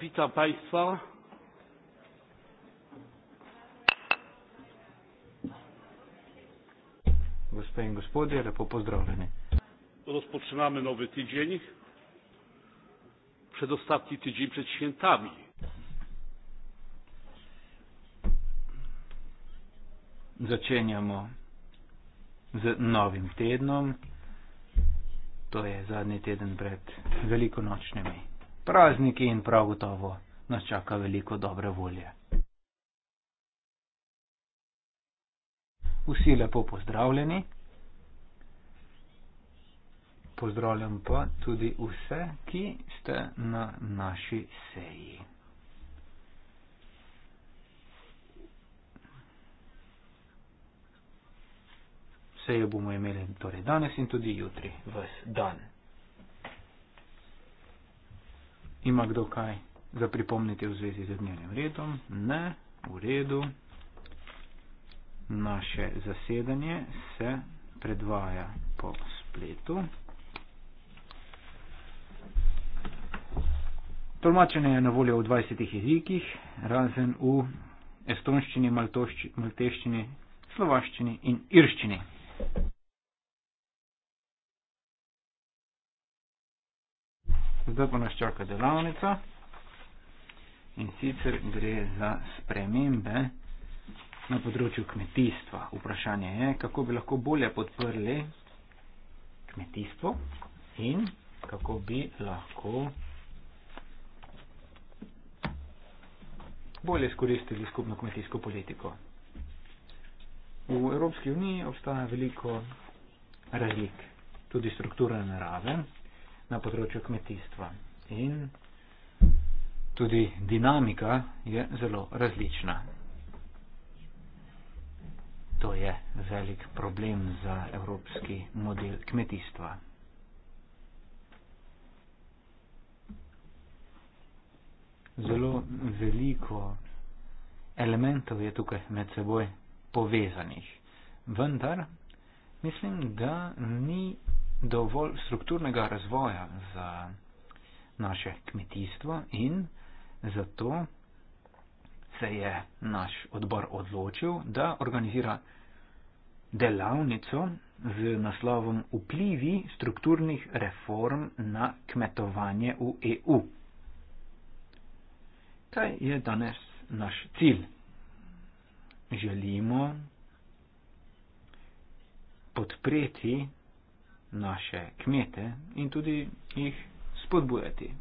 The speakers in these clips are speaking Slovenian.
Witam Państwa. Gospodin, gospodje, lepo pozdravljeni. Rozpoczynamy nowy tydzień. Przedostatni tydzień przed świętami. Zaczynamy z nowym tygodniem. To jest zadni tydzień przed Wielkonocznymi prazniki in prav gotovo nas čaka veliko dobre volje. Vsi lepo pozdravljeni. Pozdravljam pa tudi vse, ki ste na naši seji. Sejo bomo imeli torej danes in tudi jutri, ves dan. ima kdo kaj za pripomniti v zvezi z dnevnim redom? Ne, v redu. Naše zasedanje se predvaja po spletu. Tolmačenje je na voljo v 20 jezikih, razen v estonščini, malteščini, slovaščini in irščini. Zdaj pa nas čaka delavnica in sicer gre za spremembe na področju kmetijstva. Vprašanje je, kako bi lahko bolje podprli kmetijstvo in kako bi lahko bolje skoristili skupno kmetijsko politiko. V Evropski uniji obstaja veliko razlik, tudi struktura narave, na področju kmetijstva. In tudi dinamika je zelo različna. To je velik problem za evropski model kmetijstva. Zelo veliko elementov je tukaj med seboj povezanih. Vendar mislim, da ni dovolj strukturnega razvoja za naše kmetijstvo in zato se je naš odbor odločil, da organizira delavnico z naslovom Vplivi strukturnih reform na kmetovanje v EU. Kaj je danes naš cilj? Želimo podpreti naše kmete in tudi jih spodbujati.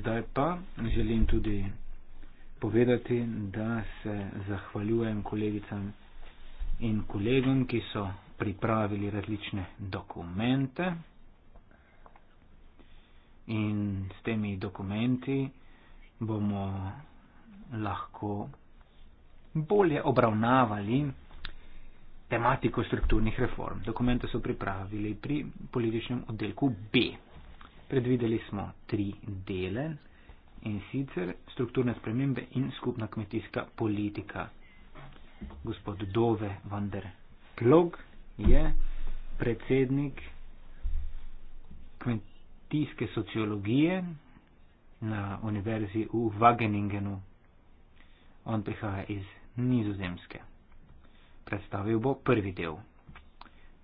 Zdaj pa želim tudi povedati, da se zahvaljujem kolegicam in kolegom, ki so pripravili različne dokumente in s temi dokumenti bomo lahko bolje obravnavali tematiko strukturnih reform. Dokumente so pripravili pri političnem oddelku B. Predvideli smo tri dele in sicer strukturne spremembe in skupna kmetijska politika. Gospod Dove van der Plog je predsednik kmetijske sociologije, na univerzi v Wageningenu. On prihaja iz Nizozemske. Predstavil bo prvi del.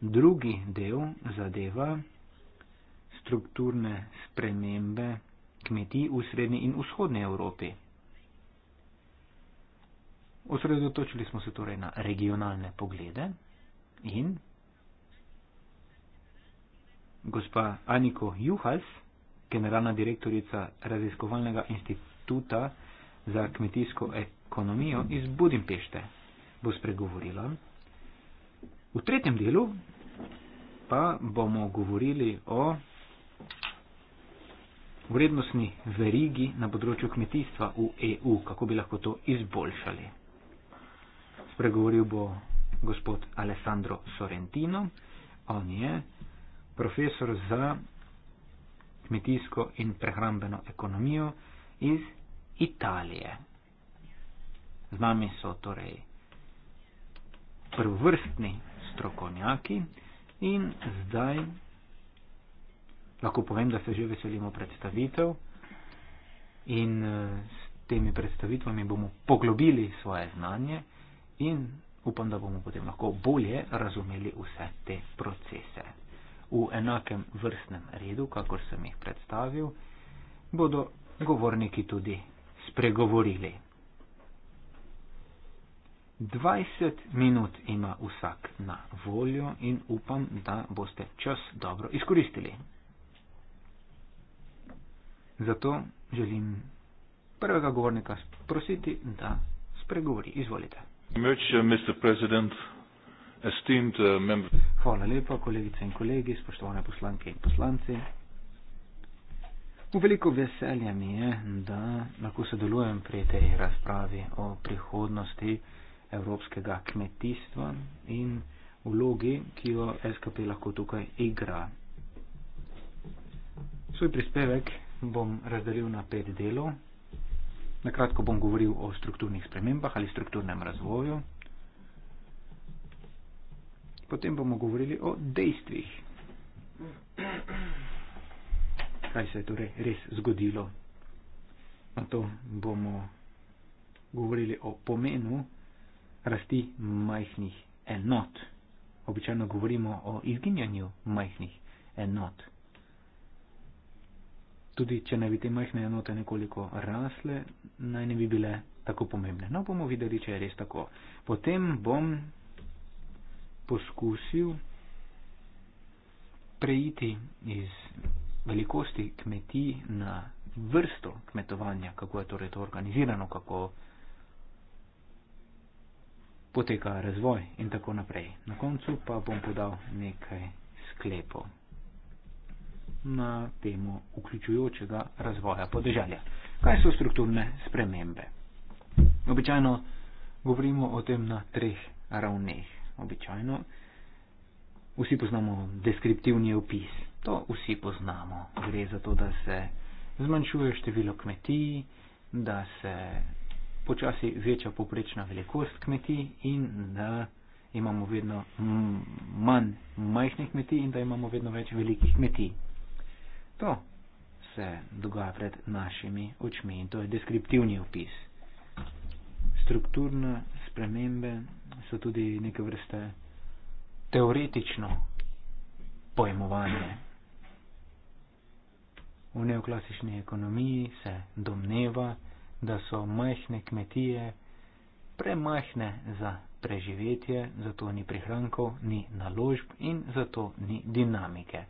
Drugi del zadeva strukturne spremembe kmetij v srednji in vzhodni Evropi. Osredotočili smo se torej na regionalne poglede in gospa Aniko Juhals generalna direktorica raziskovalnega instituta za kmetijsko ekonomijo iz Budimpešte, bo spregovorila. V tretjem delu pa bomo govorili o vrednostni verigi na področju kmetijstva v EU, kako bi lahko to izboljšali. Spregovoril bo gospod Alessandro Sorrentino, on je profesor za kmetijsko in prehrambeno ekonomijo iz Italije. Z nami so torej prvovrstni strokovnjaki in zdaj lahko povem, da se že veselimo predstavitev in eh, s temi predstavitvami bomo poglobili svoje znanje in upam, da bomo potem lahko bolje razumeli vse te procese v enakem vrstnem redu, kakor sem jih predstavil, bodo govorniki tudi spregovorili. 20 minut ima vsak na voljo in upam, da boste čas dobro izkoristili. Zato želim prvega govornika prositi, da spregovori. Izvolite. Much, uh, Mr. President, esteemed uh, member. Hvala lepa, kolegice in kolegi, spoštovane poslanke in poslanci. V veliko veselje mi je, da lahko sodelujem pri tej razpravi o prihodnosti evropskega kmetijstva in vlogi, ki jo SKP lahko tukaj igra. Svoj prispevek bom razdelil na pet delov. Nakratko bom govoril o strukturnih spremembah ali strukturnem razvoju. Potem bomo govorili o dejstvih. Kaj se je torej res zgodilo? Na to bomo govorili o pomenu rasti majhnih enot. Običajno govorimo o izginjanju majhnih enot. Tudi če ne bi te majhne enote nekoliko rasle, naj ne bi bile tako pomembne. No, bomo videli, če je res tako. Potem bom poskusil preiti iz velikosti kmetij na vrsto kmetovanja, kako je torej to organizirano, kako poteka razvoj in tako naprej. Na koncu pa bom podal nekaj sklepov na temo vključujočega razvoja podeželja. Kaj so strukturne spremembe? Običajno govorimo o tem na treh ravneh običajno vsi poznamo deskriptivni opis. To vsi poznamo. Gre za to, da se zmanjšuje število kmetij, da se počasi veča poprečna velikost kmetij in da imamo vedno manj majhnih kmetij in da imamo vedno več velikih kmetij. To se dogaja pred našimi očmi in to je deskriptivni opis. Strukturne spremembe so tudi neke vrste teoretično pojmovanje. V neoklasični ekonomiji se domneva, da so majhne kmetije premajhne za preživetje, zato ni prihrankov, ni naložb in zato ni dinamike.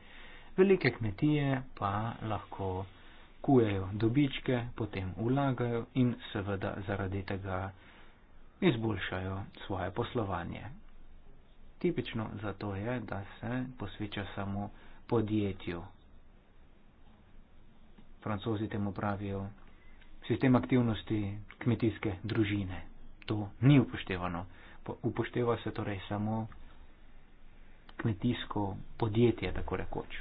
Velike kmetije pa lahko kujejo dobičke, potem ulagajo in seveda zaradi tega izboljšajo svoje poslovanje. Tipično za to je, da se posveča samo podjetju. Francozi temu pravijo sistem aktivnosti kmetijske družine. To ni upoštevano. Upošteva se torej samo kmetijsko podjetje, tako rekoč.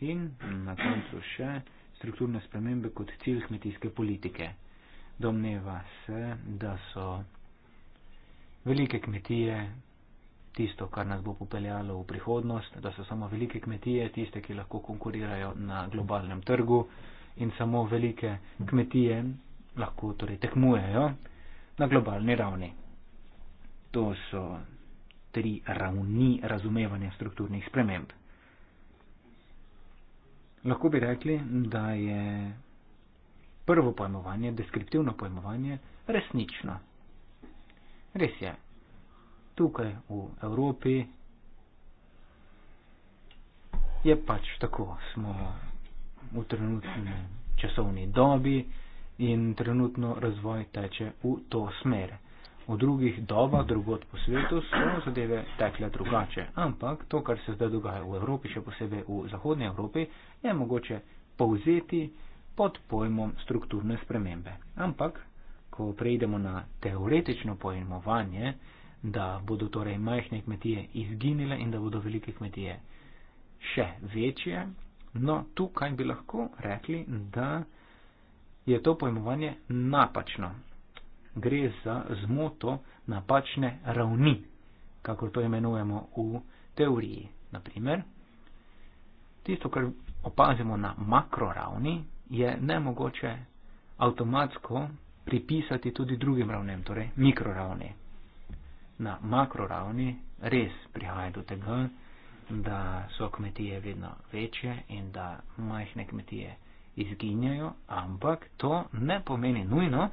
In na koncu še strukturne spremembe kot cilj kmetijske politike domneva se, da so velike kmetije tisto, kar nas bo popeljalo v prihodnost, da so samo velike kmetije tiste, ki lahko konkurirajo na globalnem trgu in samo velike kmetije lahko torej tekmujejo na globalni ravni. To so tri ravni razumevanja strukturnih sprememb. Lahko bi rekli, da je prvo pojmovanje, deskriptivno pojmovanje, resnično. Res je. Tukaj v Evropi je pač tako, smo v trenutni časovni dobi in trenutno razvoj teče v to smer. V drugih dobah, drugot po svetu, so zadeve tekle drugače. Ampak to, kar se zdaj dogaja v Evropi, še posebej v Zahodnji Evropi, je mogoče povzeti pod pojmom strukturne spremembe. Ampak, ko prejdemo na teoretično pojmovanje, da bodo torej majhne kmetije izginile in da bodo velike kmetije še večje, no tukaj bi lahko rekli, da je to pojmovanje napačno. Gre za zmoto napačne ravni, kako to imenujemo v teoriji. Naprimer, tisto, kar opazimo na makro ravni, je nemogoče avtomatsko pripisati tudi drugim ravnem, torej mikroravni. Na makroravni res prihaja do tega, da so kmetije vedno večje in da majhne kmetije izginjajo, ampak to ne pomeni nujno,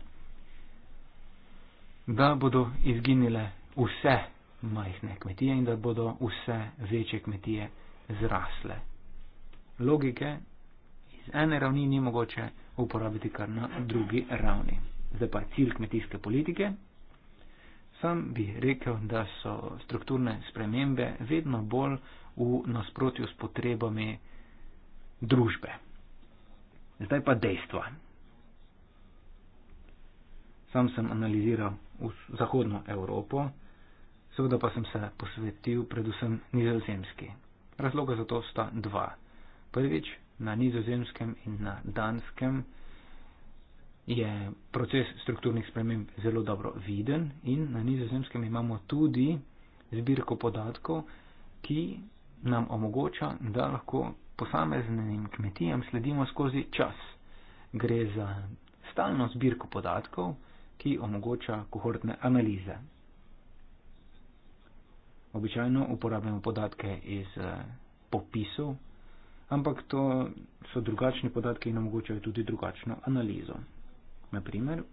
da bodo izginile vse majhne kmetije in da bodo vse večje kmetije zrasle. Logike iz ene ravni ni mogoče uporabiti kar na drugi ravni. Zdaj pa cilj kmetijske politike. Sam bi rekel, da so strukturne spremembe vedno bolj v nasprotju s potrebami družbe. Zdaj pa dejstva. Sam sem analiziral v Zahodno Evropo, seveda pa sem se posvetil predvsem nizozemski. Razloga za to sta dva. Prvič, na nizozemskem in na danskem je proces strukturnih sprememb zelo dobro viden in na nizozemskem imamo tudi zbirko podatkov, ki nam omogoča, da lahko posameznim kmetijam sledimo skozi čas. Gre za stalno zbirko podatkov, ki omogoča kohortne analize. Običajno uporabljamo podatke iz eh, popisov ampak to so drugačni podatki in omogočajo tudi drugačno analizo. Naprimer,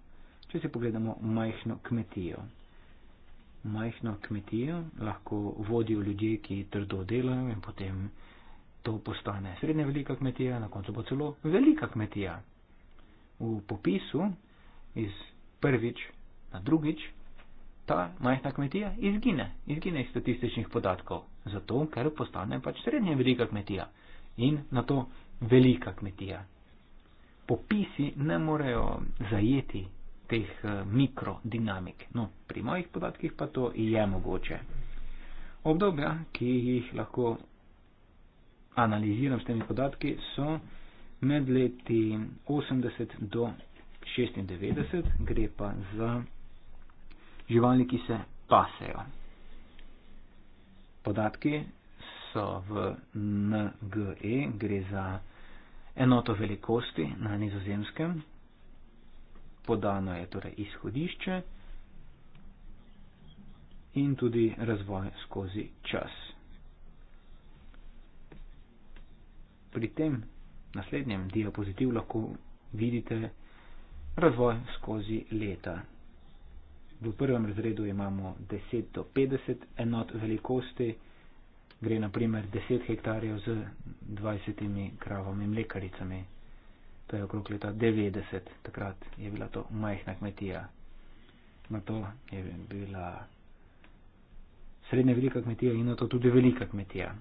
če si pogledamo majhno kmetijo. Majhno kmetijo lahko vodijo ljudje, ki trdo delajo in potem to postane srednja velika kmetija, na koncu bo celo velika kmetija. V popisu iz prvič na drugič ta majhna kmetija izgine, izgine iz statističnih podatkov, zato ker postane pač srednja velika kmetija in na to velika kmetija. Popisi ne morejo zajeti teh eh, mikrodinamik. No, pri mojih podatkih pa to je mogoče. Obdobja, ki jih lahko analiziram s temi podatki, so med leti 80 do 96, gre pa za živali, ki se pasejo. Podatki so v NGE, gre za enoto velikosti na nizozemskem. Podano je torej izhodišče in tudi razvoj skozi čas. Pri tem naslednjem diapozitivu lahko vidite razvoj skozi leta. V prvem razredu imamo 10 do 50 enot velikosti gre naprimer 10 hektarjev z 20 kravami mlekaricami. To je okrog leta 90, takrat je bila to majhna kmetija. Na to je bila srednja velika kmetija in na to tudi velika kmetija.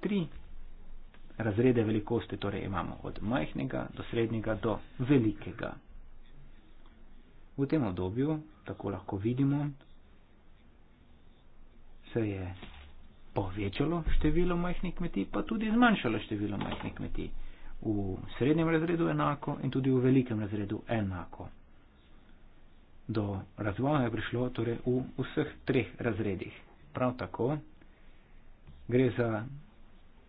Tri razrede velikosti torej imamo od majhnega do srednjega do velikega. V tem obdobju, tako lahko vidimo, se je povečalo število majhnih kmetij, pa tudi zmanjšalo število majhnih kmetij. V srednjem razredu enako in tudi v velikem razredu enako. Do razvoja je prišlo torej v vseh treh razredih. Prav tako gre za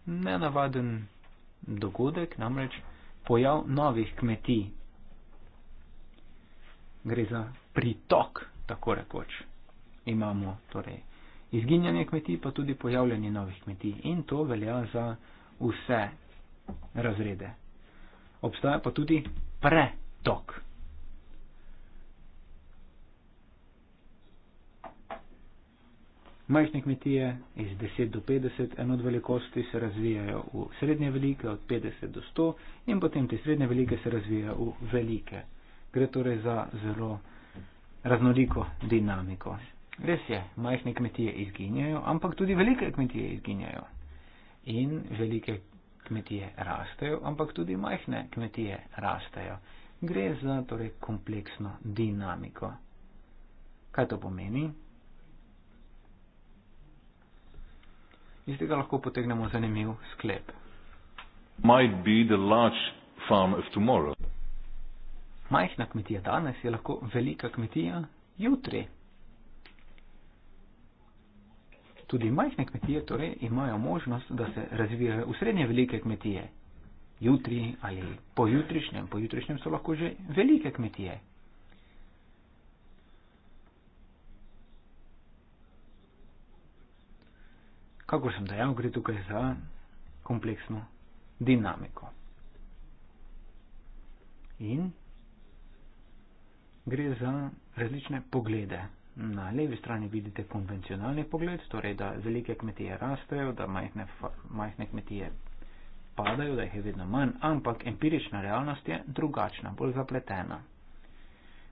nenavaden dogodek, namreč pojav novih kmetij. Gre za pritok, tako rekoč. Imamo torej izginjanje kmetij, pa tudi pojavljanje novih kmetij. In to velja za vse razrede. Obstaja pa tudi pretok. Majhne kmetije iz 10 do 50 enot velikosti se razvijajo v srednje velike, od 50 do 100 in potem te srednje velike se razvijajo v velike. Gre torej za zelo raznoliko dinamiko. Res je, majhne kmetije izginjajo, ampak tudi velike kmetije izginjajo. In velike kmetije rastejo, ampak tudi majhne kmetije rastejo. Gre za torej kompleksno dinamiko. Kaj to pomeni? Iz tega lahko potegnemo zanimiv sklep. Majhna kmetija danes je lahko velika kmetija jutri. tudi majhne kmetije torej imajo možnost, da se razvijajo v srednje velike kmetije. Jutri ali pojutrišnjem, pojutrišnjem so lahko že velike kmetije. Kako sem dejal, gre tukaj za kompleksno dinamiko. In gre za različne poglede Na levi strani vidite konvencionalni pogled, torej da velike kmetije rastejo, da majhne, majhne kmetije padajo, da jih je vedno manj, ampak empirična realnost je drugačna, bolj zapletena.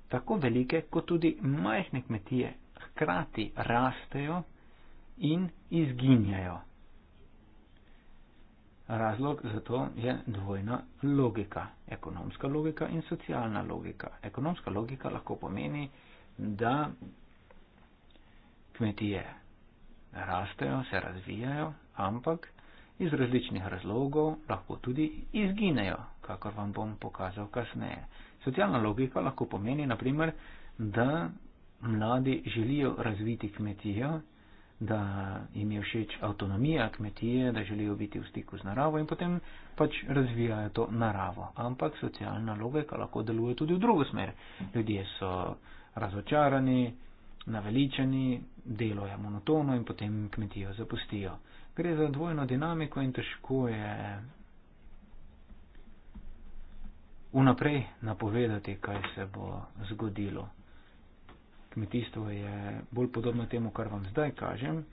Tako velike kot tudi majhne kmetije hkrati rastejo in izginjajo. Razlog za to je dvojna logika, ekonomska logika in socialna logika. Ekonomska logika lahko pomeni, da kmetije. Rastejo, se razvijajo, ampak iz različnih razlogov lahko tudi izginejo, kakor vam bom pokazal kasneje. Socialna logika lahko pomeni, naprimer, da mladi želijo razviti kmetijo, da jim je všeč avtonomija kmetije, da želijo biti v stiku z naravo in potem pač razvijajo to naravo. Ampak socialna logika lahko deluje tudi v drugo smer. Ljudje so razočarani, naveličani, delo je monotono in potem kmetijo zapustijo. Gre za dvojno dinamiko in težko je unaprej napovedati, kaj se bo zgodilo. Kmetijstvo je bolj podobno temu, kar vam zdaj kažem.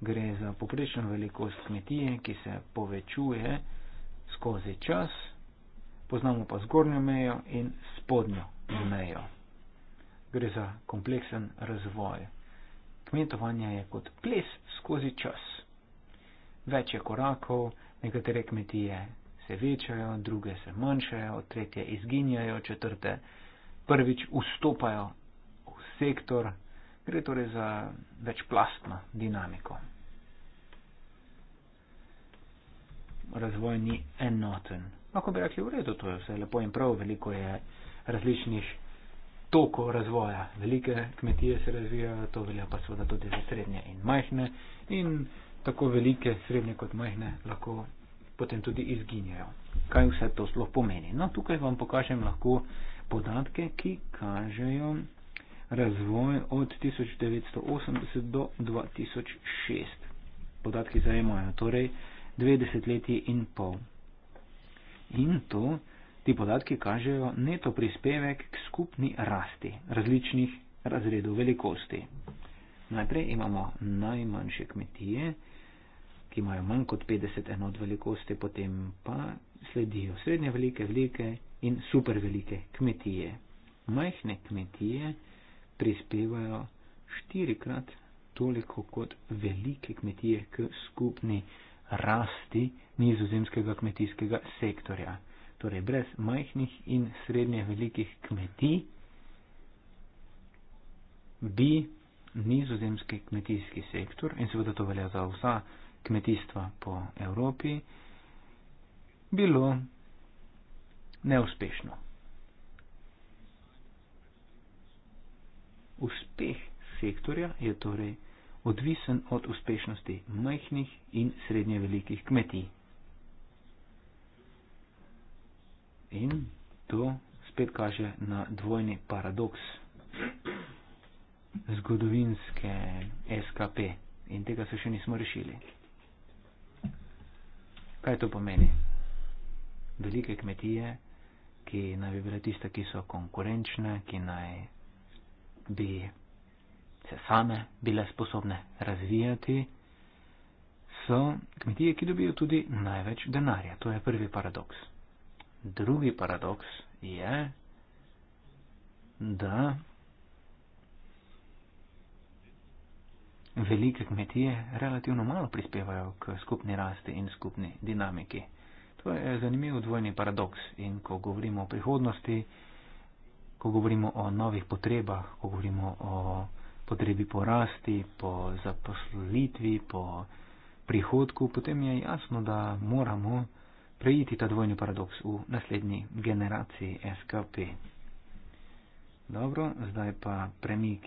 Gre za poprečno velikost kmetije, ki se povečuje skozi čas, poznamo pa zgornjo mejo in spodnjo mejo. Gre za kompleksen razvoj. Kmetovanje je kot ples skozi čas. Več je korakov, nekatere kmetije se večajo, druge se manjšajo, tretje izginjajo, četrte prvič vstopajo v sektor. Gre torej za večplastno dinamiko. Razvoj ni enoten. Lahko bi rekli, v redu, to je vse lepo in prav, veliko je različnih toku razvoja. Velike kmetije se razvijajo, to velja pa seveda tudi za srednje in majhne in tako velike, srednje kot majhne lahko potem tudi izginjajo. Kaj vse to sploh pomeni? No, tukaj vam pokažem lahko podatke, ki kažejo razvoj od 1980 do 2006. Podatki zajemajo torej dve desetletji in pol. In to Ti podatki kažejo neto prispevek k skupni rasti različnih razredov velikosti. Najprej imamo najmanjše kmetije, ki imajo manj kot 50 enot velikosti, potem pa sledijo srednje velike, velike in super velike kmetije. Majhne kmetije prispevajo štirikrat toliko kot velike kmetije k skupni rasti nizozemskega kmetijskega sektorja torej brez majhnih in srednje velikih kmetij, bi nizozemski kmetijski sektor, in seveda to velja za vsa kmetijstva po Evropi, bilo neuspešno. Uspeh sektorja je torej odvisen od uspešnosti majhnih in srednje velikih kmetij. In to spet kaže na dvojni paradoks zgodovinske SKP in tega se še nismo rešili. Kaj to pomeni? Velike kmetije, ki naj bi bile tiste, ki so konkurenčne, ki naj bi se same bile sposobne razvijati, so kmetije, ki dobijo tudi največ denarja. To je prvi paradoks drugi paradoks je, da velike kmetije relativno malo prispevajo k skupni rasti in skupni dinamiki. To je zanimiv dvojni paradoks in ko govorimo o prihodnosti, ko govorimo o novih potrebah, ko govorimo o potrebi po rasti, po zaposlitvi, po prihodku, potem je jasno, da moramo preiti ta dvojni paradoks v naslednji generaciji SKP. Dobro, zdaj pa premik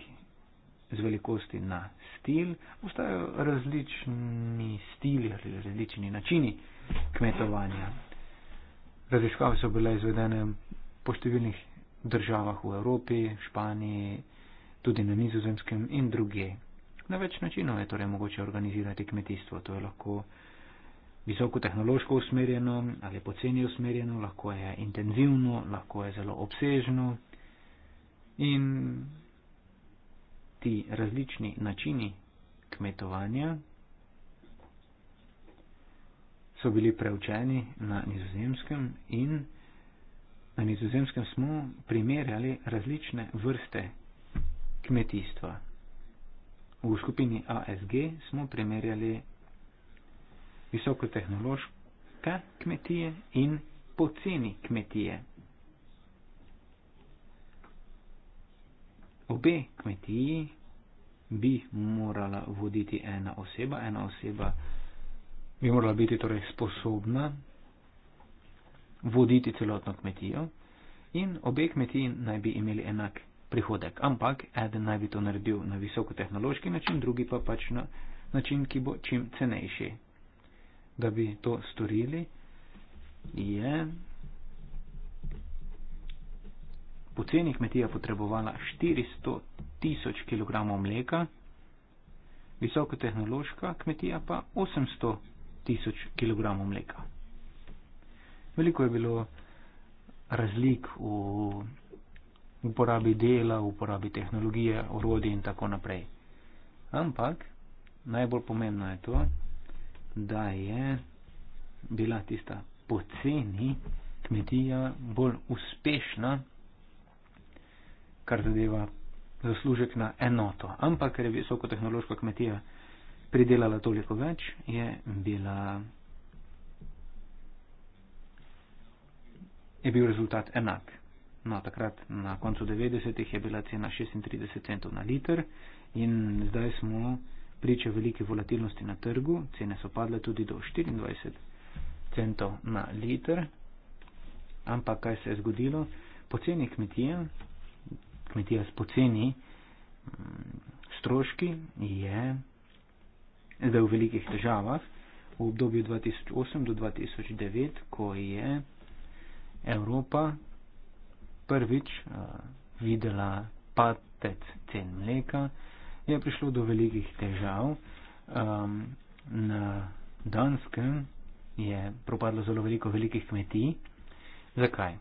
z velikosti na stil. Ostajajo različni stili, različni načini kmetovanja. Raziskave so bile izvedene po številnih državah v Evropi, Španiji, tudi na nizozemskem in druge. Na več načinov je torej mogoče organizirati kmetijstvo. To je lahko visokotehnološko usmerjeno ali poceni usmerjeno, lahko je intenzivno, lahko je zelo obsežno. In ti različni načini kmetovanja so bili preučeni na nizozemskem in na nizozemskem smo primerjali različne vrste kmetijstva. V skupini ASG smo primerjali visokotehnološke kmetije in poceni kmetije. Obe kmetiji bi morala voditi ena oseba, ena oseba bi morala biti torej sposobna voditi celotno kmetijo in obe kmetiji naj bi imeli enak prihodek, ampak eden naj bi to naredil na visokotehnološki način, drugi pa pač na način, ki bo čim cenejši da bi to storili, je poceni kmetija potrebovala 400 tisoč kg mleka, visokotehnološka kmetija pa 800 tisoč kg mleka. Veliko je bilo razlik v uporabi dela, v uporabi tehnologije, orodij in tako naprej. Ampak najbolj pomembno je to, da je bila tista poceni kmetija bolj uspešna, kar zadeva zaslužek na enoto. Ampak, ker je visokotehnološka kmetija pridelala toliko več, je bila. je bil rezultat enak. No, takrat na koncu 90-ih je bila cena 36 centov na liter in zdaj smo priča veliki volatilnosti na trgu, cene so padle tudi do 24 centov na liter. Ampak kaj se je zgodilo? Poceni kmetije, kmetija s poceni mm, stroški je zdaj v velikih težavah. V obdobju 2008 do 2009, ko je Evropa prvič uh, videla padec cen mleka, uh, je prišlo do velikih težav. Um, na Danskem je propadlo zelo veliko velikih kmetij. Zakaj?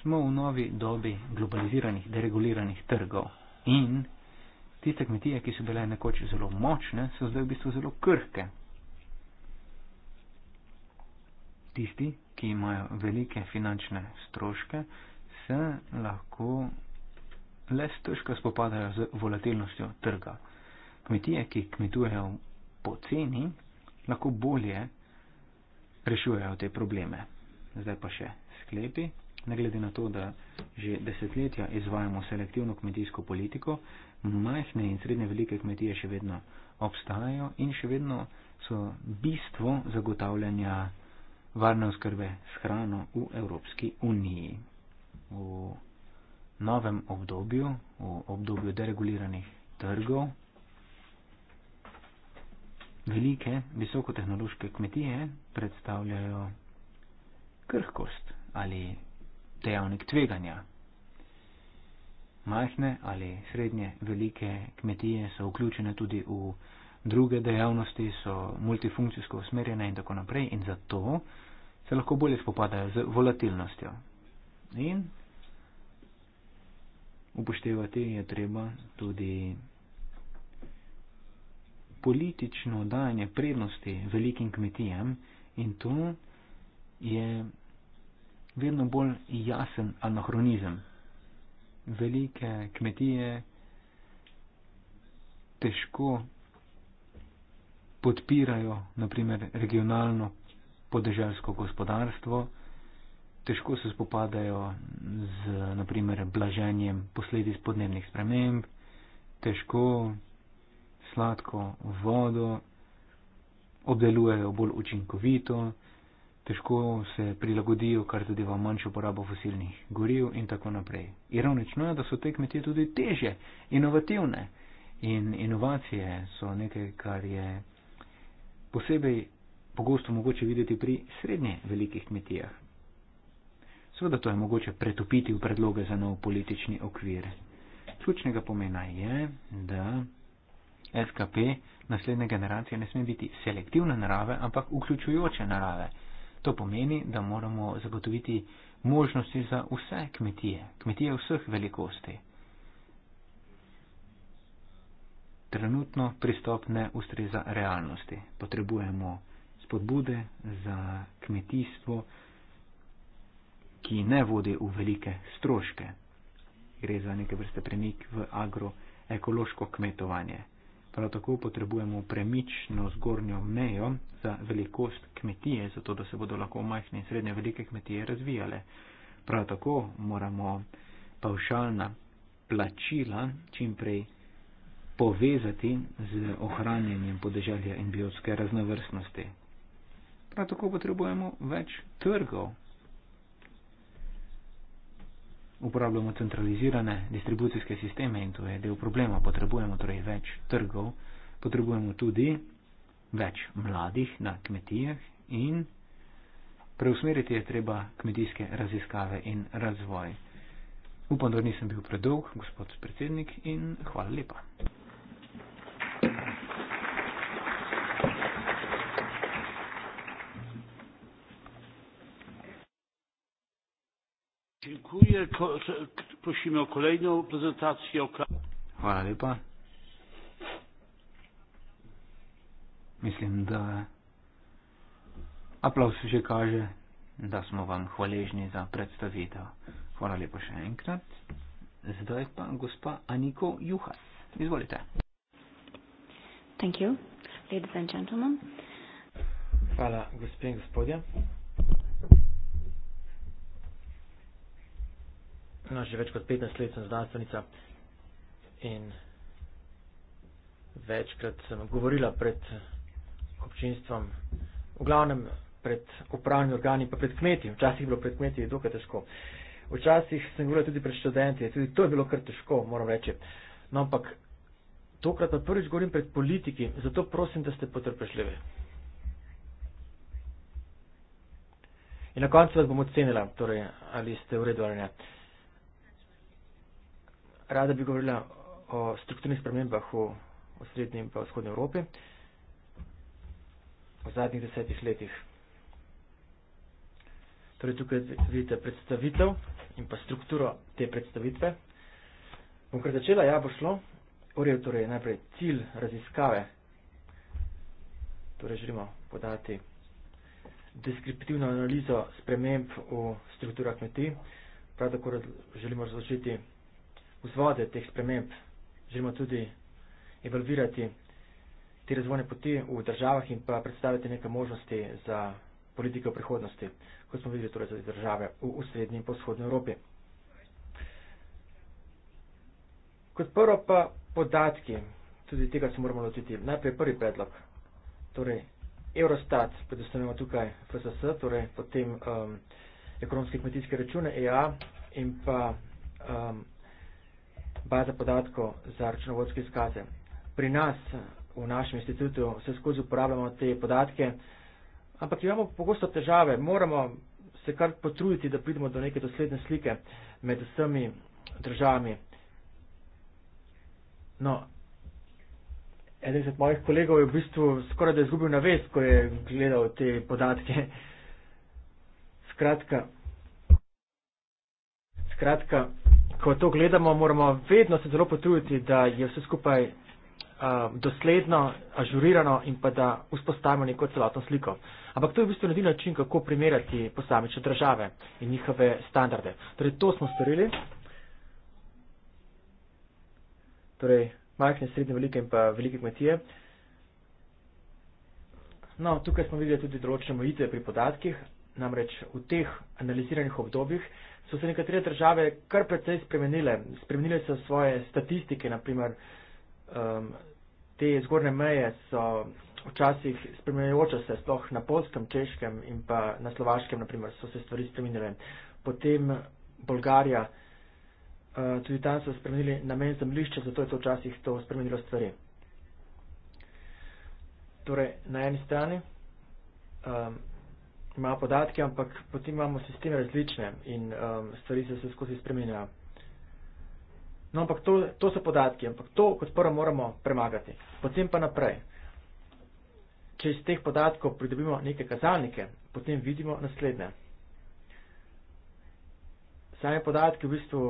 Smo v novi dobi globaliziranih, dereguliranih trgov in tiste kmetije, ki so bile nekoč zelo močne, so zdaj v bistvu zelo krhke. Tisti, ki imajo velike finančne stroške, se lahko le stržka spopadajo z volatilnostjo trga. Kmetije, ki kmetujejo po ceni, lahko bolje rešujejo te probleme. Zdaj pa še sklepi. Ne glede na to, da že desetletja izvajamo selektivno kmetijsko politiko, majhne in srednje velike kmetije še vedno obstajajo in še vedno so bistvo zagotavljanja varne oskrbe s hrano v Evropski uniji. V novem obdobju, v obdobju dereguliranih trgov, velike visokotehnološke kmetije predstavljajo krhkost ali dejavnik tveganja. Majhne ali srednje velike kmetije so vključene tudi v druge dejavnosti, so multifunkcijsko usmerjene in tako naprej in zato se lahko bolje spopadajo z volatilnostjo. In upoštevati je treba tudi politično dajanje prednosti velikim kmetijam in to je vedno bolj jasen anahronizem. Velike kmetije težko podpirajo naprimer regionalno podeželsko gospodarstvo, težko se spopadajo z naprimer blaženjem posledic podnebnih sprememb, težko sladko vodo obdelujejo bolj učinkovito, težko se prilagodijo, kar zadeva manjšo porabo fosilnih goril in tako naprej. Ironično je, da so te kmetije tudi teže, inovativne in inovacije so nekaj, kar je posebej pogosto mogoče videti pri srednje velikih kmetijah, Seveda to je mogoče pretopiti v predloge za nov politični okvir. Ključnega pomena je, da SKP naslednje generacije ne sme biti selektivne narave, ampak vključujoče narave. To pomeni, da moramo zagotoviti možnosti za vse kmetije, kmetije vseh velikosti. Trenutno pristop ne ustreza realnosti. Potrebujemo spodbude za kmetijstvo ki ne vodi v velike stroške. Gre za neke vrste premik v agroekološko kmetovanje. Prav tako potrebujemo premično zgornjo mejo za velikost kmetije, zato da se bodo lahko majhne in srednje velike kmetije razvijale. Prav tako moramo pavšalna plačila čim prej povezati z ohranjanjem podeželja in biotske raznovrstnosti. Prav tako potrebujemo več trgov uporabljamo centralizirane distribucijske sisteme in to je del problema. Potrebujemo torej več trgov, potrebujemo tudi več mladih na kmetijah in preusmeriti je treba kmetijske raziskave in razvoj. Upam, da nisem bil predolg, gospod predsednik, in hvala lepa. Dziękuję. Prosimy o kolejną prezentację. Hvala lepa. Mislim, da aplaus že kaže, da smo vam hvaležni za predstavitev. Hvala lepa še enkrat. Zdaj pa gospa Aniko Juhas. Izvolite. Thank you, ladies and gentlemen. Hvala, gospe in gospodje. No, že več kot 15 let sem znanstvenica in večkrat sem govorila pred občinstvom, v glavnem pred upravnimi organi, pa pred kmeti. Včasih je bilo pred kmeti dokaj težko. Včasih sem govorila tudi pred študenti, tudi to je bilo kar težko, moram reči. No, ampak tokrat pa prvič govorim pred politiki, zato prosim, da ste potrpežljivi. In na koncu vas bom ocenila, torej, ali ste v redu ali ne rada bi govorila o strukturnih spremembah v, v srednji in pa vzhodni Evropi v zadnjih desetih letih. Torej, tukaj vidite predstavitev in pa strukturo te predstavitve. Bom kar začela, ja bo šlo. Orijo torej najprej cilj raziskave. Torej, želimo podati deskriptivno analizo sprememb v strukturah kmetij. Prav tako želimo razločiti vzvode teh sprememb, želimo tudi evolvirati te razvojne poti v državah in pa predstaviti neke možnosti za politike v prihodnosti, kot smo videli torej za države v, v srednji in poshodni Evropi. Kot prvo pa podatki, tudi tega se moramo lotiti. Najprej prvi predlog, torej Eurostat, predvsem imamo tukaj FSS, torej potem um, ekonomske kmetijske račune EA in pa um, baza podatkov za računovodske izkaze. Pri nas, v našem institutu, se skozi uporabljamo te podatke, ampak imamo pogosto težave. Moramo se kar potruditi, da pridemo do neke dosledne slike med vsemi državami. No, eden izmed mojih kolegov je v bistvu skoraj da izgubil navez, ko je gledal te podatke. Skratka, skratka, ko to gledamo, moramo vedno se zelo potruditi, da je vse skupaj uh, dosledno, ažurirano in pa da vzpostavimo neko celotno sliko. Ampak to je v bistvu edini način, kako primerjati posamične države in njihove standarde. Torej, to smo storili. Torej, majhne, srednje, velike in pa velike kmetije. No, tukaj smo videli tudi določene mojitve pri podatkih, namreč v teh analiziranih obdobjih so se nekatere države kar precej spremenile. Spremenile so svoje statistike, naprimer um, te zgornje meje so včasih spremenjajoče se, sploh na polskem, češkem in pa na slovaškem, naprimer, so se stvari spremenile. Potem Bolgarija, uh, tudi tam so spremenili namen zemljišča, zato je to včasih to spremenilo stvari. Torej, na eni strani um, imajo podatke, ampak potem imamo sisteme različne in um, stvari se, se skozi spremenjajo. No, ampak to, to so podatki, ampak to kot prvo moramo premagati. Potem pa naprej. Če iz teh podatkov pridobimo neke kazalnike, potem vidimo naslednje. Same podatke v bistvu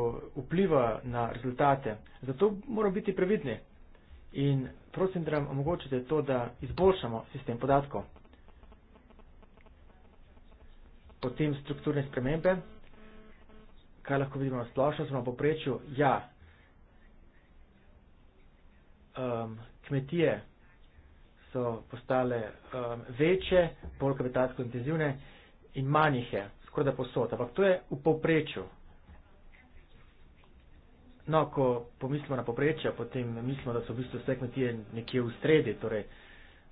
vplivajo na rezultate, zato moramo biti previdni in prosim, da nam omogočite to, da izboljšamo sistem podatkov potem strukturne spremembe, kaj lahko vidimo splošno, smo na poprečju, ja, um, kmetije so postale um, večje, bolj kapitalsko intenzivne in manjše, skoraj da posod, ampak to je v poprečju. No, ko pomislimo na poprečje, potem mislimo, da so v bistvu vse kmetije nekje v sredi, torej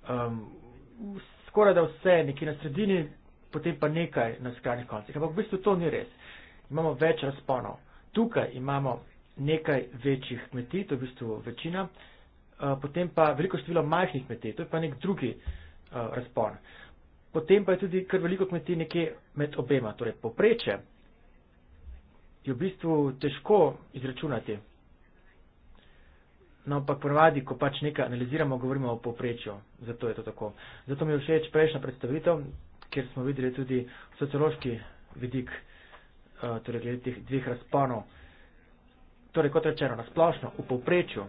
um, ehm, skoraj da vse nekje na sredini, potem pa nekaj na skrajnih koncih. Ampak v bistvu to ni res. Imamo več razponov. Tukaj imamo nekaj večjih kmetij, to je v bistvu večina, eh, potem pa veliko število majhnih kmetij, to je pa nek drugi eh, razpon. Potem pa je tudi kar veliko kmetij nekje med obema, torej popreče je v bistvu težko izračunati. No, ampak ponavadi, ko pač nekaj analiziramo, govorimo o poprečju, zato je to tako. Zato mi je všeč prejšnja predstavitev, kjer smo videli tudi sociološki vidik, eh, torej glede teh dveh razponov. Torej, kot rečeno, na splošno, v povprečju um,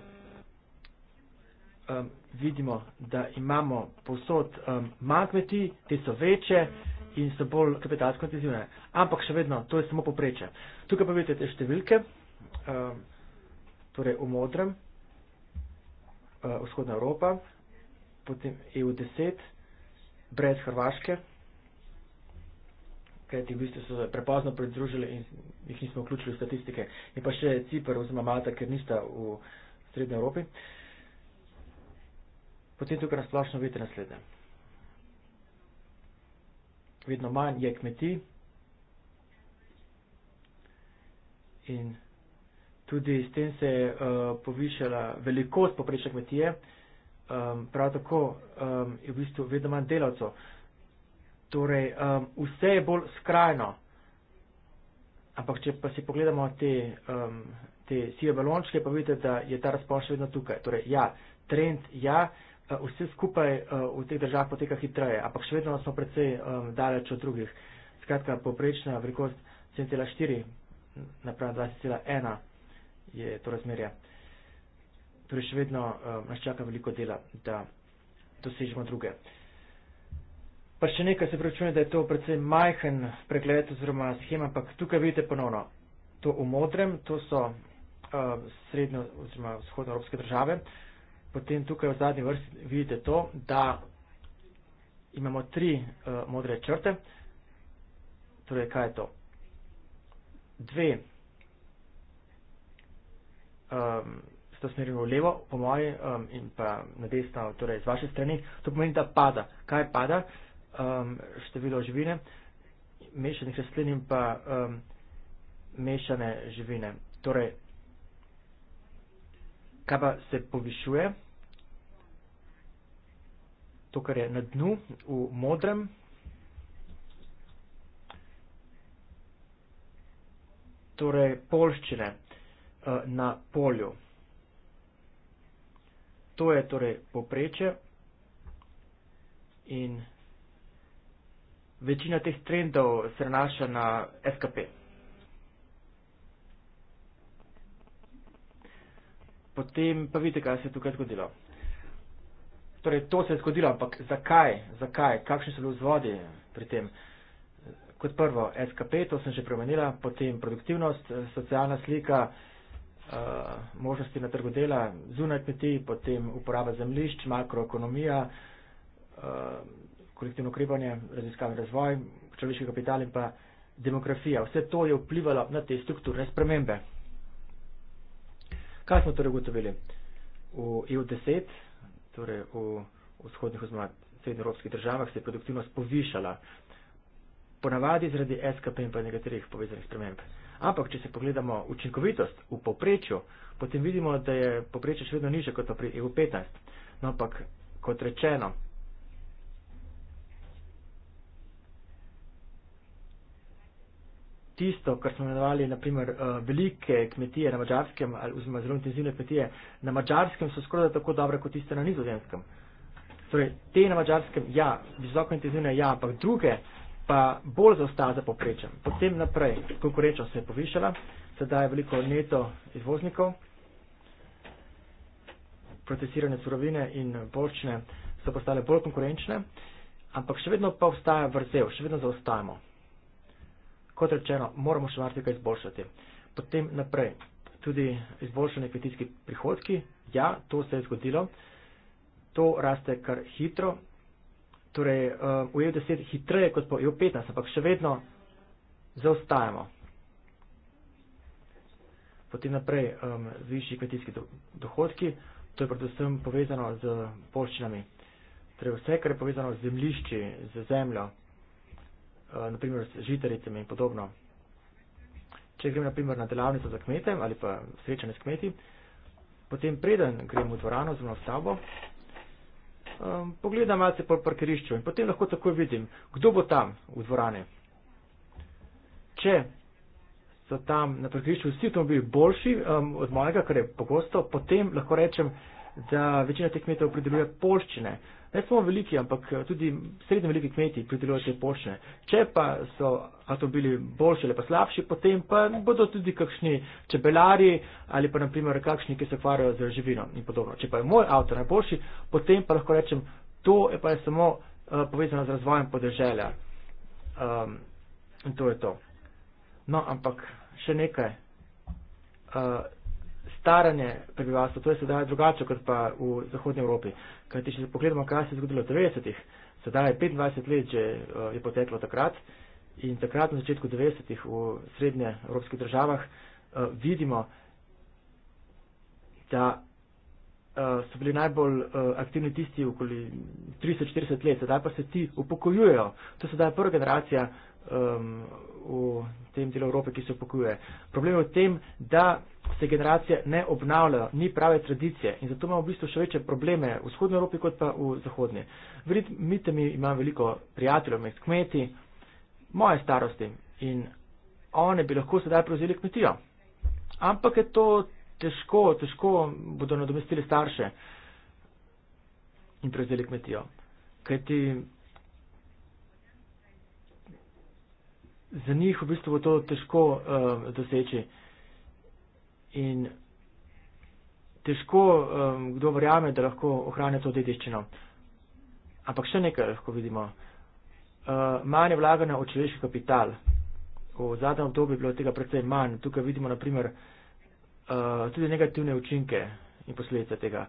vidimo, da imamo povsod um, magmeti, te so večje in so bolj kapitalsko intenzivne. Ampak še vedno, to je samo povprečje. Tukaj pa vidite te številke, um, torej v modrem, uh, vzhodna Evropa, potem EU10, brez Hrvaške, kajti v bistvu so se prepozno pridružili in jih nismo vključili v statistike. Je pa še Cipr oziroma Malta, ker nista v srednji Evropi. Potem tukaj nasplošno vidite naslednje. Vedno manj je kmetij in tudi s tem se je uh, povišala velikost poprečne kmetije, um, prav tako um, je v bistvu vedno manj delavcev. Torej, um, vse je bolj skrajno. Ampak, če pa si pogledamo te, um, te sive balončke, pa vidite, da je ta razpon še vedno tukaj. Torej, ja, trend ja, uh, vse skupaj uh, v teh državah poteka hitreje, ampak še vedno smo precej um, daleč od drugih. Skratka, poprečna velikost 7,4 napram 20,1 je to razmerje. Torej, še vedno um, nas čaka veliko dela, da dosežemo druge. Pa še nekaj se pričuje, da je to predvsem majhen pregled oziroma schema, ampak tukaj vidite ponovno to v modrem, to so uh, srednjo oziroma vzhodno evropske države. Potem tukaj v zadnji vrsti vidite to, da imamo tri uh, modre črte. Torej, kaj je to? Dve um, sta usmerjeni v levo, po moji um, in pa na desno, torej z vaše strani. To pomeni, da pada. Kaj pada? um, število živine, mešanih rastlin in pa um, mešane živine. Torej, kaj pa se povišuje, to, kar je na dnu v modrem, torej polščine uh, na polju. To je torej poprečje in večina teh trendov se nanaša na SKP. Potem pa vidite, kaj se je tukaj zgodilo. Torej, to se je zgodilo, ampak zakaj, zakaj, kakšni so bili vzvodi pri tem? Kot prvo, SKP, to sem že premenila, potem produktivnost, socialna slika, uh, možnosti na trgu dela, zunaj kmetij, potem uporaba zemlišč, makroekonomija, uh, kolektivno ukrepanje, raziskave in razvoj, človeški kapital in pa demografija. Vse to je vplivalo na te strukturne spremembe. Kaj smo torej ugotovili? V EU10, torej v vzhodnih oziroma srednjeevropskih državah, se je produktivnost povišala. Ponavadi zaradi SKP in pa nekaterih povezanih sprememb. Ampak, če se pogledamo učinkovitost v poprečju, potem vidimo, da je poprečje še vedno niže kot pri EU15. No, ampak, kot rečeno, tisto, kar smo imenovali, naprimer, eh, velike kmetije na mačarskem, oziroma zelo intenzivne kmetije na mačarskem, so skoraj tako dobre kot tiste na nizozemskem. Torej, te na mačarskem, ja, visoko intenzivne, ja, ampak druge pa bolj zaostajajo za poprečjem. Potem naprej, konkurenčnost se je povišala, sedaj je veliko neto izvoznikov, procesirane surovine in bolčne so postale bolj konkurenčne, ampak še vedno pa obstaja vrzel, še vedno zaostajamo kot rečeno, moramo še marsikaj izboljšati. Potem naprej, tudi izboljšanje kmetijski prihodki. Ja, to se je zgodilo. To raste kar hitro. Torej, v eh, EU10 hitreje kot po EU15, ampak še vedno zaostajamo. Potem naprej um, zvišji kmetijski do, dohodki, to je predvsem povezano z polščinami. Torej, vse, kar je povezano z zemlišči, z zemljo, Eh, naprimer s žitaricami in podobno. Če grem naprimer na delavnico za kmete ali pa srečanje s kmeti, potem preden grem v dvorano oziroma v stavbo, um, eh, pogledam malce po parkirišču in potem lahko takoj vidim, kdo bo tam v dvorane. Če so tam na parkirišču vsi avtomobili boljši um, od mojega, kar je pogosto, potem lahko rečem, da večina teh kmetov pridelujo poščine. Ne samo veliki, ampak tudi srednje veliki kmeti pridelujejo te poščine. Če pa so avtomobili boljši ali pa slabši, potem pa bodo tudi kakšni čebelari ali pa naprimer kakšni, ki se ukvarjajo z živino in podobno. Če pa je moj avto najboljši, potem pa lahko rečem, to je pa je samo uh, povezano z razvojem podeželja. Um, in to je to. No, ampak še nekaj. Uh, staranje prebivalstva, to je sedaj drugače kot pa v Zahodnji Evropi. Kaj ti, če se pogledamo, kaj se je zgodilo v 90-ih, sedaj 25 let že uh, je poteklo takrat in takrat na začetku 90-ih v srednje evropskih državah uh, vidimo, da uh, so bili najbolj uh, aktivni tisti okoli 30-40 let, sedaj pa se ti upokojujejo. To je sedaj prva generacija um, v tem delu Evrope, ki se upokojuje. Problem je v tem, da se generacije ne obnavljajo, ni prave tradicije in zato imamo v bistvu še večje probleme v vzhodni Evropi kot pa v zahodni. Verjetno mi imam veliko prijateljev med kmeti, moje starosti in one bi lahko sedaj prevzeli kmetijo. Ampak je to težko, težko bodo nadomestili starše in prevzeli kmetijo. Kajti za njih v bistvu bo to težko um, doseči. In težko, um, kdo verjame, da lahko ohranja to dediščino. Ampak še nekaj lahko vidimo. Uh, manj je vlaganja v človeški kapital. V zadnjem obdobju je bilo tega predvsej manj. Tukaj vidimo naprimer uh, tudi negativne učinke in posledice tega.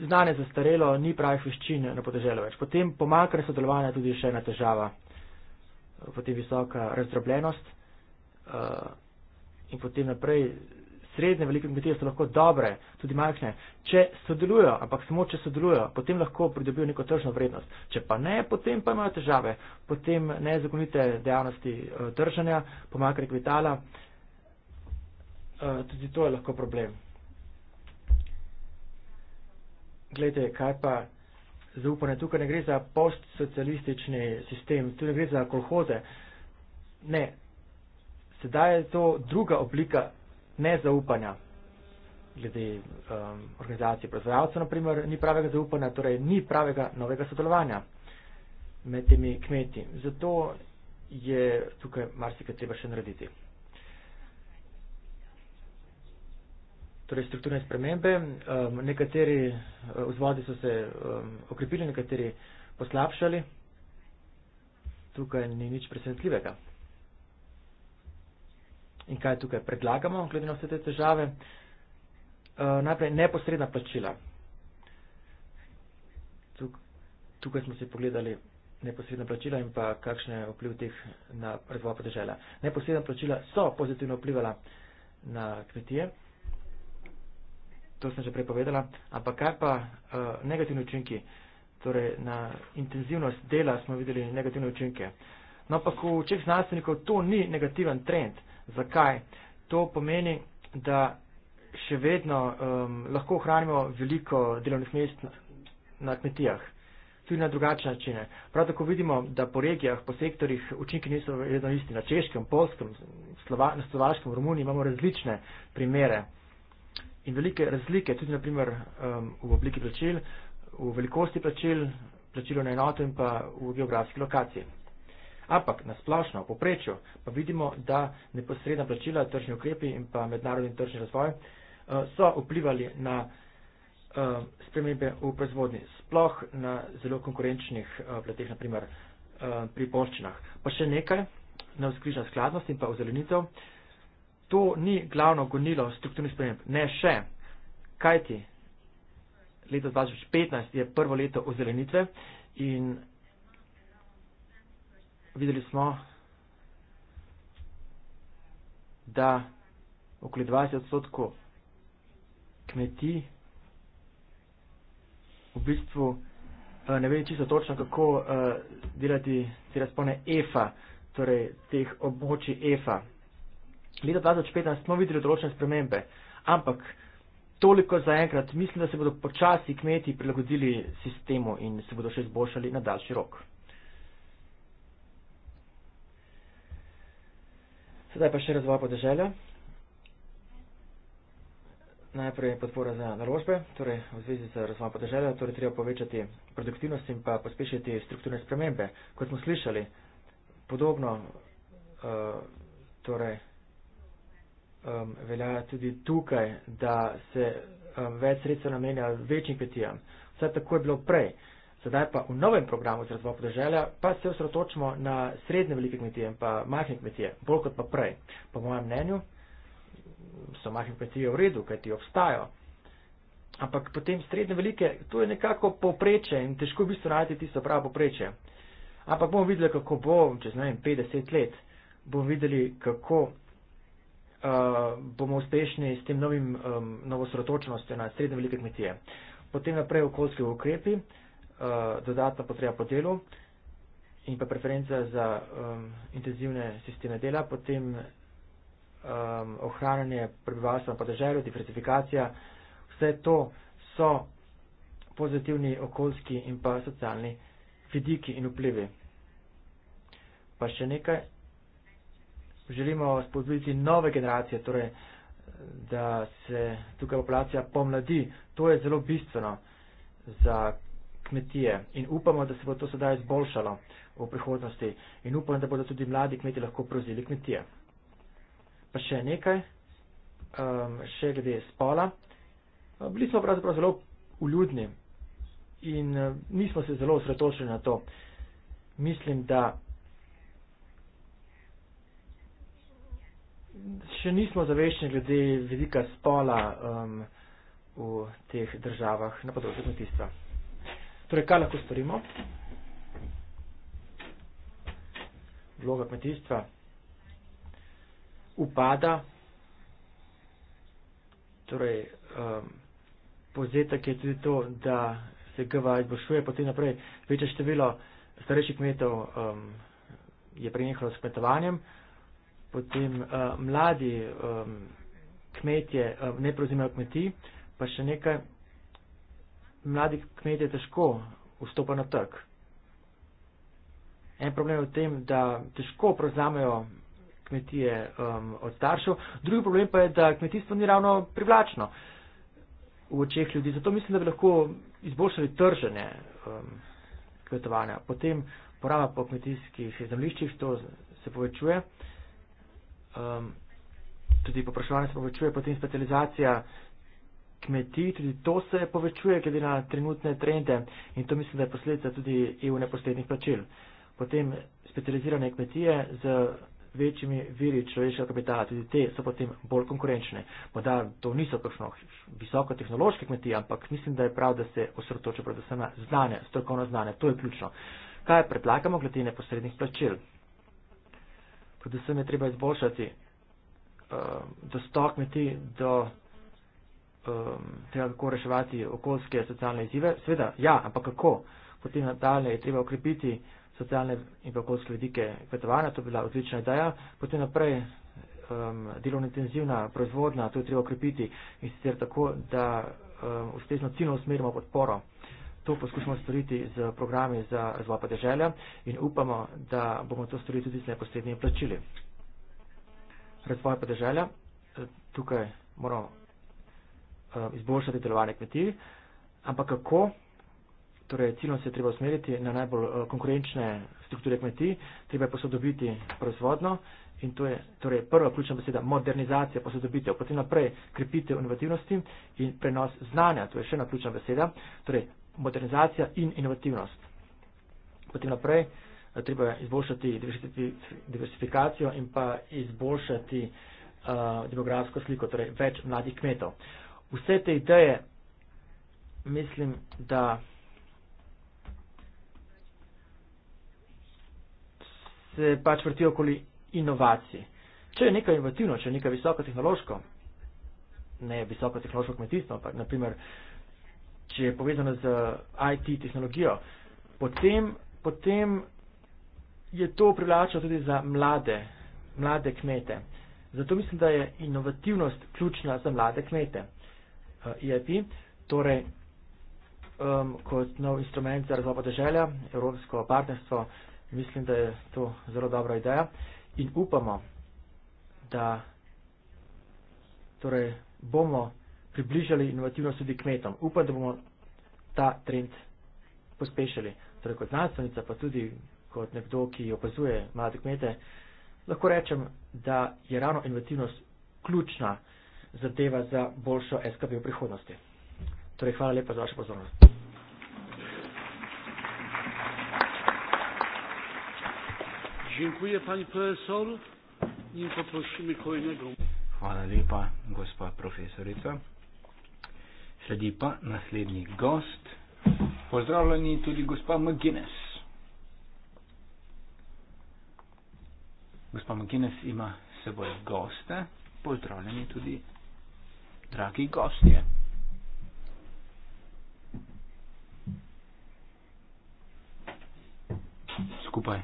Znanje zastarelo, ni pravih veščin na podeželju več. Potem pomakne sodelovanje tudi še ena težava potem visoka razdrobljenost uh, in potem naprej srednje velike kmetije so lahko dobre, tudi majhne, če sodelujo, ampak samo če sodelujo, potem lahko pridobijo neko tržno vrednost. Če pa ne, potem pa imajo težave, potem nezakonite dejavnosti uh, eh, držanja, pomakre kvitala, uh, eh, tudi to je lahko problem. Glede, kaj pa zaupanja. Tukaj ne gre za postsocialistični sistem, tu ne gre za kolhoze. Ne, sedaj je to druga oblika nezaupanja. Glede um, organizacije proizvajalcev, naprimer, ni pravega zaupanja, torej ni pravega novega sodelovanja med temi kmeti. Zato je tukaj marsikaj treba še narediti. torej strukturne spremembe. Um, nekateri uh, vzvodi so se um, okrepili, nekateri poslabšali. Tukaj ni nič presenetljivega. In kaj tukaj predlagamo, glede na vse te težave? Uh, najprej neposredna plačila. Tuk, tukaj smo si pogledali neposredna plačila in pa kakšne vpliv teh na razvoj podeželja. Neposredna plačila so pozitivno vplivala na kmetije to sem že prepovedala, ampak kaj pa uh, negativni učinki, torej na intenzivnost dela smo videli negativne učinke. No, ampak v čeh znanstvenikov to ni negativen trend. Zakaj? To pomeni, da še vedno um, lahko ohranimo veliko delovnih mest na, na kmetijah, tudi na drugačne načine. Prav tako vidimo, da po regijah, po sektorjih učinki niso vedno isti. Na češkem, polskem, slova, na slovaškem, v Romuniji imamo različne primere in velike razlike, tudi naprimer um, v obliki plačil, v velikosti plačil, plačilo na enoto in pa v geografski lokaciji. Ampak na splošno, poprečju, pa vidimo, da neposredna plačila, tržni ukrepi in pa mednarodni tržni razvoj uh, so vplivali na uh, spremembe v proizvodni, sploh na zelo konkurenčnih uh, pleteh, naprimer uh, pri poščinah. Pa še nekaj, na vzkrižna skladnost in pa v zelenitev. Uh, to ni glavno gonilo strukturnih sprememb, ne še. Kajti, leto 2015 je prvo leto ozelenitve in videli smo, da okoli 20 odstotkov kmetij v bistvu eh, ne vem čisto točno, kako eh, delati te razpone EFA, torej teh območij EFA leta 2015 smo videli določene spremembe, ampak toliko zaenkrat mislim, da se bodo počasi kmeti prilagodili sistemu in se bodo še izboljšali na daljši rok. Sedaj pa še razvoj podeželja. Najprej podpora za naložbe, torej v zvezi z razvojem podeželja, torej treba povečati produktivnost in pa pospešiti strukturne spremembe. Kot smo slišali, podobno, uh, torej um, velja tudi tukaj, da se um, več sredstva namenja večjim kmetijam. Vse tako je bilo prej. Sedaj pa v novem programu za razvoj podeželja pa se osredotočimo na srednje velike kmetije in pa majhne kmetije, bolj kot pa prej. Po mojem mnenju so majhne kmetije v redu, kaj ti obstajajo. Ampak potem srednje velike, to je nekako povpreče in težko je v bistvu najti tisto pravo povpreče. Ampak bomo videli, kako bo čez ne vem 50 let, bomo videli, kako Eh, bomo uspešni s tem novim, um, novo sratočnostjo na srednje velike kmetije. Potem naprej okoljski ukrepi, uh, dodatna potreba po delu in pa preferenca za um, intenzivne sisteme dela, potem um, ohranjanje prebivalstva na podeželju, diversifikacija. Vse to so pozitivni okoljski in pa socialni vidiki in vplivi. Pa še nekaj želimo spodbuditi nove generacije, torej, eh, da se tukaj populacija pomladi. To je zelo bistveno za kmetije in upamo, da se bo to sedaj izboljšalo v prihodnosti in upam, da bodo tudi mladi kmeti lahko prevzeli kmetije. Pa še nekaj, um, še glede spola. Eh, bili smo pravzaprav zelo uljudni in eh, nismo se zelo osredotočili na to. Mislim, da še nismo zaveščeni glede velika spola um, v teh državah na področju kmetijstva. Torej, kaj lahko storimo? Vloga kmetijstva upada, torej um, pozetek je tudi to, da se GVA izboljšuje, potem naprej večje število starejših kmetov um, je prenehalo s kmetovanjem potem uh, mladi um, kmetje uh, ne prevzimajo kmetij, pa še nekaj, mladi kmetje težko vstopajo na trg. En problem je v tem, da težko prevzamejo kmetije um, od staršev, drugi problem pa je, da kmetijstvo ni ravno privlačno v očeh ljudi. Zato mislim, da bi lahko izboljšali tržene um, kvetovanja. Potem poraba po kmetijskih zemljiščih, to se povečuje. Uh, um, tudi poprašovanje se povečuje, potem specializacija kmetij, tudi to se povečuje, glede na trenutne trende in to mislim, da je posledica tudi EU neposrednih plačil. Potem specializirane kmetije z večjimi viri človeškega kapitala, tudi te so potem bolj konkurenčne. Morda to niso kakšno visoko tehnološke kmetije, ampak mislim, da je prav, da se osredotoča predvsem na znanje, strokovno znanje. To je ključno. Kaj predlagamo glede neposrednih plačil? predvsem je treba izboljšati um, dostop kmetij do um, tega, kako reševati okoljske socialne izzive. Sveda, ja, ampak kako? Potem nadalje je treba ukrepiti socialne in okoljske vidike kvetovanja, to je bila odlična ideja. Potem naprej um, delovno intenzivna proizvodnja, to je treba ukrepiti in sicer tako, da um, ustrezno ciljno usmerimo podporo. Uh, To poskušamo storiti z programi za razvoj podeželja in upamo, da bomo to storili tudi z neposrednimi plačili. Razvoj podeželja, eh, tukaj moramo eh, izboljšati delovanje kmetij, ampak kako? Torej, ciljno se je treba usmeriti na najbolj eh, konkurenčne strukture kmetij, treba je posodobiti proizvodno in to je torej, prva ključna beseda, modernizacija posodobitev, potem naprej krepitev inovativnosti in prenos znanja, to je še ena ključna beseda, torej modernizacija in inovativnost. Potem naprej eh, treba izboljšati diversifikacijo in pa izboljšati uh, demografsko sliko, torej več mladih kmetov. Vse te ideje mislim, da se pač vrtijo okoli inovacij. Če je nekaj inovativno, če je nekaj visoko tehnološko, ne visoko tehnološko kmetijstvo, ampak naprimer uh, če je povezana z IT tehnologijo, potem, potem je to privlačilo tudi za mlade, mlade kmete. Zato mislim, da je inovativnost ključna za mlade kmete. Eh, e IIP, torej um, kot nov instrument za razvoj podeželja, evropsko partnerstvo, mislim, da je to zelo dobra ideja in upamo, da torej, bomo približali inovativnost tudi kmetom. Upam, da bomo ta trend pospešili. Torej, kot znanstvenica, pa tudi kot nekdo, ki opazuje mlade kmete, lahko rečem, da je ravno inovativnost ključna zadeva za boljšo SKB v prihodnosti. Torej, hvala lepa za vašo pozornost. Dziękuję pani profesor i poprosimy kolejnego. Hvala lepa, gospa profesorica. Sledi pa naslednji gost. Pozdravljeni tudi gospa McGuinness. Gospa McGuinness ima seboj goste. Pozdravljeni tudi dragi gostje. Skupaj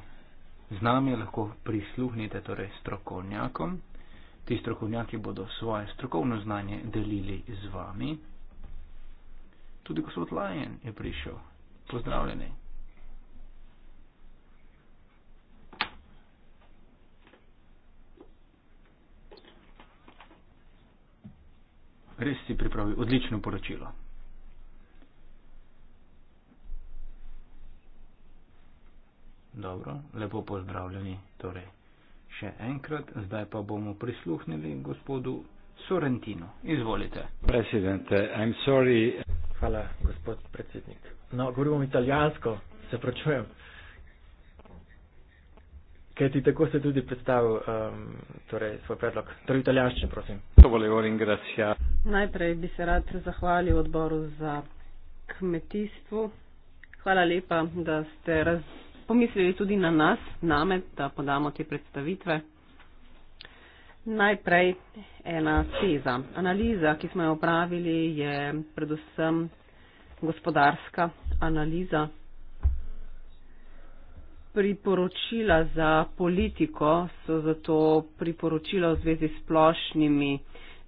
z nami lahko prisluhnite torej strokovnjakom. Ti strokovnjaki bodo svoje strokovno znanje delili z vami, Tudi gospod Lajen je prišel. Pozdravljeni. Res si pripravil odlično poročilo. Dobro, lepo pozdravljeni. Torej, še enkrat, zdaj pa bomo prisluhnili gospodu Sorrentino. Izvolite. Predsednik, I'm sorry. Hvala, gospod predsednik. No, govorim italijansko, se pročujem. Kaj ti tako se tudi predstavil um, torej, svoj predlog? Torej, italijanščin, prosim. Najprej bi se rad zahvalil odboru za kmetijstvo. Hvala lepa, da ste raz... pomislili tudi na nas, name, da podamo te predstavitve. Najprej ena teza. Analiza, ki smo jo opravili, je predvsem gospodarska analiza. Priporočila za politiko so zato priporočila v zvezi s splošnimi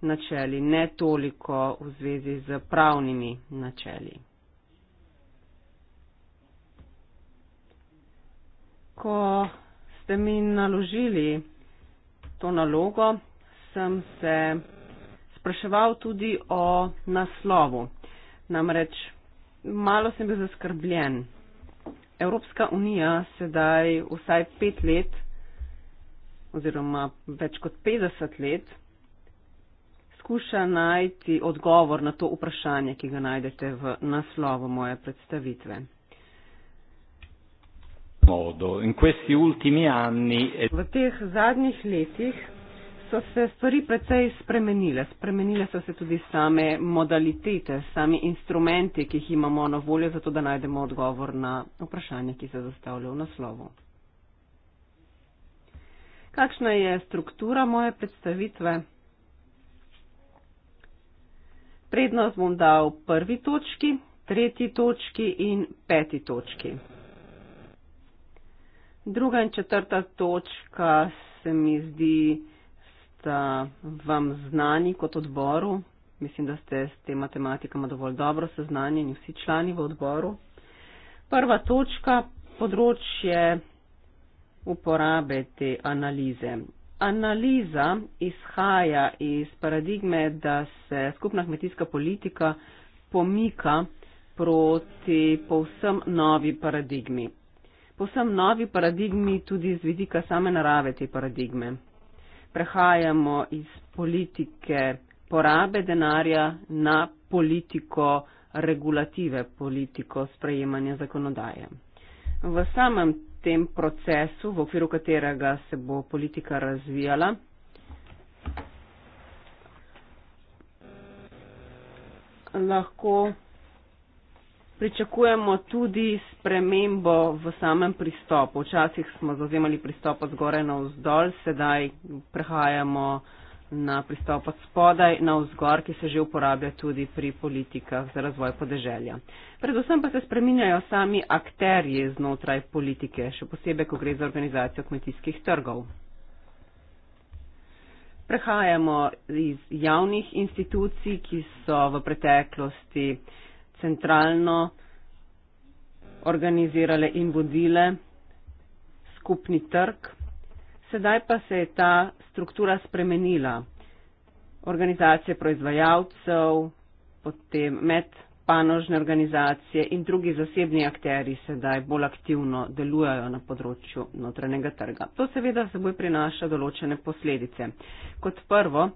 načeli, ne toliko v zvezi z pravnimi načeli. Ko ste mi naložili to nalogo, sem se spraševal tudi o naslovu. Namreč malo sem bil zaskrbljen. Evropska unija sedaj vsaj pet let oziroma več kot 50 let skuša najti odgovor na to vprašanje, ki ga najdete v naslovu moje predstavitve. V teh zadnjih letih so se stvari precej spremenile. Spremenile so se tudi same modalitete, sami instrumenti, ki jih imamo na voljo, zato da najdemo odgovor na vprašanje, ki se zastavlja v naslovu. Kakšna je struktura moje predstavitve? Prednost bom dal prvi točki, tretji točki in peti točki. Druga in četrta točka se mi zdi, sta vam znani kot odboru. Mislim, da ste s tema tematikama dovolj dobro seznanjeni vsi člani v odboru. Prva točka, področje uporabe te analize. Analiza izhaja iz paradigme, da se skupna kmetijska politika pomika proti povsem novi paradigmi posem novi paradigmi tudi z vidika same narave te paradigme. Prehajamo iz politike porabe denarja na politiko regulative, politiko sprejemanja zakonodaje. V samem tem procesu, v okviru katerega se bo politika razvijala, lahko pričakujemo tudi spremembo v samem pristopu. Včasih smo zauzemali pristop od zgore na vzdolj, sedaj prehajamo na pristop od spodaj na vzgor, ki se že uporablja tudi pri politikah za razvoj podeželja. Predvsem pa se spreminjajo sami akterji znotraj politike, še posebej, ko gre za organizacijo kmetijskih trgov. Prehajamo iz javnih institucij, ki so v preteklosti centralno organizirale in vodile skupni trg. Sedaj pa se je ta struktura spremenila. Organizacije proizvajalcev, potem med panožne organizacije in drugi zasebni akteri sedaj bolj aktivno delujejo na področju notranjega trga. To seveda seboj prinaša določene posledice. Kot prvo,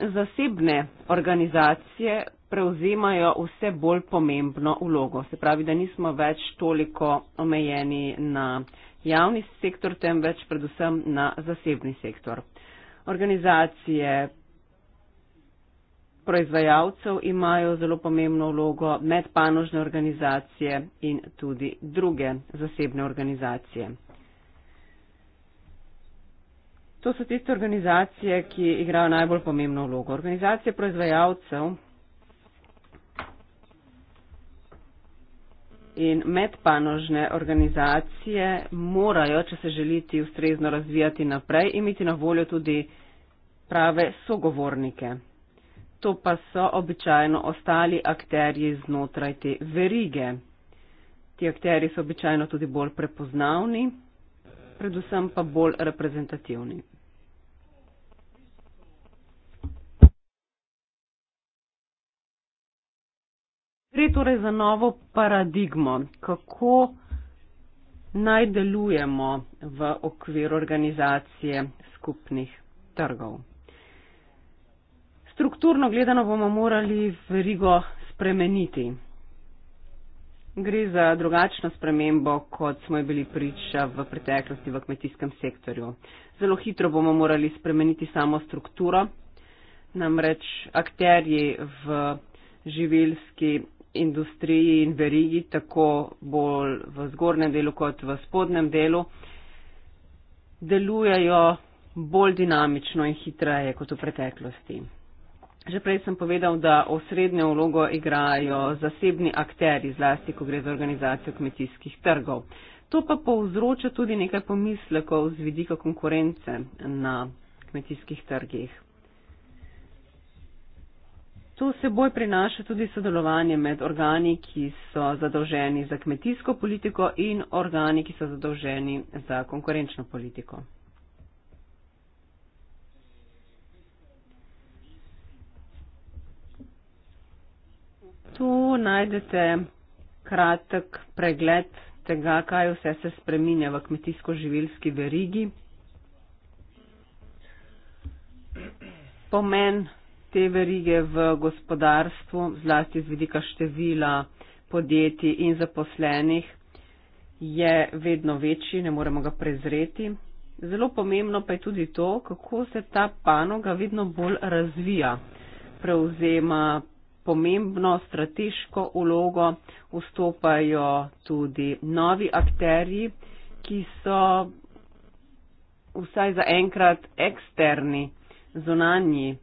zasebne organizacije prevzemajo vse bolj pomembno vlogo. Se pravi, da nismo več toliko omejeni na javni sektor, temveč predvsem na zasebni sektor. Organizacije proizvajalcev imajo zelo pomembno vlogo, medpanožne organizacije in tudi druge zasebne organizacije. To so tiste organizacije, ki igrajo najbolj pomembno vlogo. Organizacije proizvajalcev in medpanožne organizacije morajo, če se želiti ustrezno razvijati naprej, imeti na voljo tudi prave sogovornike. To pa so običajno ostali akterji znotraj te verige. Ti akteri so običajno tudi bolj prepoznavni, predvsem pa bolj reprezentativni. Gre torej za novo paradigmo, kako naj delujemo v okviru organizacije skupnih trgov. Strukturno gledano bomo morali verigo spremeniti. Gre za drugačno spremembo, kot smo bili priča v preteklosti v kmetijskem sektorju. Zelo hitro bomo morali spremeniti samo strukturo, namreč akterji v živilski industriji in verigi, tako bolj v zgornjem delu kot v spodnjem delu, delujejo bolj dinamično in hitreje kot v preteklosti. Že prej sem povedal, da osrednjo vlogo igrajo zasebni akteri, zlasti, ko gre za organizacijo kmetijskih trgov. To pa povzroča tudi nekaj pomislekov z vidika konkurence na kmetijskih trgih. To seboj prinaša tudi sodelovanje med organi, ki so zadolženi za kmetijsko politiko in organi, ki so zadolženi za konkurenčno politiko. Tu najdete kratek pregled tega, kaj vse se spreminja v kmetijsko-živilski verigi. Pomen te verige v gospodarstvu, zlasti z vidika števila podjetij in zaposlenih, je vedno večji, ne moremo ga prezreti. Zelo pomembno pa je tudi to, kako se ta panoga vedno bolj razvija, prevzema pomembno strateško ulogo, vstopajo tudi novi akterji, ki so vsaj za enkrat eksterni, zunanji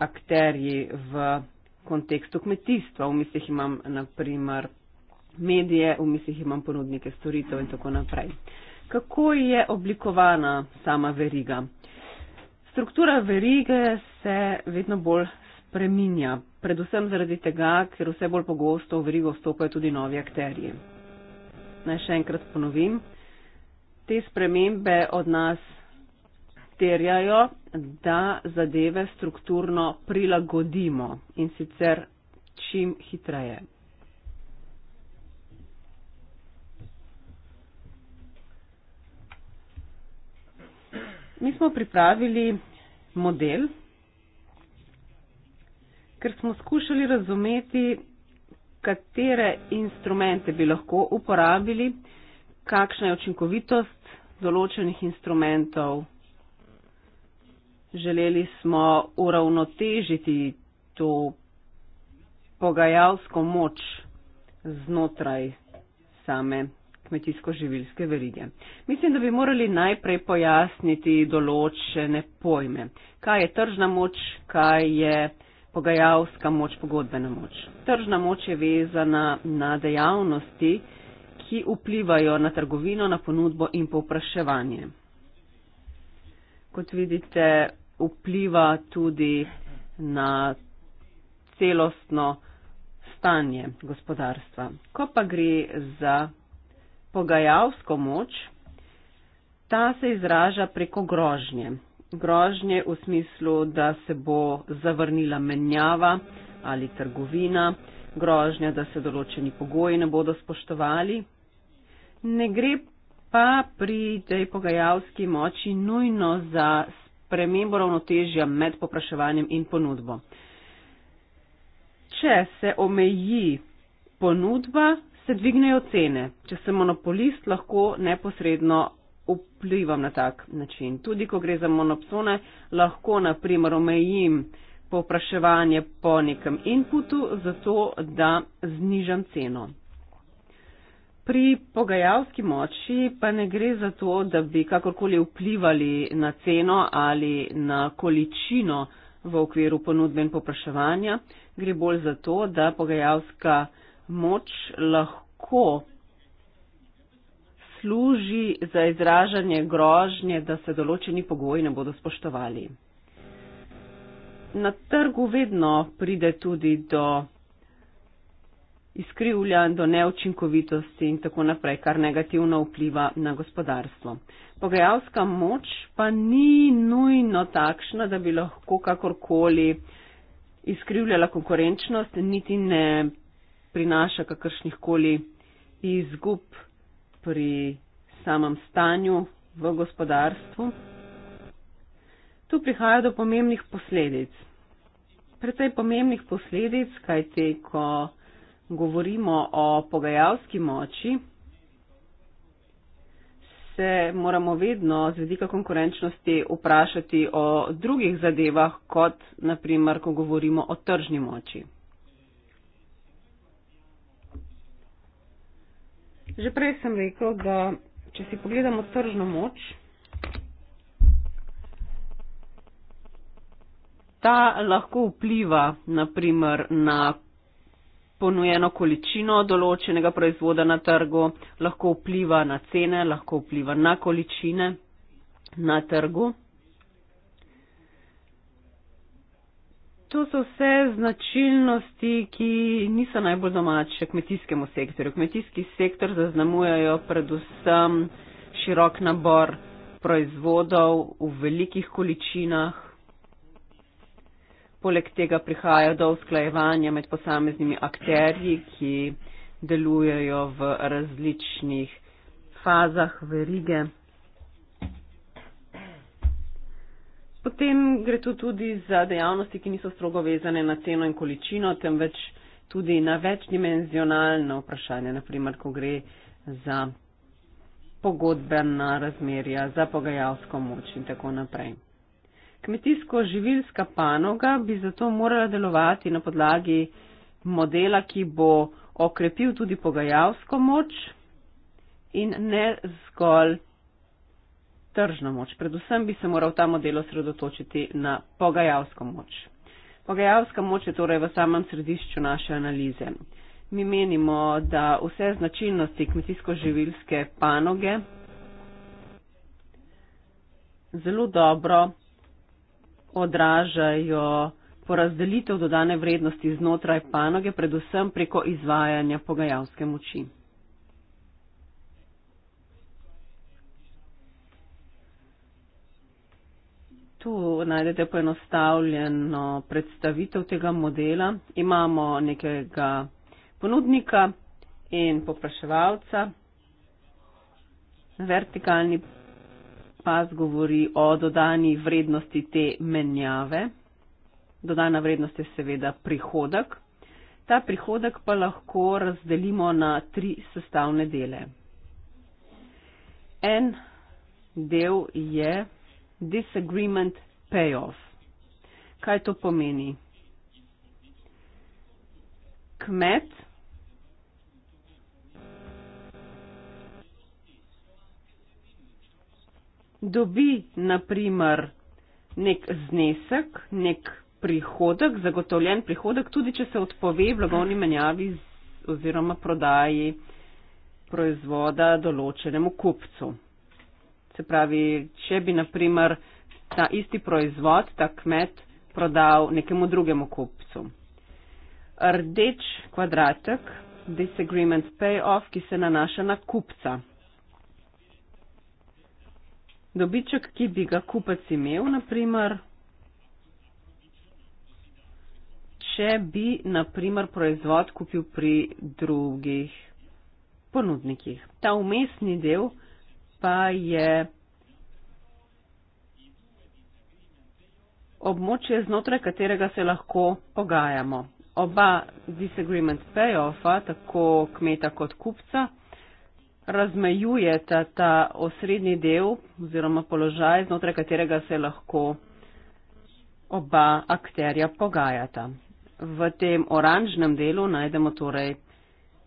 akterji v kontekstu kmetijstva. V mislih imam naprimer medije, v mislih imam ponudnike storitev in tako naprej. Kako je oblikovana sama veriga? Struktura verige se vedno bolj spreminja, predvsem zaradi tega, ker vse bolj pogosto v verigo vstopajo tudi novi akterji. Naj še enkrat ponovim, te spremembe od nas terjajo, da zadeve strukturno prilagodimo in sicer čim hitreje. Mi smo pripravili model, ker smo skušali razumeti, katere instrumente bi lahko uporabili, kakšna je učinkovitost določenih instrumentov Želeli smo uravnotežiti to pogajalsko moč znotraj same kmetijsko-živilske verige. Mislim, da bi morali najprej pojasniti določene pojme. Kaj je tržna moč, kaj je pogajalska moč, pogodbena moč. Tržna moč je vezana na dejavnosti, ki vplivajo na trgovino, na ponudbo in povpraševanje. Kot vidite, vpliva tudi na celostno stanje gospodarstva. Ko pa gre za pogajalsko moč, ta se izraža preko grožnje. Grožnje v smislu, da se bo zavrnila menjava ali trgovina, grožnja, da se določeni pogoji ne bodo spoštovali. Ne gre pa pri tej pogajalski moči nujno za spremembo ravnotežja med popraševanjem in ponudbo. Če se omeji ponudba, se dvignejo cene. Če sem monopolist, lahko neposredno vplivam na tak način. Tudi, ko gre za monopsone, lahko, naprimer, omejim popraševanje po nekem inputu, zato da znižam ceno. Pri pogajalski moči pa ne gre za to, da bi kakorkoli vplivali na ceno ali na količino v okviru ponudbe in popraševanja. Gre bolj za to, da pogajalska moč lahko služi za izražanje grožnje, da se določeni pogoji ne bodo spoštovali. Na trgu vedno pride tudi do izkrivlja do neučinkovitosti in tako naprej, kar negativno vpliva na gospodarstvo. Pogajalska moč pa ni nujno takšna, da bi lahko kakorkoli izkrivljala konkurenčnost, niti ne prinaša kakršnih koli izgub pri samem stanju v gospodarstvu. Tu prihaja do pomembnih posledic. Predvsej pomembnih posledic, kajte, ko govorimo o pogajalski moči, se moramo vedno z vidika konkurenčnosti vprašati o drugih zadevah, kot naprimer, ko govorimo o tržni moči. Že prej sem rekel, da če si pogledamo tržno moč, ta lahko vpliva naprimer na ponujeno količino določenega proizvoda na trgu, lahko vpliva na cene, lahko vpliva na količine na trgu. To so vse značilnosti, ki niso najbolj domače kmetijskemu sektorju. Kmetijski sektor zaznamujajo predvsem širok nabor proizvodov v velikih količinah, Poleg tega prihaja do usklajevanja med posameznimi akterji, ki delujejo v različnih fazah verige. Potem gre tu tudi za dejavnosti, ki niso strogo vezane na ceno in količino, temveč tudi na večdimenzionalne vprašanje, naprimer, ko gre za pogodbena razmerja, za pogajalsko moč in tako naprej. Kmetijsko-živilska panoga bi zato morala delovati na podlagi modela, ki bo okrepil tudi pogajalsko moč in ne zgolj tržno moč. Predvsem bi se moral ta model osredotočiti na pogajalsko moč. Pogajalska moč je torej v samem središču naše analize. Mi menimo, da vse značilnosti kmetijsko-živilske panoge zelo dobro odražajo porazdelitev dodane vrednosti znotraj panoge, predvsem preko izvajanja pogajalske moči. Tu najdete poenostavljeno predstavitev tega modela. Imamo nekega ponudnika in popraševalca. Vertikalni Pas govori o dodani vrednosti te menjave. Dodana vrednost je seveda prihodek. Ta prihodek pa lahko razdelimo na tri sestavne dele. En del je disagreement payoff. Kaj to pomeni? Kmet dobi, naprimer, nek znesek, nek prihodek, zagotovljen prihodek, tudi če se odpove blagovni menjavi oziroma prodaji proizvoda določenemu kupcu. Se pravi, če bi, naprimer, ta isti proizvod, ta kmet prodal nekemu drugemu kupcu. Rdeč kvadratek, disagreement payoff, ki se nanaša na kupca dobiček, ki bi ga kupec imel, naprimer, če bi, naprimer, proizvod kupil pri drugih ponudnikih. Ta umestni del pa je območje, znotraj katerega se lahko pogajamo. Oba disagreement payoffa, tako kmeta kot kupca, razmejujete ta osrednji del oziroma položaj, znotraj katerega se lahko oba akterja pogajata. V tem oranžnem delu najdemo torej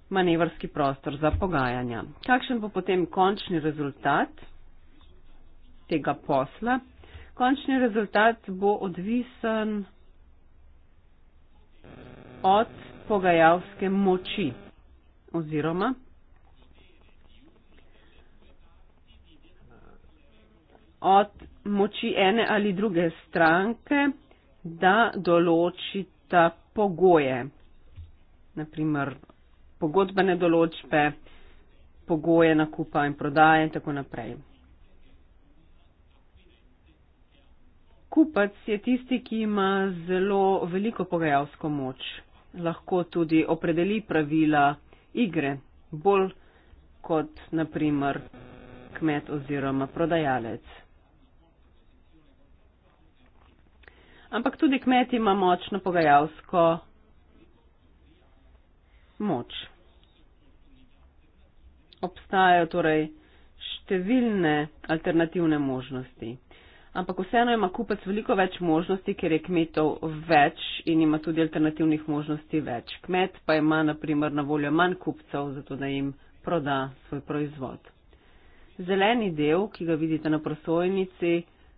manevrski prostor za pogajanja. Kakšen bo potem končni rezultat tega posla? Končni rezultat bo odvisen od pogajalske moči oziroma od moči ene ali druge stranke, da določita pogoje. Naprimer, pogodbene določbe, pogoje nakupa in prodaje in tako naprej. Kupac je tisti, ki ima zelo veliko pogajalsko moč. Lahko tudi opredeli pravila igre, bolj kot naprimer kmet oziroma prodajalec. ampak tudi kmet ima močno pogajalsko moč. Obstajajo torej številne alternativne možnosti. Ampak vseeno ima kupec veliko več možnosti, ker je kmetov več in ima tudi alternativnih možnosti več. Kmet pa ima naprimer na voljo manj kupcev, zato da jim proda svoj proizvod. Zeleni del, ki ga vidite na prosojnici,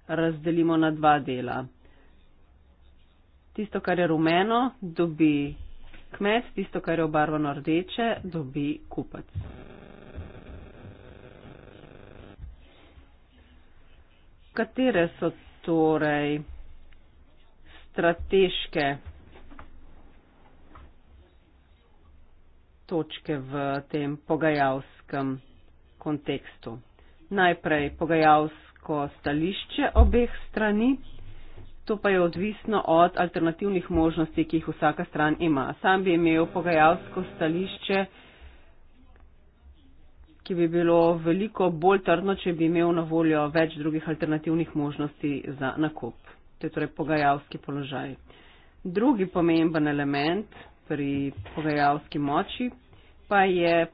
razdelimo na dva dela tisto, kar je rumeno, dobi kmet, tisto, kar je obarvano rdeče, dobi kupec. Katere so torej strateške točke v tem pogajalskem kontekstu? Najprej pogajalsko stališče obeh strani. To pa je odvisno od alternativnih možnosti, ki jih vsaka stran ima. Sam bi imel pogajalsko stališče, ki bi bilo veliko bolj trdno, če bi imel na voljo več drugih alternativnih možnosti za nakup. To je torej pogajalski položaj. Drugi pomemben element pri pogajalski moči pa je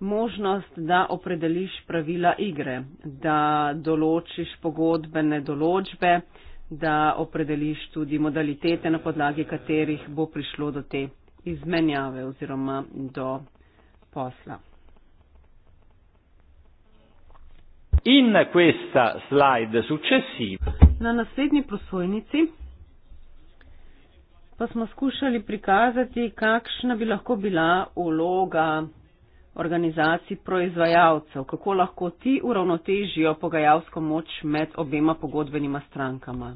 možnost, da opredeliš pravila igre, da določiš pogodbene določbe, da opredeliš tudi modalitete, na podlagi katerih bo prišlo do te izmenjave oziroma do posla. In questa slide successiva. Na naslednji prosojnici pa smo skušali prikazati, kakšna bi lahko bila vloga organizacij proizvajalcev, kako lahko ti uravnotežijo pogajalsko moč med obema pogodbenima strankama.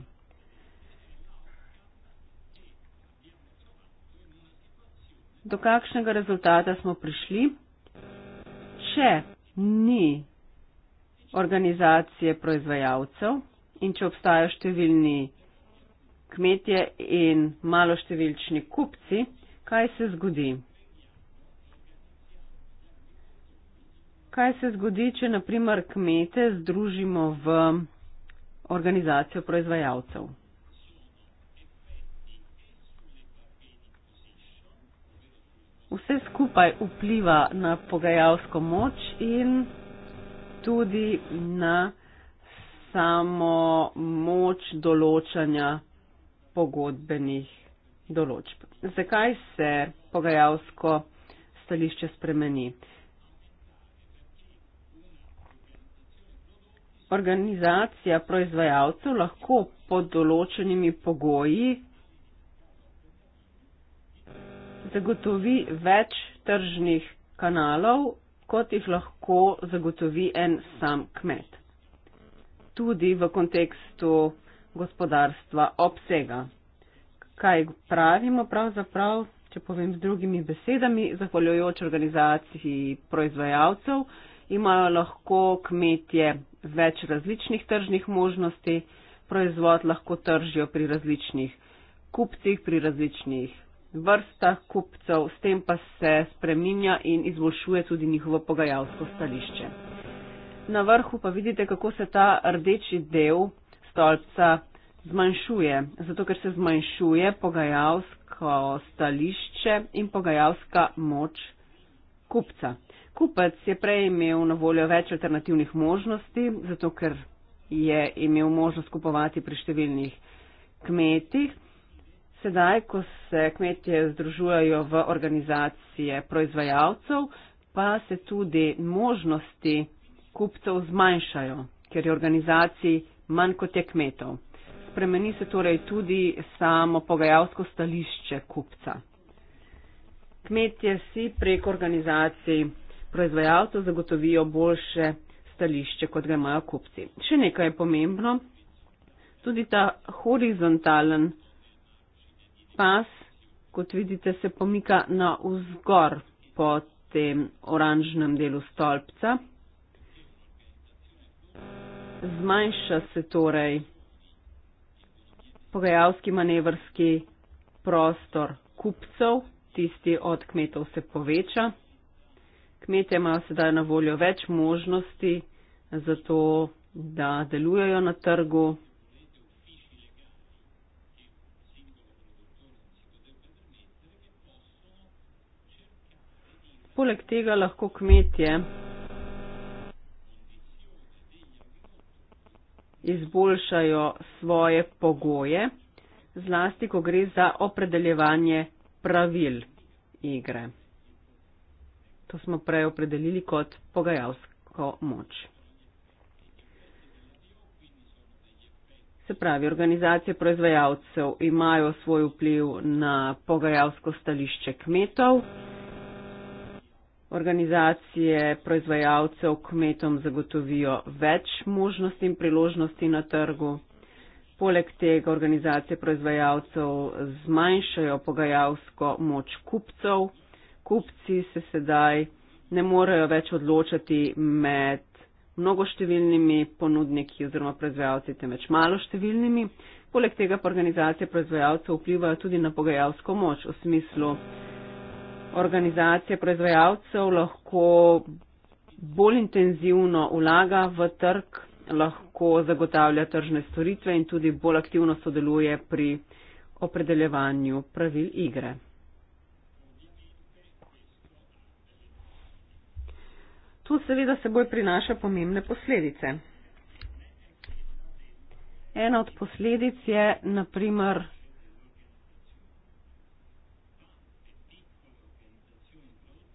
Do kakšnega rezultata smo prišli? Če ni organizacije proizvajalcev in če obstajajo številni kmetje in maloštevilčni kupci, kaj se zgodi? kaj se zgodi, če na primer kmete združimo v organizacijo proizvajalcev. Vse skupaj vpliva na pogajalsko moč in tudi na samo moč določanja pogodbenih določb. Zakaj se pogajalsko stališče spremeni? organizacija proizvajalcev lahko pod določenimi pogoji zagotovi več tržnih kanalov, kot jih lahko zagotovi en sam kmet. Tudi v kontekstu gospodarstva obsega. Kaj pravimo pravzaprav, če povem z drugimi besedami, zahvaljujoč organizaciji proizvajalcev, imajo lahko kmetje več različnih tržnih možnosti, proizvod lahko tržijo pri različnih kupcih, pri različnih vrstah kupcev, s tem pa se spreminja in izboljšuje tudi njihovo pogajalsko stališče. Na vrhu pa vidite, kako se ta rdeči del stolpca zmanjšuje, zato ker se zmanjšuje pogajalsko stališče in pogajalska moč kupca. Kupec je prej imel na voljo več alternativnih možnosti, zato ker je imel možnost kupovati pri številnih kmetih. Sedaj, ko se kmetje združujejo v organizacije proizvajalcev, pa se tudi možnosti kupcev zmanjšajo, ker je organizacij manj kot je kmetov. Spremeni se torej tudi samo pogajalsko stališče kupca. Kmetje si prek organizacij proizvajalcev zagotovijo boljše stališče, kot ga imajo kupci. Še nekaj je pomembno, tudi ta horizontalen pas, kot vidite, se pomika na vzgor po tem oranžnem delu stolpca. Zmanjša se torej pogajalski manevrski prostor kupcev tisti od kmetov se poveča. Kmetje imajo sedaj na voljo več možnosti za to, da delujejo na trgu. Poleg tega lahko kmetje izboljšajo svoje pogoje, zlasti ko gre za opredeljevanje pravil igre. To smo prej opredelili kot pogajalsko moč. Se pravi, organizacije proizvajalcev imajo svoj vpliv na pogajalsko stališče kmetov. Organizacije proizvajalcev kmetom zagotovijo več možnosti in priložnosti na trgu. Poleg tega organizacije proizvajalcev zmanjšajo pogajalsko moč kupcev. Kupci se sedaj ne morejo več odločati med mnogoštevilnimi ponudniki oziroma proizvajalci, temveč maloštevilnimi. Poleg tega pa organizacije proizvajalcev vplivajo tudi na pogajalsko moč v smislu organizacije proizvajalcev lahko bolj intenzivno vlaga v trg lahko zagotavlja tržne storitve in tudi bolj aktivno sodeluje pri opredeljevanju pravil igre. To seveda seboj prinaša pomembne posledice. Ena od posledic je, naprimer,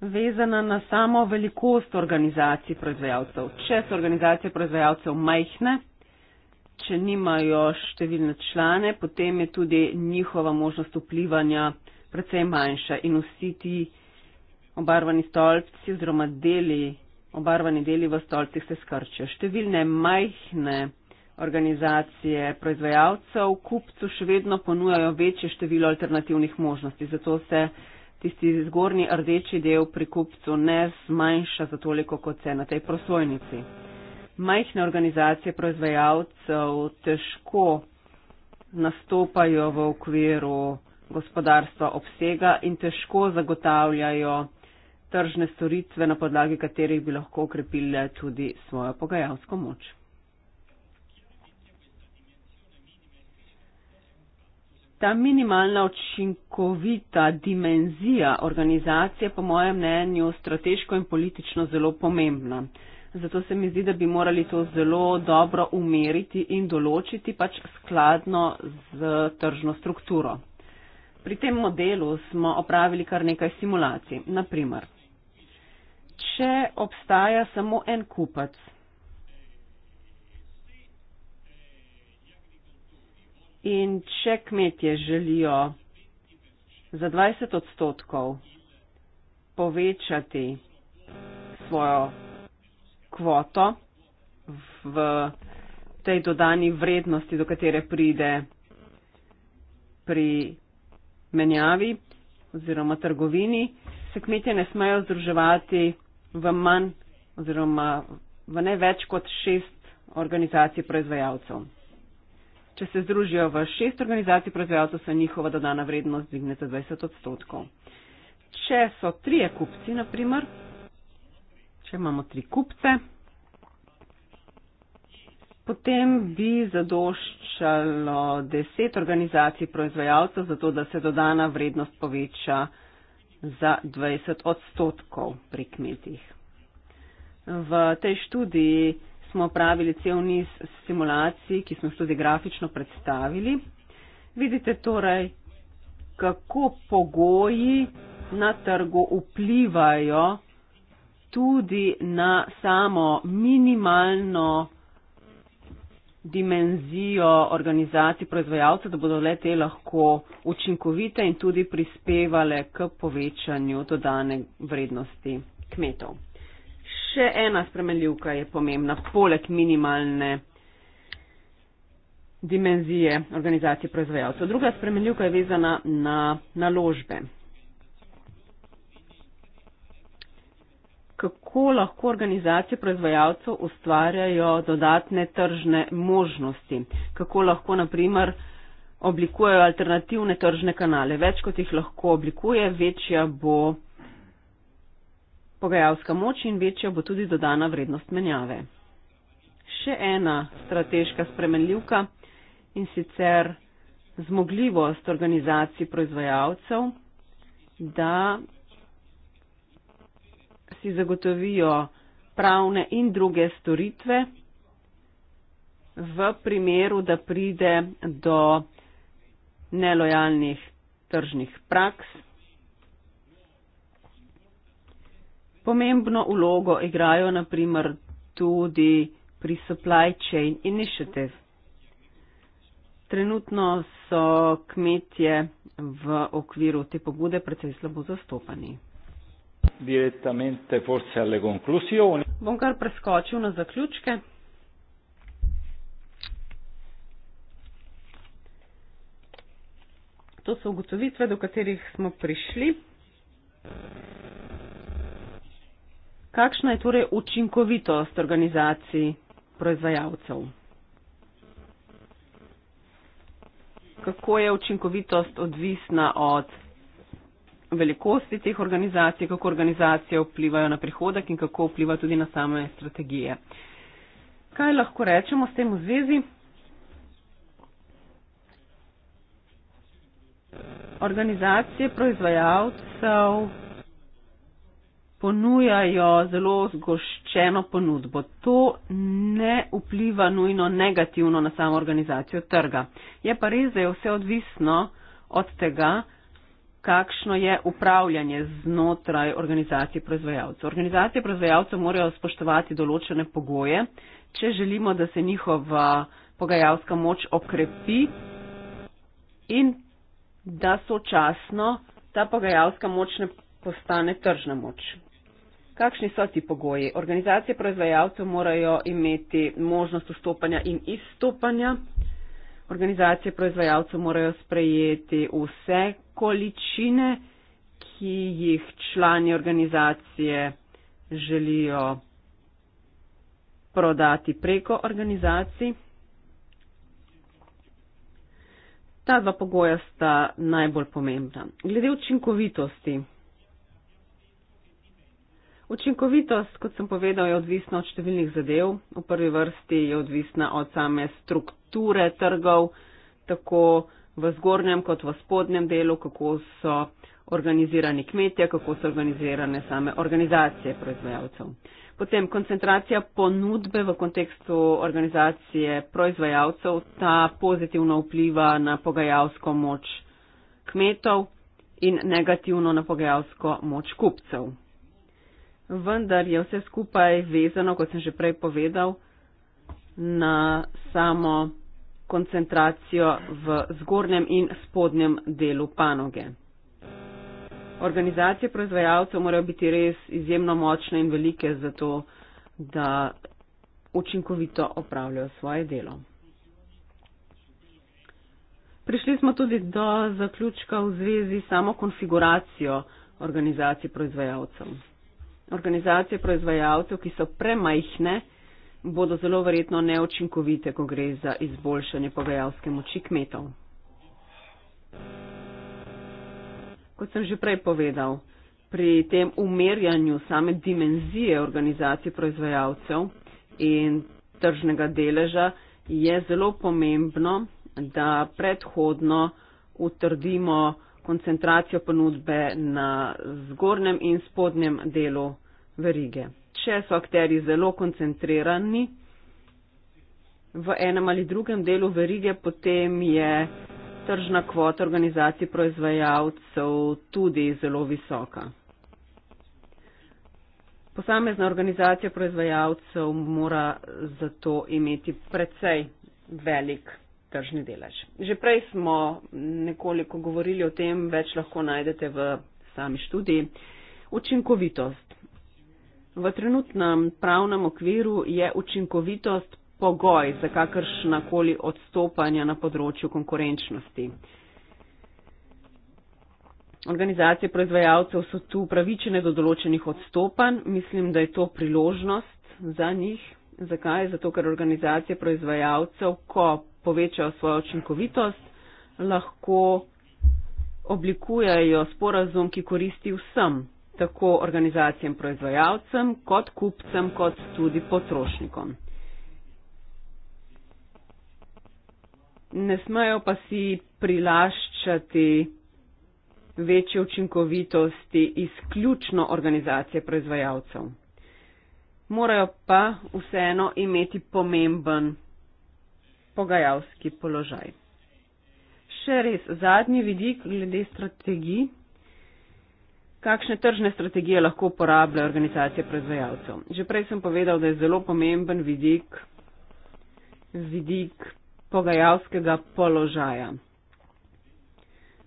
vezana na samo velikost organizacij proizvajalcev. Če so organizacije proizvajalcev majhne, če nimajo številne člane, potem je tudi njihova možnost vplivanja precej manjša in vsi ti obarvani stolci oziroma deli, obarvani deli v stolcih se skrčijo. Številne majhne organizacije proizvajalcev kupcu še vedno ponujajo večje število alternativnih možnosti, zato se tisti zgornji rdeči del pri kupcu ne zmanjša za toliko, kot se na tej prosojnici. Majhne organizacije proizvajalcev težko nastopajo v okviru gospodarstva obsega in težko zagotavljajo tržne storitve, na podlagi katerih bi lahko okrepile tudi svojo pogajalsko moč. Ta minimalna učinkovita dimenzija organizacije, po mojem mnenju, strateško in politično zelo pomembna. Zato se mi zdi, da bi morali to zelo dobro umeriti in določiti pač skladno z tržno strukturo. Pri tem modelu smo opravili kar nekaj simulacij. Naprimer, če obstaja samo en kupac, in če kmetje želijo za 20 odstotkov povečati svojo kvoto v tej dodani vrednosti, do katere pride pri menjavi oziroma trgovini, se kmetje ne smejo združevati v manj oziroma v ne več kot šest organizacij proizvajalcev. Če se združijo v šest organizacij proizvajalcev, se njihova dodana vrednost dvigne za 20 odstotkov. Če so trije kupci, naprimer, če imamo tri kupce, potem bi zadoščalo deset organizacij proizvajalcev, zato da se dodana vrednost poveča za 20 odstotkov pri kmetih. V tej študiji smo pravili cel niz simulacij, ki smo jih tudi grafično predstavili. Vidite torej, kako pogoji na trgu vplivajo tudi na samo minimalno dimenzijo organizacij proizvajalcev, da bodo le te lahko učinkovite in tudi prispevale k povečanju dodane vrednosti kmetov še ena spremenljivka je pomembna, poleg minimalne dimenzije organizacije proizvajalcev. Druga spremenljivka je vezana na naložbe. Kako lahko organizacije proizvajalcev ustvarjajo dodatne tržne možnosti? Kako lahko, na primer, oblikujejo alternativne tržne kanale? Več kot jih lahko oblikuje, večja bo pogajalska moč in večja bo tudi dodana vrednost menjave. Še ena strateška spremenljivka in sicer zmogljivost organizacij proizvajalcev, da si zagotovijo pravne in druge storitve v primeru, da pride do nelojalnih tržnih praks Pomembno vlogo igrajo naprimer tudi pri Supply Chain Initiative. Trenutno so kmetje v okviru te pobude precej slabo zastopani. Bom kar preskočil na zaključke. To so ugotovitve, do katerih smo prišli. Kakšna je torej učinkovitost organizacij proizvajalcev? Kako je učinkovitost odvisna od velikosti teh organizacij, kako organizacije vplivajo na prihodek in kako vpliva tudi na same strategije? Kaj lahko rečemo s tem v zvezi? Organizacije proizvajalcev ponujajo zelo zgoščeno ponudbo. To ne vpliva nujno negativno na samo organizacijo trga. Je pa res, da je vse odvisno od tega, kakšno je upravljanje znotraj organizacije proizvajalcev. Organizacije proizvajalcev morajo spoštovati določene pogoje, če želimo, da se njihova pogajalska moč okrepi in da sočasno ta pogajalska moč ne postane tržna moč. Kakšni so ti pogoji? Organizacije proizvajalcev morajo imeti možnost vstopanja in izstopanja. Organizacije proizvajalcev morajo sprejeti vse količine, ki jih člani organizacije želijo prodati preko organizacij. Ta dva pogoja sta najbolj pomembna. Glede učinkovitosti. Učinkovitost, kot sem povedal, je odvisna od številnih zadev. V prvi vrsti je odvisna od same strukture trgov, tako v zgornjem kot v spodnjem delu, kako so organizirani kmetje, kako so organizirane same organizacije proizvajalcev. Potem koncentracija ponudbe v kontekstu organizacije proizvajalcev, ta pozitivno vpliva na pogajalsko moč kmetov in negativno na pogajalsko moč kupcev vendar je vse skupaj vezano, kot sem že prej povedal, na samo koncentracijo v zgornjem in spodnjem delu panoge. Organizacije proizvajalcev morajo biti res izjemno močne in velike za to, da učinkovito opravljajo svoje delo. Prišli smo tudi do zaključka v zvezi s samo konfiguracijo organizacij proizvajalcev organizacije proizvajalcev, ki so premajhne, bodo zelo verjetno neočinkovite, ko gre za izboljšanje pogajalske moči kmetov. Kot sem že prej povedal, pri tem umerjanju same dimenzije organizacij proizvajalcev in tržnega deleža je zelo pomembno, da predhodno utrdimo koncentracijo ponudbe na zgornjem in spodnjem delu verige. Če so akteri zelo koncentrirani v enem ali drugem delu verige, potem je tržna kvota organizacij proizvajalcev tudi zelo visoka. Posamezna organizacija proizvajalcev mora zato imeti precej velik tržni delež. Že prej smo nekoliko govorili o tem, več lahko najdete v sami študiji. Učinkovitost. V trenutnem pravnem okviru je učinkovitost pogoj za kakršnakoli odstopanja na področju konkurenčnosti. Organizacije proizvajalcev so tu upravičene do določenih odstopanj. Mislim, da je to priložnost za njih. Zakaj? Zato, ker organizacije proizvajalcev, ko povečajo svojo učinkovitost, lahko oblikujejo sporazum, ki koristi vsem, tako organizacijam proizvajalcem, kot kupcem, kot tudi potrošnikom. Ne smejo pa si prilaščati večje učinkovitosti izključno organizacije proizvajalcev. Morajo pa vseeno imeti pomemben pogajalski položaj. Še res zadnji vidik glede strategij. Kakšne tržne strategije lahko uporablja organizacija proizvajalcev? Že prej sem povedal, da je zelo pomemben vidik, vidik pogajalskega položaja.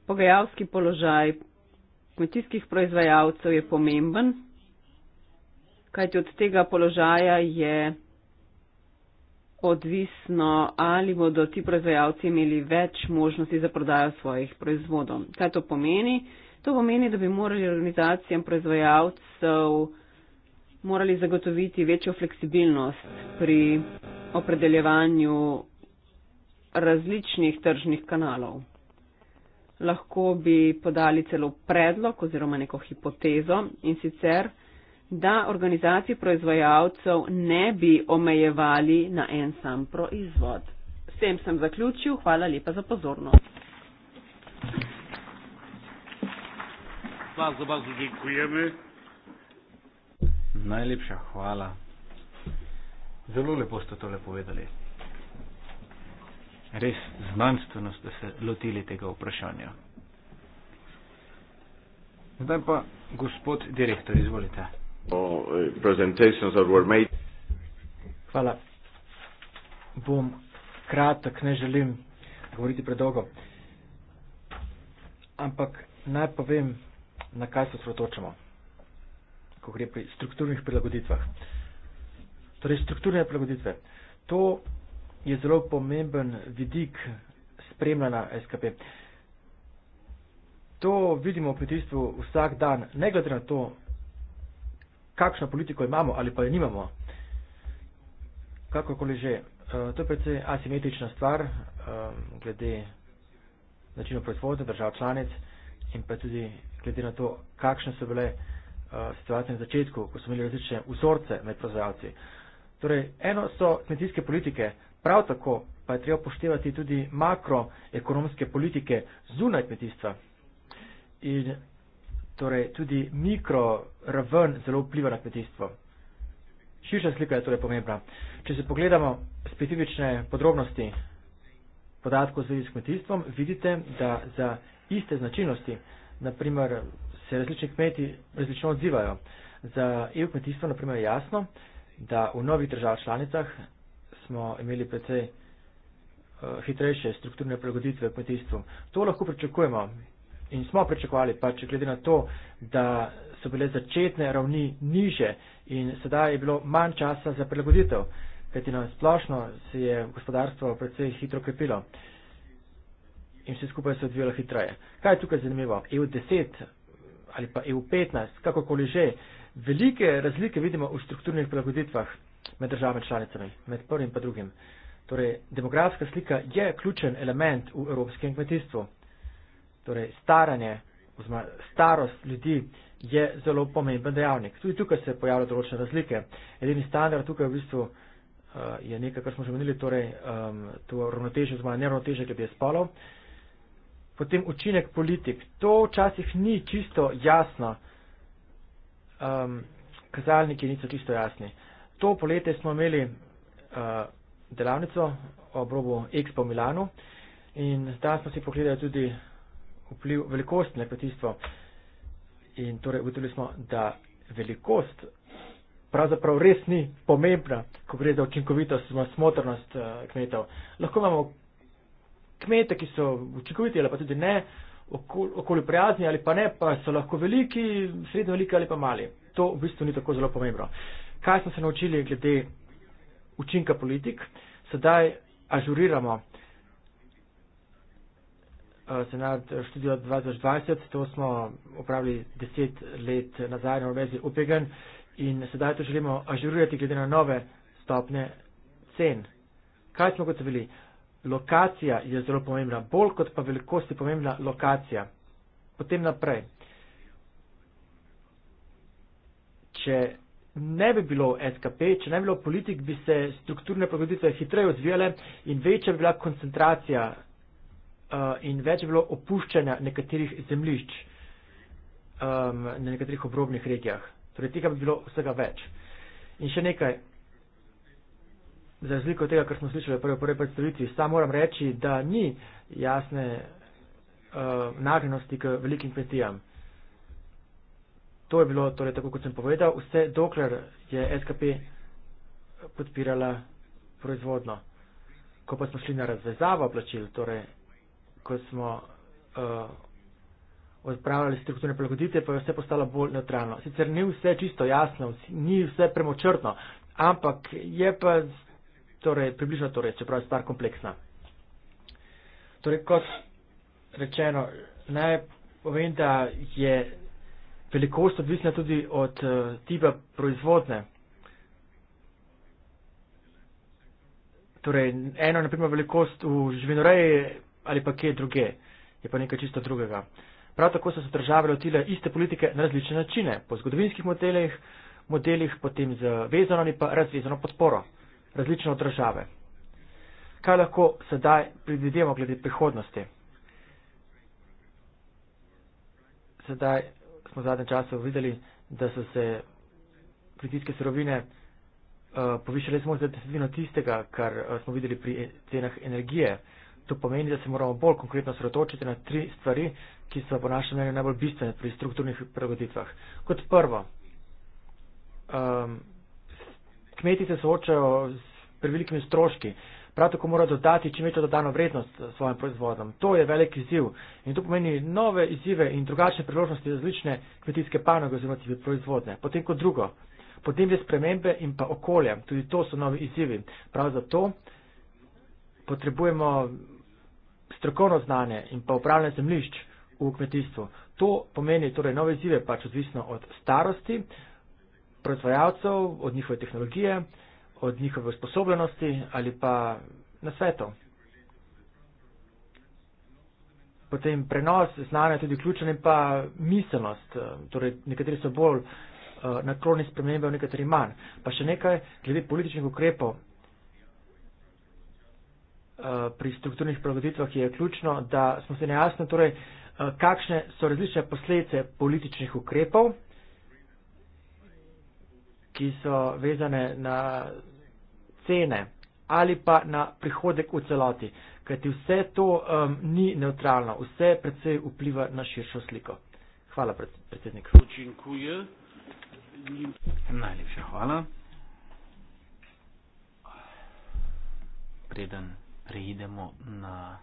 Pogajalski položaj kmetijskih proizvajalcev je pomemben, kajti od tega položaja je odvisno, ali bodo ti proizvajalci imeli več možnosti za prodajo svojih proizvodov. Kaj to pomeni? To pomeni, da bi morali organizacijam proizvajalcev morali zagotoviti večjo fleksibilnost pri opredeljevanju različnih tržnih kanalov. Lahko bi podali celo predlog oziroma neko hipotezo in sicer, da organizacije proizvajalcev ne bi omejevali na en sam proizvod. S tem sem zaključil. Hvala lepa za pozornost. Vas za vas dedikujeme. Najlepša hvala. Zelo lepo ste tole povedali. Res znanstveno ste se lotili tega vprašanja. Zdaj pa, gospod direktor, izvolite. Oh, eh, presentations that were made. Hvala. Bom kratek, ne želim govoriti predolgo. Ampak naj povem, na kaj se sprotočamo, ko gre pri strukturnih prilagoditvah. Torej, strukturne prilagoditve. To je zelo pomemben vidik spremljanja SKP. To vidimo v petistvu vsak dan, ne glede na to, kakšno politiko imamo ali pa jo nimamo. Kakorkoli že, eh, to je predvsej asimetrična stvar eh, glede načina proizvodnje držav članic in pa tudi glede na to, kakšne so bile eh, situacije na začetku, ko so imeli različne vzorce med proizvajalci. Torej, eno so kmetijske politike, prav tako pa je treba upoštevati tudi makroekonomske politike zunaj kmetijstva. In torej tudi mikro raven zelo vpliva na kmetijstvo. Širša slika je torej pomembna. Če se pogledamo specifične podrobnosti podatkov v zvezi s kmetijstvom, vidite, da za iste značilnosti, naprimer, se različni kmeti različno odzivajo. Za EU kmetijstvo, naprimer, je jasno, da v novih državah članicah smo imeli precej uh, hitrejše strukturne prilagoditve v kmetijstvu. To lahko pričakujemo, in smo pričakovali, pa če glede na to, da so bile začetne ravni niže in sedaj je bilo manj časa za prilagoditev, kajti na splošno se je gospodarstvo predvsej hitro krepilo in vse skupaj se odvijalo hitreje. Kaj je tukaj zanimivo? EU10 ali pa EU15, kakokoli že, velike razlike vidimo v strukturnih prilagoditvah med državami članicami, med prvim in drugim. Torej, demografska slika je ključen element v evropskem kmetijstvu. Torej, staranje oziroma starost ljudi je zelo pomemben dejavnik. Tudi tukaj se pojavljajo določene razlike. Edini standard tukaj v bistvu uh, je nekaj, kar smo že omenili, torej um, to ravnoteže oziroma neravnoteže glede spolov. Potem učinek politik. To včasih ni čisto jasno. Um, kazalniki niso čisto jasni. To poletje smo imeli uh, delavnico ob robu Expo Milano in tam smo si pogledali tudi vpliv velikosti na kmetijstvo. In torej ugotovili smo, da velikost pravzaprav res ni pomembna, ko gre za učinkovitost, smotrnost eh, kmetov. Lahko imamo kmete, ki so učinkoviti ali pa tudi ne, okoli prijazni ali pa ne, pa so lahko veliki, srednje veliki ali pa mali. To v bistvu ni tako zelo pomembno. Kaj smo se naučili glede učinka politik? Sedaj ažuriramo Eh, senat eh, študijo 2020, to smo upravili deset let nazaj na vezi UPEGEN in sedaj to želimo ažurirati glede na nove stopne cen. Kaj smo kot bili? Lokacija je zelo pomembna, bolj kot pa velikost je pomembna lokacija. Potem naprej. Če ne bi bilo SKP, če ne bi bilo politik, bi se strukturne pogoditve hitreje odvijale in večja bi bila koncentracija uh, in več je bilo opuščanja nekaterih zemljišč um, na nekaterih obrobnih regijah. Torej, tega bi bilo vsega več. In še nekaj, za razliko od tega, kar smo slišali prvi v prvi predstavitvi, sam moram reči, da ni jasne uh, nagnjenosti k velikim kmetijam. To je bilo, torej, tako kot sem povedal, vse dokler je SKP podpirala proizvodno. Ko pa smo šli na razvezavo plačil, torej ko smo uh, odpravljali strukturne prilagoditve, pa je vse postalo bolj neutralno. Sicer ni vse čisto jasno, ni vse premočrtno, ampak je pa torej, približno to reč, čeprav je stvar kompleksna. Torej, kot rečeno, naj povem, da je velikost odvisna tudi od uh, tipa proizvodne. Torej, eno, naprimer, velikost v živinoreji ali pa kje druge, je pa nekaj čisto drugega. Prav tako so se države lotile iste politike na različne načine, po zgodovinskih modelih, modelih potem z vezano ali pa razvezano podporo, različno od države. Kaj lahko sedaj predvidemo glede prihodnosti? Sedaj smo v zadnjem času videli, da so se kritijske sorovine uh, eh, povišale samo za desetino tistega, kar uh, smo videli pri cenah energije. Uh, To pomeni, da se moramo bolj konkretno sredotočiti na tri stvari, ki so po našem mnenju najbolj bistvene pri strukturnih prilagoditvah. Kot prvo, um, kmeti se soočajo s prevelikimi stroški, prav tako morajo dodati čim večjo dodano vrednost svojim proizvodom. To je velik izziv in to pomeni nove izzive in drugačne priložnosti za različne kmetijske panoge oziroma tudi proizvodne. Potem kot drugo, podnebne spremembe in pa okolje, tudi to so novi izzivi. Prav zato potrebujemo strokovno znanje in pa upravljanje zemlišč v kmetijstvu. To pomeni torej nove izzive, pač odvisno od starosti, proizvajalcev, od njihove tehnologije, od njihove usposobljenosti ali pa na svetu. Potem prenos znanja tudi vključen in pa miselnost. Eh, torej nekateri so bolj eh, naklonjeni spremembe, nekateri manj. Pa še nekaj glede političnih ukrepov. Eh, pri strukturnih prilagoditvah je ključno, da smo se nejasno, torej, eh, kakšne so različne posledice političnih ukrepov, ki so vezane na cene ali pa na prihodek v celoti, kajti vse to um, ni neutralno, vse predvsej vpliva na širšo sliko. Hvala, predsednik. Učinkuje. Najlepša hvala. Preden preidemo na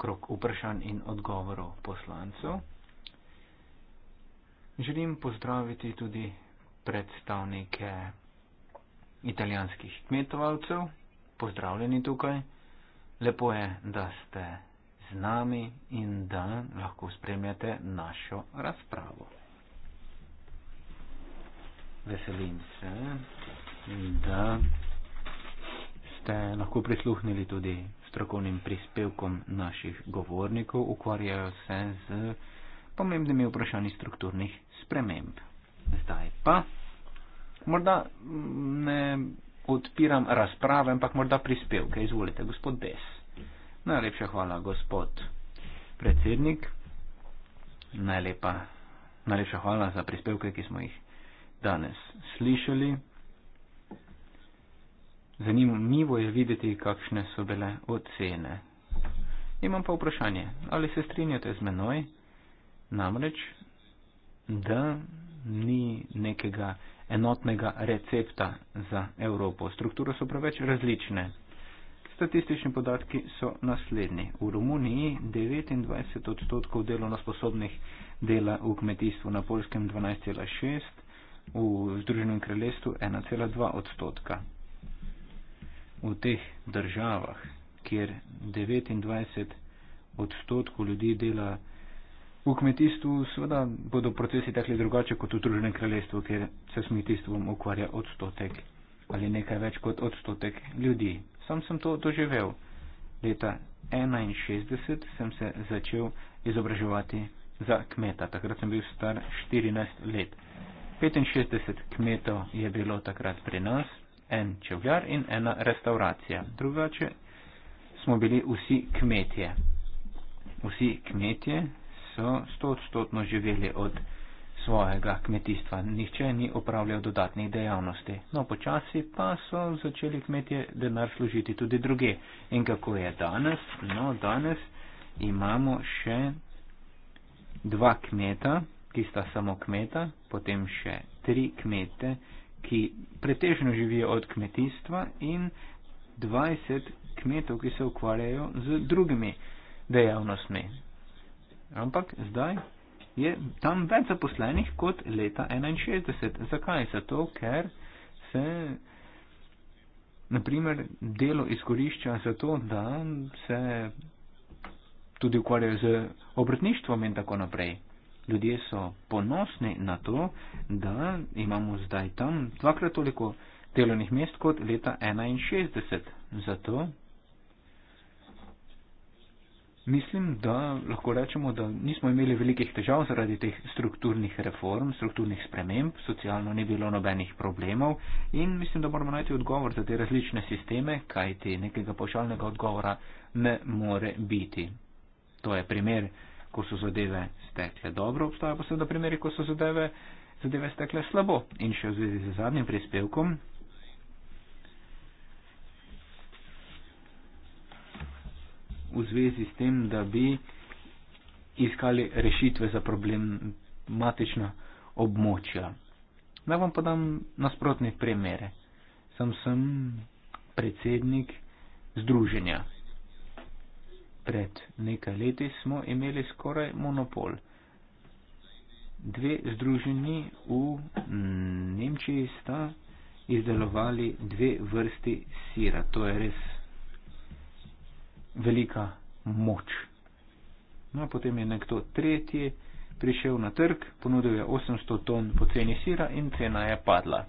krok vprašanj in odgovorov poslancev. Želim pozdraviti tudi predstavnike italijanskih kmetovalcev. Pozdravljeni tukaj. Lepo je, da ste z nami in da lahko spremljate našo razpravo. Veselim se, da boste lahko prisluhnili tudi strokovnim prispevkom naših govornikov, ukvarjajo se z pomembnimi vprašanji strukturnih sprememb. Zdaj pa, morda mm, ne odpiram razprave, ampak morda prispevke. Izvolite, gospod Des. Najlepša hvala, gospod predsednik. Najlepa, najlepša hvala za prispevke, ki smo jih danes slišali. Zanimivo je videti, kakšne so bile ocene. Imam pa vprašanje, ali se strinjate z menoj, namreč, da ni nekega enotnega recepta za Evropo. Strukture so preveč različne. Statistični podatki so naslednji. V Romuniji 29 odstotkov delovno sposobnih dela v kmetijstvu, na Polskem 12,6, v Združenem kraljestvu 1,2 odstotka v teh državah, kjer 29 odstotkov ljudi dela v kmetijstvu, seveda bodo procesi tekli drugače kot v Združenem kraljestvu, kjer se s kmetijstvom ukvarja odstotek ali nekaj več kot odstotek ljudi. Sam sem to doživel. Leta 61 sem se začel izobraževati za kmeta. Takrat sem bil star 14 let. 65 kmetov je bilo takrat pri nas, en čevljar in ena restauracija. Drugače smo bili vsi kmetje. Vsi kmetje so stotstotno živeli od svojega kmetijstva. Nihče ni upravljal dodatnih dejavnosti. No, počasi pa so začeli kmetje denar služiti tudi druge. In kako je danes? No, danes imamo še dva kmeta, ki sta samo kmeta, potem še tri kmete, ki pretežno živijo od kmetijstva in 20 kmetov, ki se ukvarjajo z drugimi dejavnostmi. Ampak zdaj je tam več zaposlenih kot leta 61. Zakaj? Zato, ker se naprimer delo izkorišča za to, da se tudi ukvarjajo z obrtništvom in tako naprej. Ljudje so ponosni na to, da imamo zdaj tam dvakrat toliko delovnih mest kot leta 61. Zato mislim, da lahko rečemo, da nismo imeli velikih težav zaradi teh strukturnih reform, strukturnih sprememb, socialno ni bilo nobenih problemov in mislim, da moramo najti odgovor za te različne sisteme, kajti nekega pošalnega odgovora ne more biti. To je primer ko so zadeve stekle dobro, obstajajo pa seveda primeri, ko so zadeve, zadeve stekle slabo. In še v zvezi z zadnjim prispevkom. V zvezi s tem, da bi iskali rešitve za problematična območja. Naj vam podam nasprotne primere. Sam sem predsednik združenja Pred nekaj leti smo imeli skoraj monopol. Dve združeni v Nemčiji sta izdelovali dve vrsti sira. To je res velika moč. No, potem je nekdo tretji prišel na trg, ponudil je 800 ton poceni sira in cena je padla.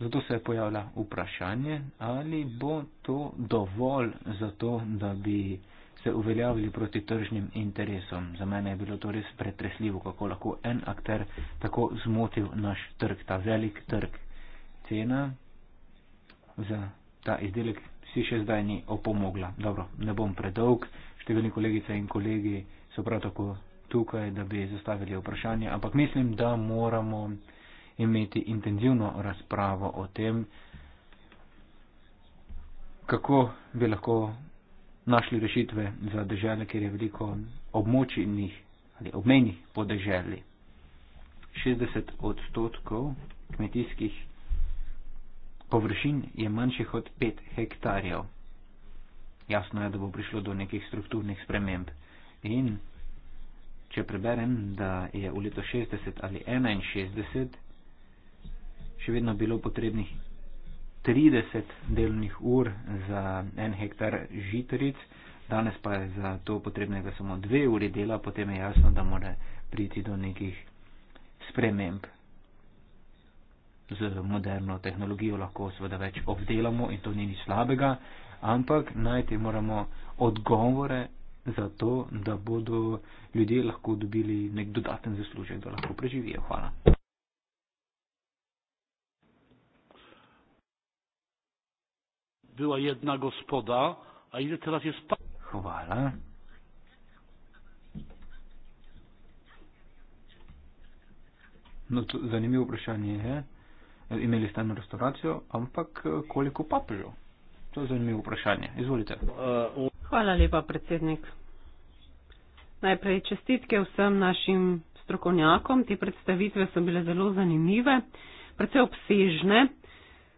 Zato se je pojavila vprašanje, ali bo to dovolj za to, da bi se uveljavili proti tržnim interesom. Za mene je bilo to res pretresljivo, kako lahko en akter tako zmotil naš trg, ta velik trg. Cena za ta izdelek si še zdaj ni opomogla. Dobro, ne bom predolg, številni kolegice in kolegi so prav tako tukaj, da bi zastavili vprašanje, ampak mislim, da moramo imeti intenzivno razpravo o tem, kako bi lahko našli rešitve za države, kjer je veliko območjenih ali obmejnih podeželi. 60 odstotkov kmetijskih površin je manjših od 5 hektarjev. Jasno je, da bo prišlo do nekih strukturnih sprememb. In če preberem, da je v letu 60 ali 61 še vedno bilo potrebnih 30 delovnih ur za en hektar žitaric, danes pa je za to potrebnega samo dve uri dela, potem je jasno, da mora priti do nekih sprememb. Z moderno tehnologijo lahko seveda več obdelamo in to ni nič slabega, ampak najti moramo odgovore za to, da bodo ljudje lahko dobili nek dodaten zaslužek, da lahko preživijo. Hvala. była jedna gospoda, a ile teraz jest pa... Chwala. No to zanimivo vprašanje je, e, imeli ste eno restauracijo, ampak e, koliko papežov? To je zanimivo vprašanje. Izvolite. Hvala lepa, predsednik. Najprej čestitke vsem našim strokovnjakom. Te predstavitve so bile zelo zanimive, predvsej obsežne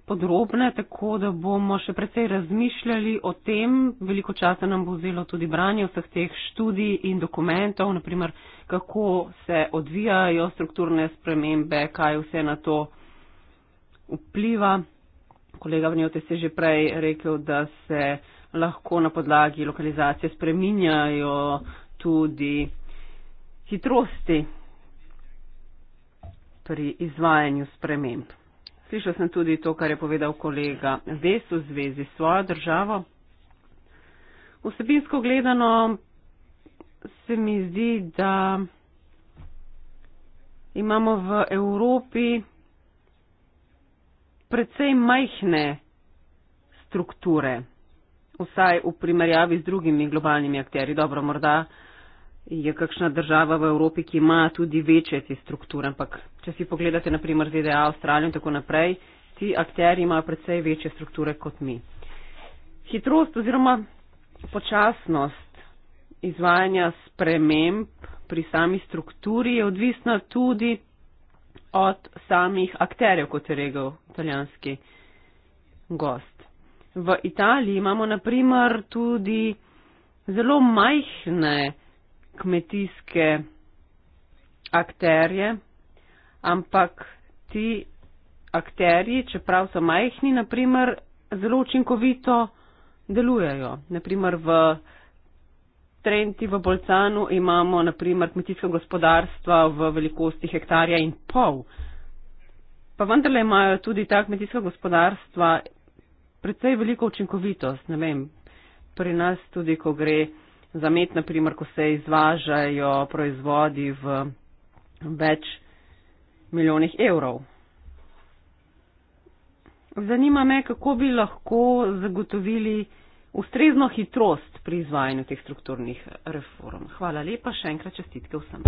podrobne, tako da bomo še precej razmišljali o tem. Veliko časa nam bo vzelo tudi branje vseh teh študij in dokumentov, naprimer kako se odvijajo strukturne spremembe, kaj vse na to vpliva. Kolega Vnjote se že prej rekel, da se lahko na podlagi lokalizacije spreminjajo tudi hitrosti pri izvajanju sprememb. Slišal sem tudi to, kar je povedal kolega Ves v zvezi s svojo državo. Vsebinsko gledano se mi zdi, da imamo v Evropi precej majhne strukture, vsaj v primerjavi z drugimi globalnimi akteri. Dobro, morda je kakšna država v Evropi, ki ima tudi večje te strukture, ampak če si pogledate naprimer ZDA, Avstralijo in tako naprej, ti akteri imajo predvsej večje strukture kot mi. Hitrost oziroma počasnost izvajanja sprememb pri sami strukturi je odvisna tudi od samih akterjev, kot je rekel italijanski gost. V Italiji imamo naprimer tudi zelo majhne kmetijske akterje, ampak ti akterji, čeprav so majhni, naprimer, zelo učinkovito delujejo. Naprimer v Trenti v Bolcanu imamo naprimer kmetijsko gospodarstvo v velikosti hektarja in pol. Pa vendarle imajo tudi ta kmetijska gospodarstva predvsej veliko učinkovitost. Ne vem, pri nas tudi, ko gre za med, naprimer, ko se izvažajo proizvodi v več milijonih evrov. Zanima me, kako bi lahko zagotovili ustrezno hitrost pri izvajanju teh strukturnih reform. Hvala lepa, še enkrat čestitke vsem.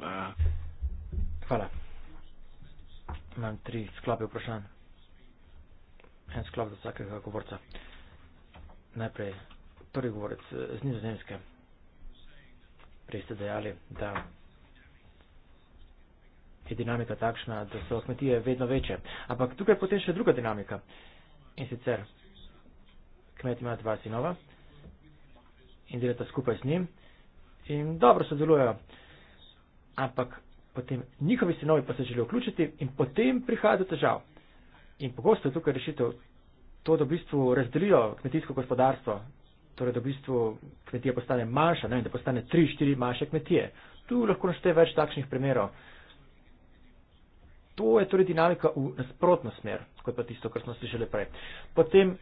Uh, Hvala. Imam tri sklope vprašanja en sklop za vsakega govorca. Najprej, prvi govorec eh, z nizozemske. Prej ste dejali, da je dinamika takšna, da so kmetije vedno večje. Ampak tukaj je potem še druga dinamika. In sicer, kmet ima dva sinova in delata skupaj z njim in dobro sodelujejo. Ampak potem njihovi sinovi pa se želijo vključiti in potem prihaja do težav. In pogosto je tukaj rešitev to, da v bistvu razdelijo kmetijsko gospodarstvo, torej da v bistvu kmetija postane manjša, ne, da postane tri, štiri manjše kmetije. Tu lahko našte več takšnih primerov. To je torej dinamika v nasprotno smer, kot pa tisto, kar smo slišali prej. Potem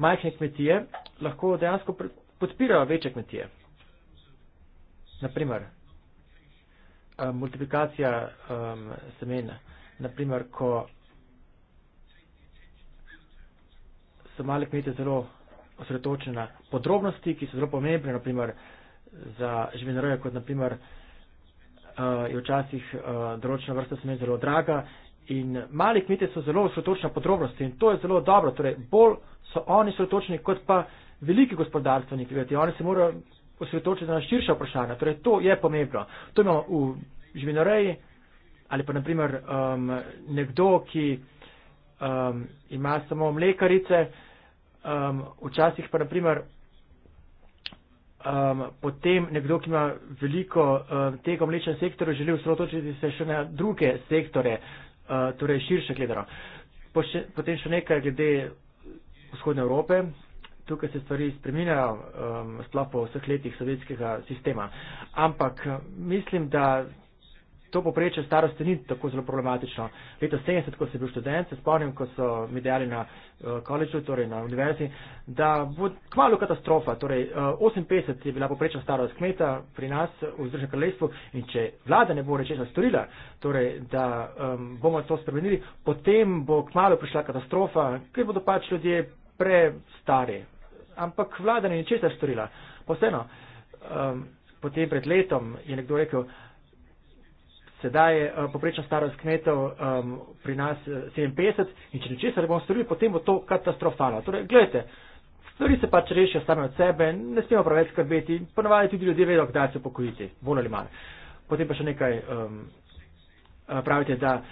majhne kmetije lahko dejansko podpirajo večje kmetije. Naprimer, eh, multiplikacija um, eh, semena. Naprimer, ko so male kmete zelo osredotočene na podrobnosti, ki so zelo pomembne, naprimer za živine roje, kot naprimer eh, je včasih eh, določena vrsta semen zelo draga. In mali kmete so zelo osredotočene na podrobnosti in to je zelo dobro. Torej, bolj so oni osredotočeni kot pa veliki gospodarstveniki. Kajti oni se morajo osredotočiti na širša vprašanja. Torej, to je pomembno. To imamo v živine roji ali pa naprimer um, nekdo, ki um, ima samo mlekarice, um, včasih pa naprimer um, potem nekdo, ki ima veliko um, tega mlečnega sektorja, želi osredotočiti se še na druge sektore, uh, torej širše gledano. Po še, potem še nekaj glede vzhodne Evrope. Tukaj se stvari spreminjajo, um, sploh po vseh letih sovjetskega sistema. Ampak mislim, da to poprečje starosti ni tako zelo problematično. Leta 70, ko sem bil študent, se spomnim, ko so mi dejali na koledžu, eh, uh, torej na univerzi, da bo kmalo katastrofa. Torej, uh, eh, 58 je bila poprečna starost kmeta pri nas v Združenem kraljestvu in če vlada ne bo rečeno storila, torej, da um, bomo to spremenili, potem bo kmalo prišla katastrofa, ker bodo pač ljudje prestari. Ampak vlada ni ničesar storila. Posebno, um, potem pred letom je nekdo rekel, Sedaj je eh, poprečna starost kmetov um, pri nas 57 eh, in če ničesar ne bomo storili, potem bo to katastrofalo. Torej, gledajte, stvari se pač rešijo same od sebe, ne smemo preveč skrbeti, ponovadi tudi ljudje vedo, kdaj se pokojiti, bolj ali manj. Potem pa še nekaj um, pravite, da uh,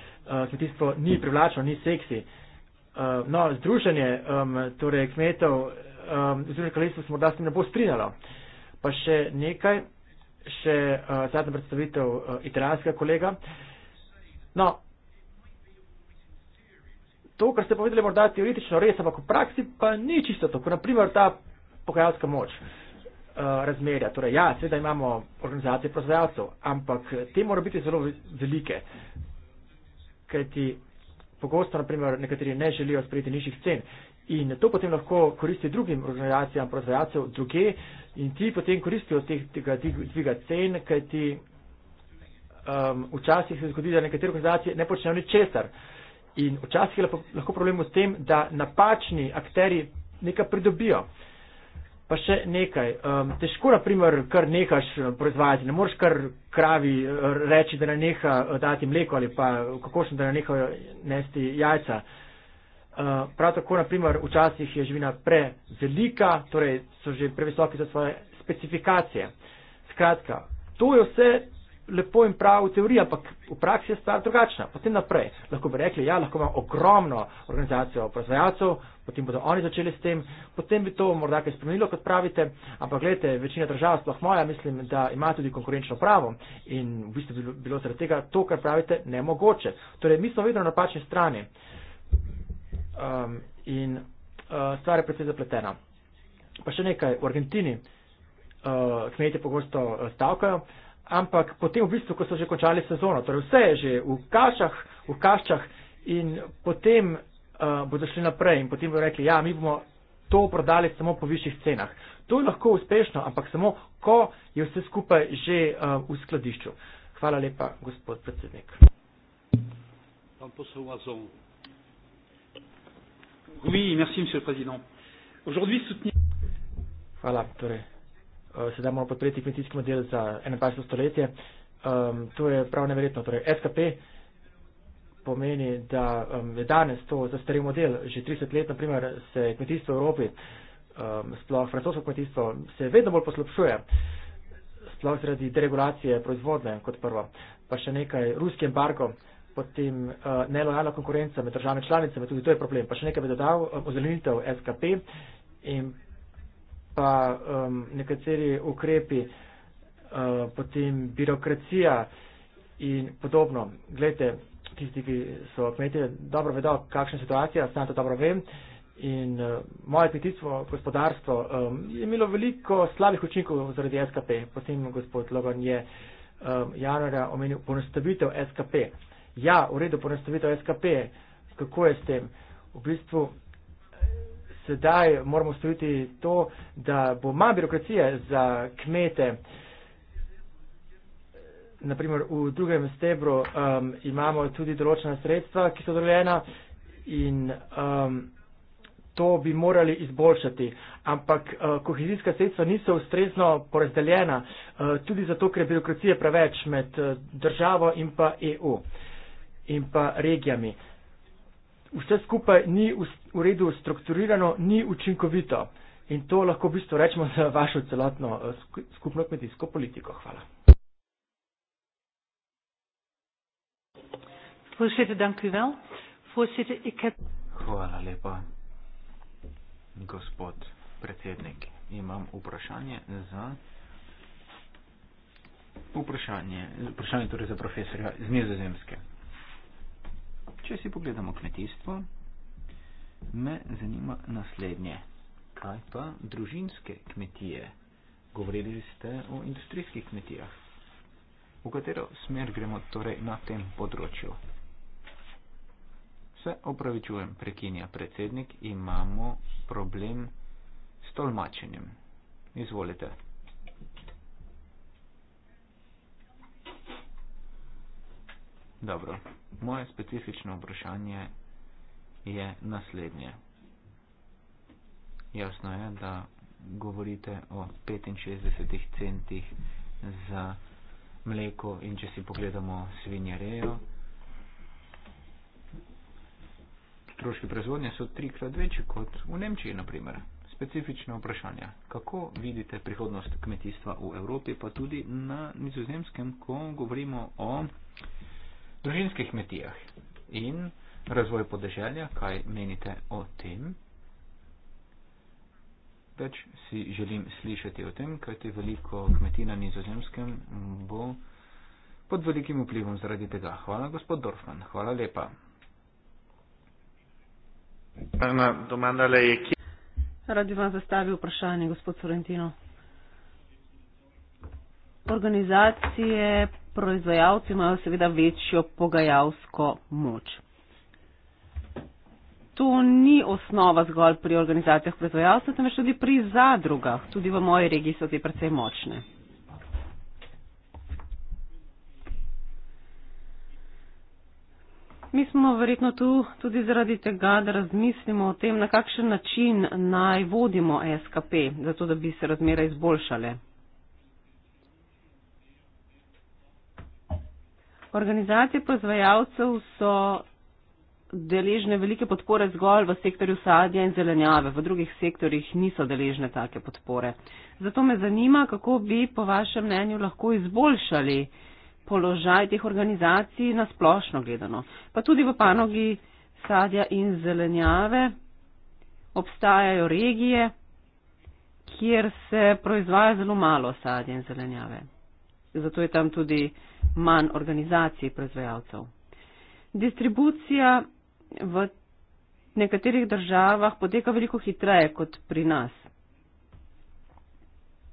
kmetijstvo ni privlačno, ni seksi. Uh, no, združenje um, torej kmetov, um, združenje kmetijstva se morda s tem ne bo strinjalo. Pa še nekaj še uh, zadnja predstavitev uh, italijanskega kolega. No, to, kar ste povedali, morda teoretično res, ampak v praksi pa ni čisto tako. Naprimer, ta pokajalska moč, uh, razmerja. Torej, ja, seveda imamo organizacije proizvajalcev, ampak te morajo biti zelo velike, kajti pogosto, naprimer, nekateri ne želijo sprejeti nižjih cen. In to potem lahko koristi drugim organizacijam proizvajalcev druge in ti potem koristijo teh, tega dviga cen, kaj ti um, včasih se zgodi, da nekatere organizacije ne počnejo ničesar. In včasih je lahko problem v tem, da napačni akteri nekaj pridobijo. Pa še nekaj. Um, težko, na primer, kar nekaš uh, proizvajati. Ne moreš kar kravi uh, reči, da ne neha uh, dati mleko ali pa kokošnjo, da ne neha nesti jajca. Eh, prav tako, naprimer, včasih je živina prevelika, torej so že previsoki za svoje specifikacije. Skratka, to je vse lepo in prav v teoriji, ampak v praksi je stvar drugačna. Potem naprej, lahko bi rekli, ja, lahko imamo ogromno organizacijo proizvajalcev, potem bodo oni začeli s tem, potem bi to morda kaj spremenilo, kot pravite, ampak gledajte, večina držav, sploh moja, mislim, da ima tudi konkurenčno pravo in v bistvu bi bilo zaradi tega to, kar pravite, nemogoče. Torej, mi smo vedno na napačni strani. Uh, um, in uh, stvar je precej zapletena. Pa še nekaj, v Argentini uh, kmetje pogosto uh, stavkajo, ampak potem v bistvu, ko so že končali sezono, torej vse je že v kašah, v kaščah in potem uh, bodo šli naprej in potem bodo rekli, ja, mi bomo to prodali samo po višjih cenah. To je lahko uspešno, ampak samo, ko je vse skupaj že uh, v skladišču. Hvala lepa, gospod predsednik. Pan poseł Mazon. Oui, merci Monsieur le Président. Aujourd'hui, soutenir. Hvala, torej, uh, sedaj moramo podpreti kmetijski model za 21. stoletje. Um, to je prav neverjetno. Torej, SKP pomeni, da um, je danes to zastarel model. Že 30 let, naprimer, se kmetijstvo v Evropi, um, sploh francosko kmetijstvo, se vedno bolj poslabšuje. Sploh zaradi deregulacije proizvodne, kot prvo. Pa še nekaj, ruski embargo potem uh, nelojalna konkurenca med državami članicami, tudi to je problem. Pa še nekaj bi dodal, um, ozelenitev SKP in pa um, nekateri ukrepi, uh, potem birokracija in podobno. Glejte, tisti, ki so kmetje, dobro vedo, kakšna je situacija, sam to dobro vem. In uh, moje kmetijstvo, gospodarstvo um, je imelo veliko slabih učinkov zaradi SKP. Potem gospod Logan je um, januarja omenil ponestavitev SKP ja, v redu, ponastavitev SKP, kako je s tem? V bistvu eh, sedaj moramo ustaviti to, da bo manj birokracije za kmete. Naprimer, v drugem stebru um, imamo tudi določena sredstva, ki so dovoljena in um, to bi morali izboljšati. Ampak uh, kohezijska sredstva niso ustrezno porazdeljena, uh, tudi zato, ker je birokracije preveč med uh, državo in pa EU. Uh, in pa regijami. Vse skupaj ni v redu strukturirano, ni učinkovito in to lahko v bistvu rečemo za vašo celotno eh, skupno kmetijsko politiko. Hvala. Hvala lepa, gospod predsednik. Imam vprašanje za. Vprašanje, vprašanje torej za profesorja iz Nizozemske. Če si pogledamo kmetijstvo, me zanima naslednje. Kaj pa družinske kmetije? Govorili ste o industrijskih kmetijah. V katero smer gremo torej na tem področju? Se opravičujem, prekinja predsednik, imamo problem s tolmačenjem. Izvolite. Dobro. Moje specifično vprašanje je naslednje. Jasno je, da govorite o 65 centih za mleko in če si pogledamo svinjarejo, stroški proizvodnje so trikrat večji kot v Nemčiji, na primer. Specifično vprašanje. Kako vidite prihodnost kmetijstva v Evropi, pa tudi na nizozemskem, ko govorimo o družinskih kmetijah in razvoj podeželja, kaj menite o tem? Več si želim slišati o tem, kajti veliko kmetij na nizozemskem bo pod velikim vplivom zaradi tega. Hvala, gospod Dorfman. Hvala lepa. Rad bi vam zastavil vprašanje, gospod Sorrentino. Organizacije proizvajalci imajo seveda večjo pogajalsko moč. To ni osnova zgolj pri organizacijah proizvajalcev, temveč tudi pri zadrugah. Tudi v moji regiji so te precej močne. Mi smo verjetno tu tudi zaradi tega, da razmislimo o tem, na kakšen način naj vodimo SKP, zato da bi se razmere izboljšale. Organizacije proizvajalcev so deležne velike podpore zgolj v sektorju sadja in zelenjave, v drugih sektorjih niso deležne take podpore. Zato me zanima, kako bi po vašem mnenju lahko izboljšali položaj teh organizacij na splošno gledano, pa tudi v panogi sadja in zelenjave. Obstajajo regije, kjer se proizvaja zelo malo sadja in zelenjave. Zato je tam tudi manj organizacij proizvajalcev. Distribucija v nekaterih državah poteka veliko hitreje kot pri nas.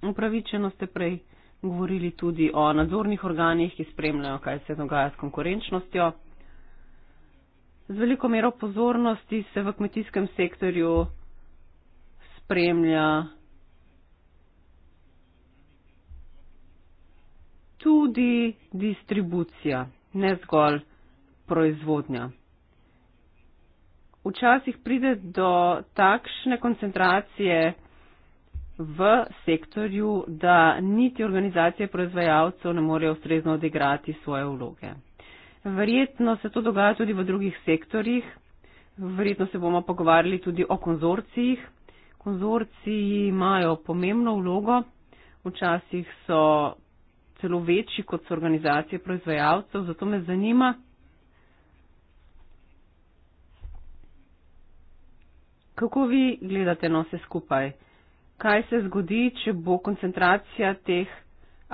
Upravičeno ste prej govorili tudi o nadzornih organih, ki spremljajo, kaj se dogaja s konkurenčnostjo. Z veliko mero pozornosti se v kmetijskem sektorju spremlja tudi distribucija, ne zgolj proizvodnja. Včasih pride do takšne koncentracije v sektorju, da niti organizacije proizvajalcev ne morejo ustrezno odigrati svoje vloge. Verjetno se to dogaja tudi v drugih sektorjih, verjetno se bomo pogovarjali tudi o konzorcijih. Konzorciji imajo pomembno vlogo, včasih so celo večji kot so organizacije proizvajalcev. Zato me zanima, kako vi gledate na vse skupaj. Kaj se zgodi, če bo koncentracija teh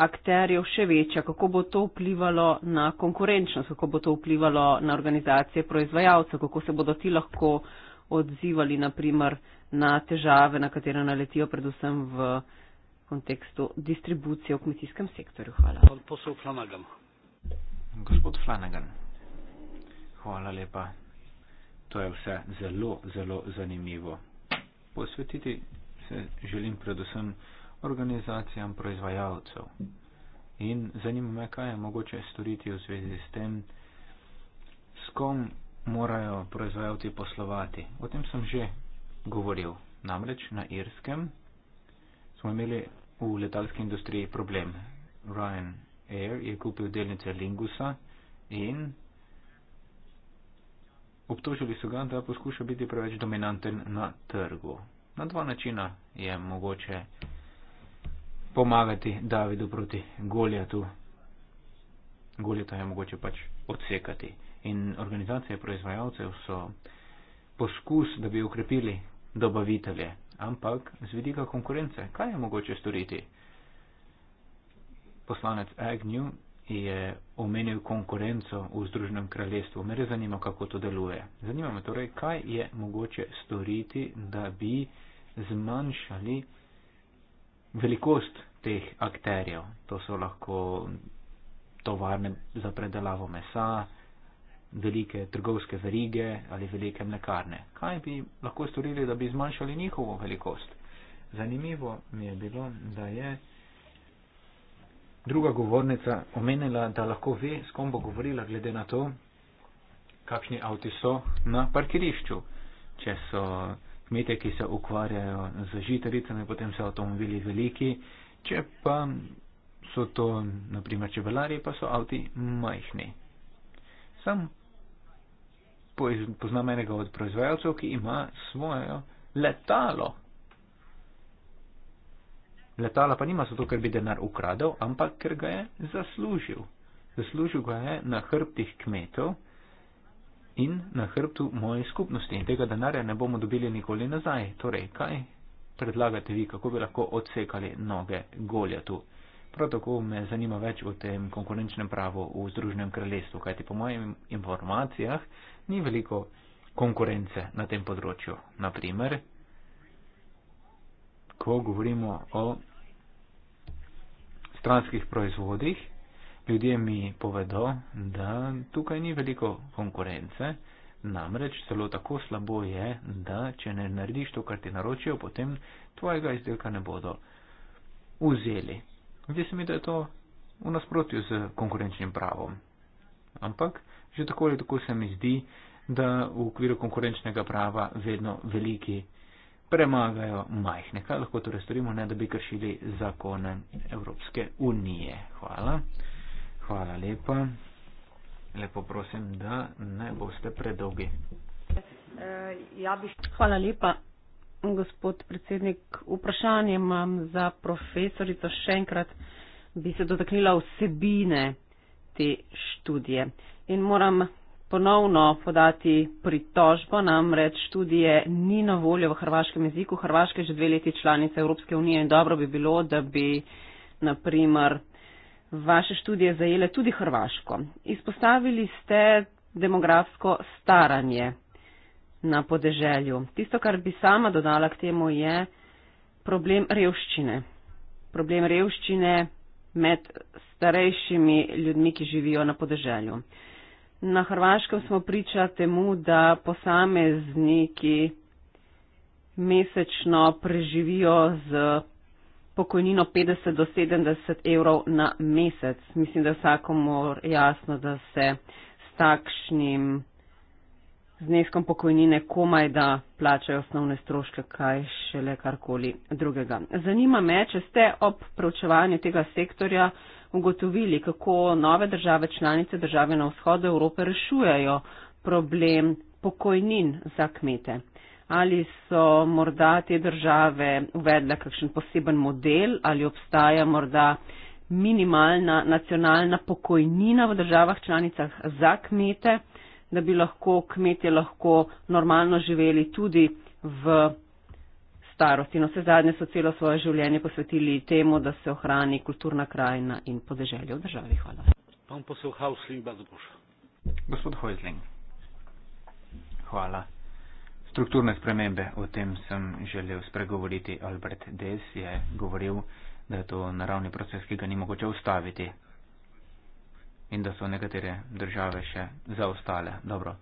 akterjev še večja? Kako bo to vplivalo na konkurenčnost? Kako bo to vplivalo na organizacije proizvajalcev? Kako se bodo ti lahko odzivali, naprimer, na težave, na katere naletijo predvsem v kontekstu distribucije v kmetijskem sektorju. Hvala. Posel Flanagan. Gospod Flanagan, hvala lepa. To je vse zelo, zelo zanimivo. Posvetiti se želim predvsem organizacijam proizvajalcev. In zanima me, kaj je mogoče storiti v zvezi s tem, s kom morajo proizvajalci poslovati. O tem sem že govoril. Namreč na Irskem smo imeli v letalski industriji problem. Ryan Air je kupil delnice Lingusa in obtožili so ga, da poskuša biti preveč dominanten na trgu. Na dva načina je mogoče pomagati Davidu proti Goljatu. Goljata je mogoče pač odsekati. In organizacije proizvajalcev so poskus, da bi ukrepili dobavitelje ampak z vidika konkurence, kaj je mogoče storiti? Poslanec Agnew je omenil konkurenco v Združenem kraljestvu. Me res zanima, kako to deluje. Zanima me torej, kaj je mogoče storiti, da bi zmanjšali velikost teh akterjev. To so lahko tovarne za predelavo mesa, velike trgovske verige ali velike mlekarne. Kaj bi lahko storili, da bi zmanjšali njihovo velikost? Zanimivo mi je bilo, da je druga govornica omenila, da lahko ve, s kom bo govorila, glede na to, kakšni avti so na parkirišču. Če so kmete, ki se ukvarjajo z žitaricami, potem so avtomobili veliki, če pa so to, naprimer, čebelari, pa so avti majhni. Sam poznam enega od proizvajalcev, ki ima svojo letalo. Letala pa nima zato, ker bi denar ukradel, ampak ker ga je zaslužil. Zaslužil ga je na hrbtih kmetov in na hrbtu moje skupnosti. In tega denarja ne bomo dobili nikoli nazaj. Torej, kaj predlagate vi, kako bi lahko odsekali noge goljatu? Prav tako me zanima več o tem konkurenčnem pravu v Združenem kraljestvu, kajti po mojim informacijah ni veliko konkurence na tem področju. Naprimer, ko govorimo o stranskih proizvodih, ljudje mi povedo, da tukaj ni veliko konkurence, namreč celo tako slabo je, da če ne narediš to, kar ti naročijo, potem tvojega izdelka ne bodo vzeli. Zdi se mi, da je to v nasprotju z konkurenčnim pravom. Ampak Že tako ali tako se mi zdi, da v okviru konkurenčnega prava vedno veliki premagajo majhne. Kaj lahko torej storimo, ne da bi kršili zakone Evropske unije? Hvala. Hvala lepa. Lepo prosim, da ne boste predolgi. Eh, ja Hvala lepa, gospod predsednik. Vprašanje imam za profesorico. Še enkrat bi se dotaknila vsebine te študije. Uh, in moram ponovno podati pritožbo, namreč študije ni na voljo v hrvaškem jeziku. Hrvaška je že dve leti članica Evropske unije in dobro bi bilo, da bi naprimer vaše študije zajele tudi Hrvaško. Izpostavili ste demografsko staranje na podeželju. Tisto, kar bi sama dodala k temu, je problem revščine. Problem revščine med starejšimi ljudmi, ki živijo na podeželju. Na Hrvaškem smo priča temu, da posamezniki mesečno preživijo z pokojnino 50 do 70 evrov na mesec. Mislim, da je vsakomor jasno, da se s takšnim zneskom pokojnine komaj, da plačajo osnovne stroške, kaj šele karkoli drugega. Zanima me, če ste ob preučevanju tega sektorja ugotovili, kako nove države članice države na vzhodu Evrope rešujejo problem pokojnin za kmete. Ali so morda te države uvedle kakšen poseben model ali obstaja morda minimalna nacionalna pokojnina v državah članicah za kmete? Uh, da bi lahko kmetje lahko normalno živeli tudi v starosti. No, vse zadnje so celo svoje življenje posvetili temu, da se ohrani kulturna krajina in podeželje v državi. Hvala. Gospod Hojzling, hvala. Strukturne spremembe, o tem sem želel spregovoriti. Albert Des je govoril, da je to naravni proces, ki ga ni mogoče ustaviti in da so nekatere države še zaostale. Dobro,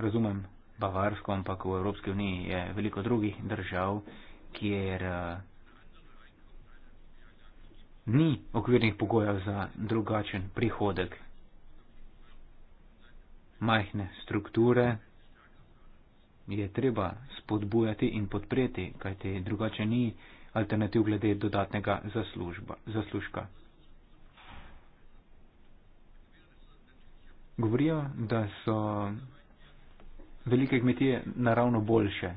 razumem Bavarsko, ampak v Evropski uniji je veliko drugih držav, kjer uh, ni okvirnih pogojev za drugačen prihodek. Majhne strukture je treba spodbujati in podpreti, kajti drugače ni alternativ glede dodatnega zaslužba, zaslužka. govorijo, da so velike kmetije naravno boljše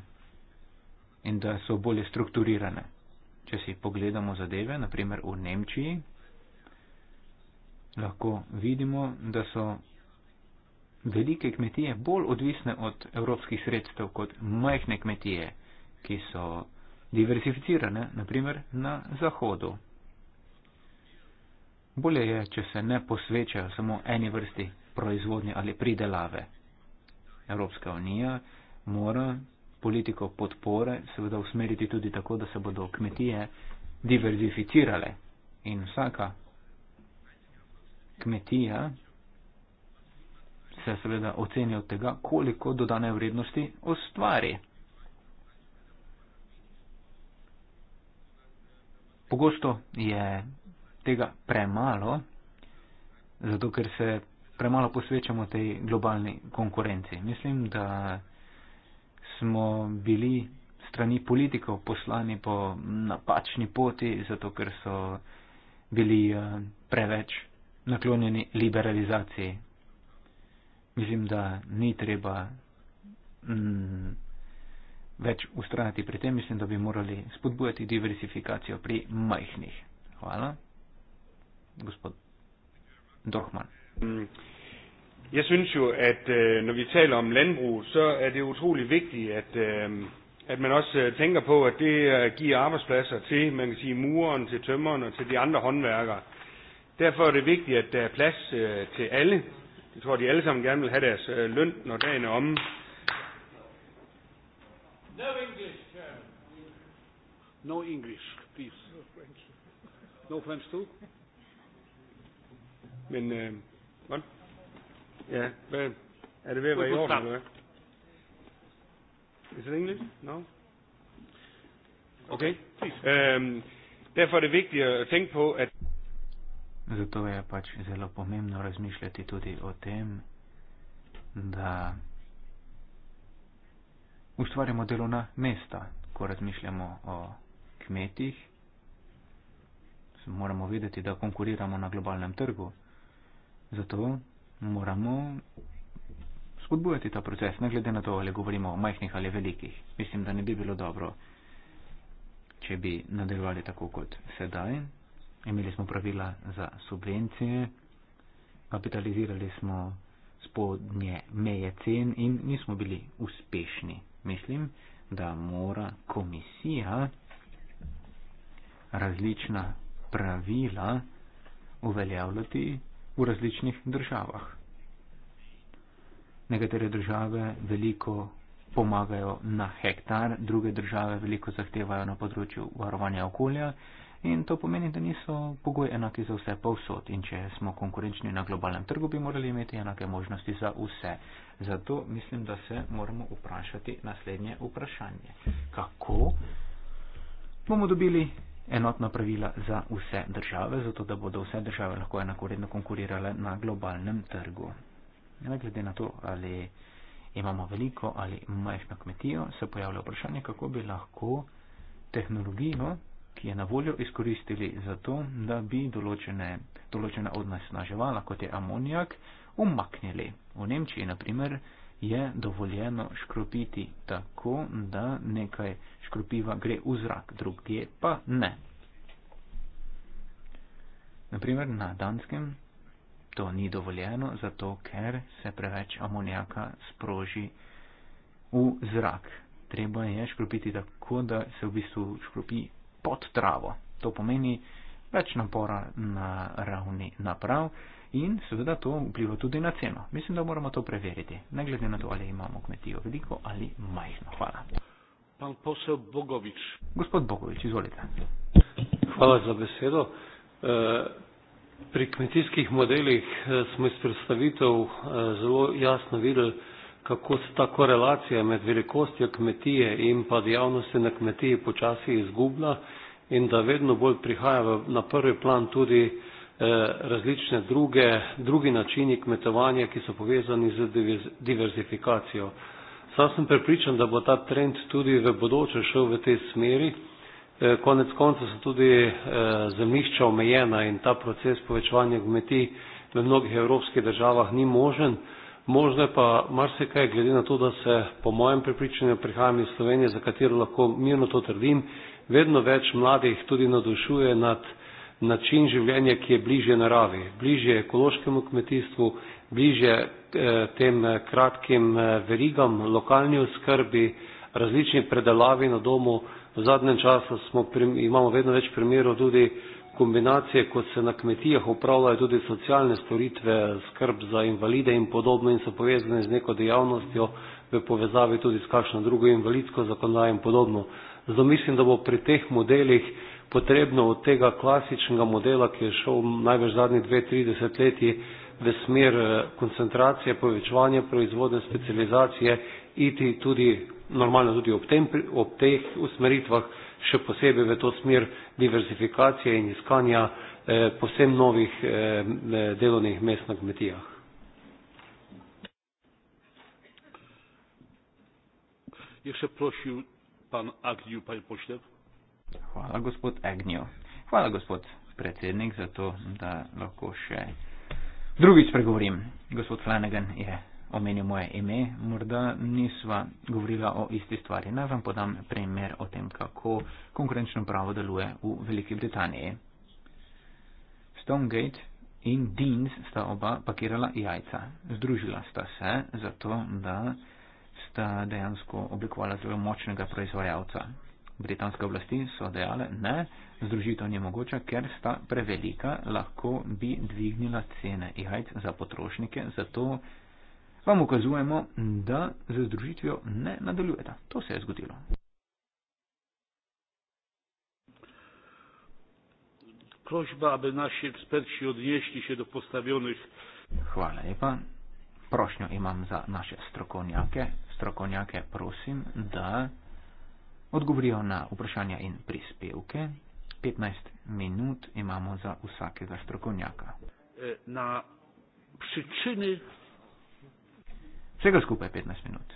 in da so bolje strukturirane. Če si pogledamo zadeve, naprimer v Nemčiji, lahko vidimo, da so velike kmetije bolj odvisne od evropskih sredstev kot majhne kmetije, ki so diversificirane, naprimer na zahodu. Bolje je, če se ne posvečajo samo eni vrsti proizvodnje ali pridelave. Evropska unija mora politiko podpore seveda usmeriti tudi tako, da se bodo kmetije diverzificirale in vsaka kmetija se seveda ocenja od tega, koliko dodane vrednosti ustvari. Pogosto je tega premalo, zato ker se premalo posvečamo tej globalni konkurenci. Mislim, da smo bili strani politikov poslani po napačni poti, zato ker so bili eh, preveč naklonjeni liberalizaciji. Mislim, da ni treba mm, več ustrajati pri tem. Mislim, da bi morali spodbujati diversifikacijo pri majhnih. Hvala, gospod Dohman. Mm. Jeg synes jo, at øh, når vi taler om landbrug, så er det utrolig vigtigt, at, øh, at man også øh, tænker på, at det giver arbejdspladser til, man kan sige, muren, til tømmeren og til de andre håndværkere. Derfor er det vigtigt, at der er plads til alle. Jeg tror, at de alle sammen gerne vil have deres løn, når dagen er omme. No English, chairman. No English, please. No French. No French too. Men øh, Yeah, ja. Ben. Er det ved at være i orden, eller hvad? Is it English? No? Okay. Um, derfor er det vigtigt at tænke på, at... Zato je pač zelo pomembno razmišljati tudi o tem, da ustvarjamo delovna mesta, ko razmišljamo o kmetih. Moramo videti, da konkuriramo na globalnem trgu. Zato moramo spodbujati ta proces, ne glede na to, ali govorimo o majhnih ali velikih. Mislim, da ne bi bilo dobro, če bi nadaljevali tako kot sedaj. Imeli smo pravila za subvencije, kapitalizirali smo spodnje meje cen in nismo bili uspešni. Mislim, da mora komisija različna pravila uveljavljati v različnih državah. Nekatere države veliko pomagajo na hektar, druge države veliko zahtevajo na področju varovanja okolja in to pomeni, da niso pogoji enaki za vse povsod in če smo konkurenčni na globalnem trgu, bi morali imeti enake možnosti za vse. Zato mislim, da se moramo vprašati naslednje vprašanje. Kako bomo dobili enotna pravila za vse države, zato da bodo vse države lahko enakoredno konkurirale na globalnem trgu. Ne glede na to, ali imamo veliko ali majhno kmetijo, se pojavlja vprašanje, kako bi lahko tehnologijo, ki je na voljo, izkoristili za to, da bi določene, določena odnesna živala, kot je amonijak, umaknili. V Nemčiji, na primer, je dovoljeno škropiti tako, da nekaj škropiva gre v zrak, druge pa ne. Naprimer na danskem to ni dovoljeno, zato ker se preveč amonijaka sproži v zrak. Treba je škropiti tako, da se v bistvu škropi pod travo. To pomeni več napora na ravni naprav in seveda to vpliva tudi na ceno. Mislim, da moramo to preveriti, ne glede na to, ali imamo kmetijo veliko ali majhno. Hvala. Pan posel Bogovič. Gospod Bogovič, izvolite. Hvala za besedo. E, pri kmetijskih modelih e, smo iz predstavitev e, zelo jasno videli, kako se ta korelacija med velikostjo kmetije in pa dejavnosti na kmetiji počasi izgublja in da vedno bolj prihaja na prvi plan tudi uh, Eh, različne druge, drugi načini kmetovanja, ki so povezani z diverzifikacijo. Sam sem prepričan, da bo ta trend tudi v bodoče šel v tej smeri. Eh, konec konca so tudi eh, zemljišča omejena in ta proces povečevanja kmetij v mnogih evropskih državah ni možen. Možno je pa marsikaj, glede na to, da se po mojem prepričanju prihajam iz Slovenije, za katero lahko mirno to trdim, vedno več mladih tudi nadušuje nad način življenja, ki je bliže naravi, bliže ekološkemu kmetijstvu, bliže eh, tem eh, kratkim eh, verigam, lokalni oskrbi, različni predelavi na domu. V zadnjem času smo, imamo vedno več primerov tudi kombinacije, ko se na kmetijah upravljajo tudi socialne storitve, skrb za invalide in podobno in so povezane z neko dejavnostjo v povezavi tudi s kakšno drugo invalidsko zakonodajo in podobno. Zato mislim, da bo pri teh modelih potrebno od tega klasičnega modela, ki je šel največ zadnji dve, trideset leti v smer eh, koncentracije, povečevanja proizvodne specializacije, iti tudi normalno tudi ob, tem, ob teh usmeritvah, še posebej v to smer diversifikacije in iskanja eh, posebno novih eh, eh, delovnih mest na kmetijah. Jaz še prosim, pan Agdiju, pa je pošteb. Hvala, gospod Agnew. Hvala, gospod predsednik, za to, da lahko še drugič pregovorim. Gospod Flanagan je omenil moje ime, morda nisva govorila o isti stvari. Naj vam podam primer o tem, kako konkurenčno pravo deluje v Veliki Britaniji. Stonegate in Deans sta oba pakirala jajca. Združila sta se zato, da sta dejansko oblikovala zelo močnega proizvajalca britanske oblasti so dejale, ne, združitev ni mogoča, ker sta prevelika, lahko bi dvignila cene jajc za potrošnike, zato vam ukazujemo, da z združitvijo ne nadaljujete. To se je zgodilo. Prošba, aby naši eksperti odnešli še do postavljenih. Hvala lepa. Prošnjo imam za naše strokovnjake. Strokovnjake prosim, da odgovorijo na vprašanja in prispevke. 15 minut imamo za vsakega strokovnjaka. E, na pričini. Vsega skupaj 15 minut.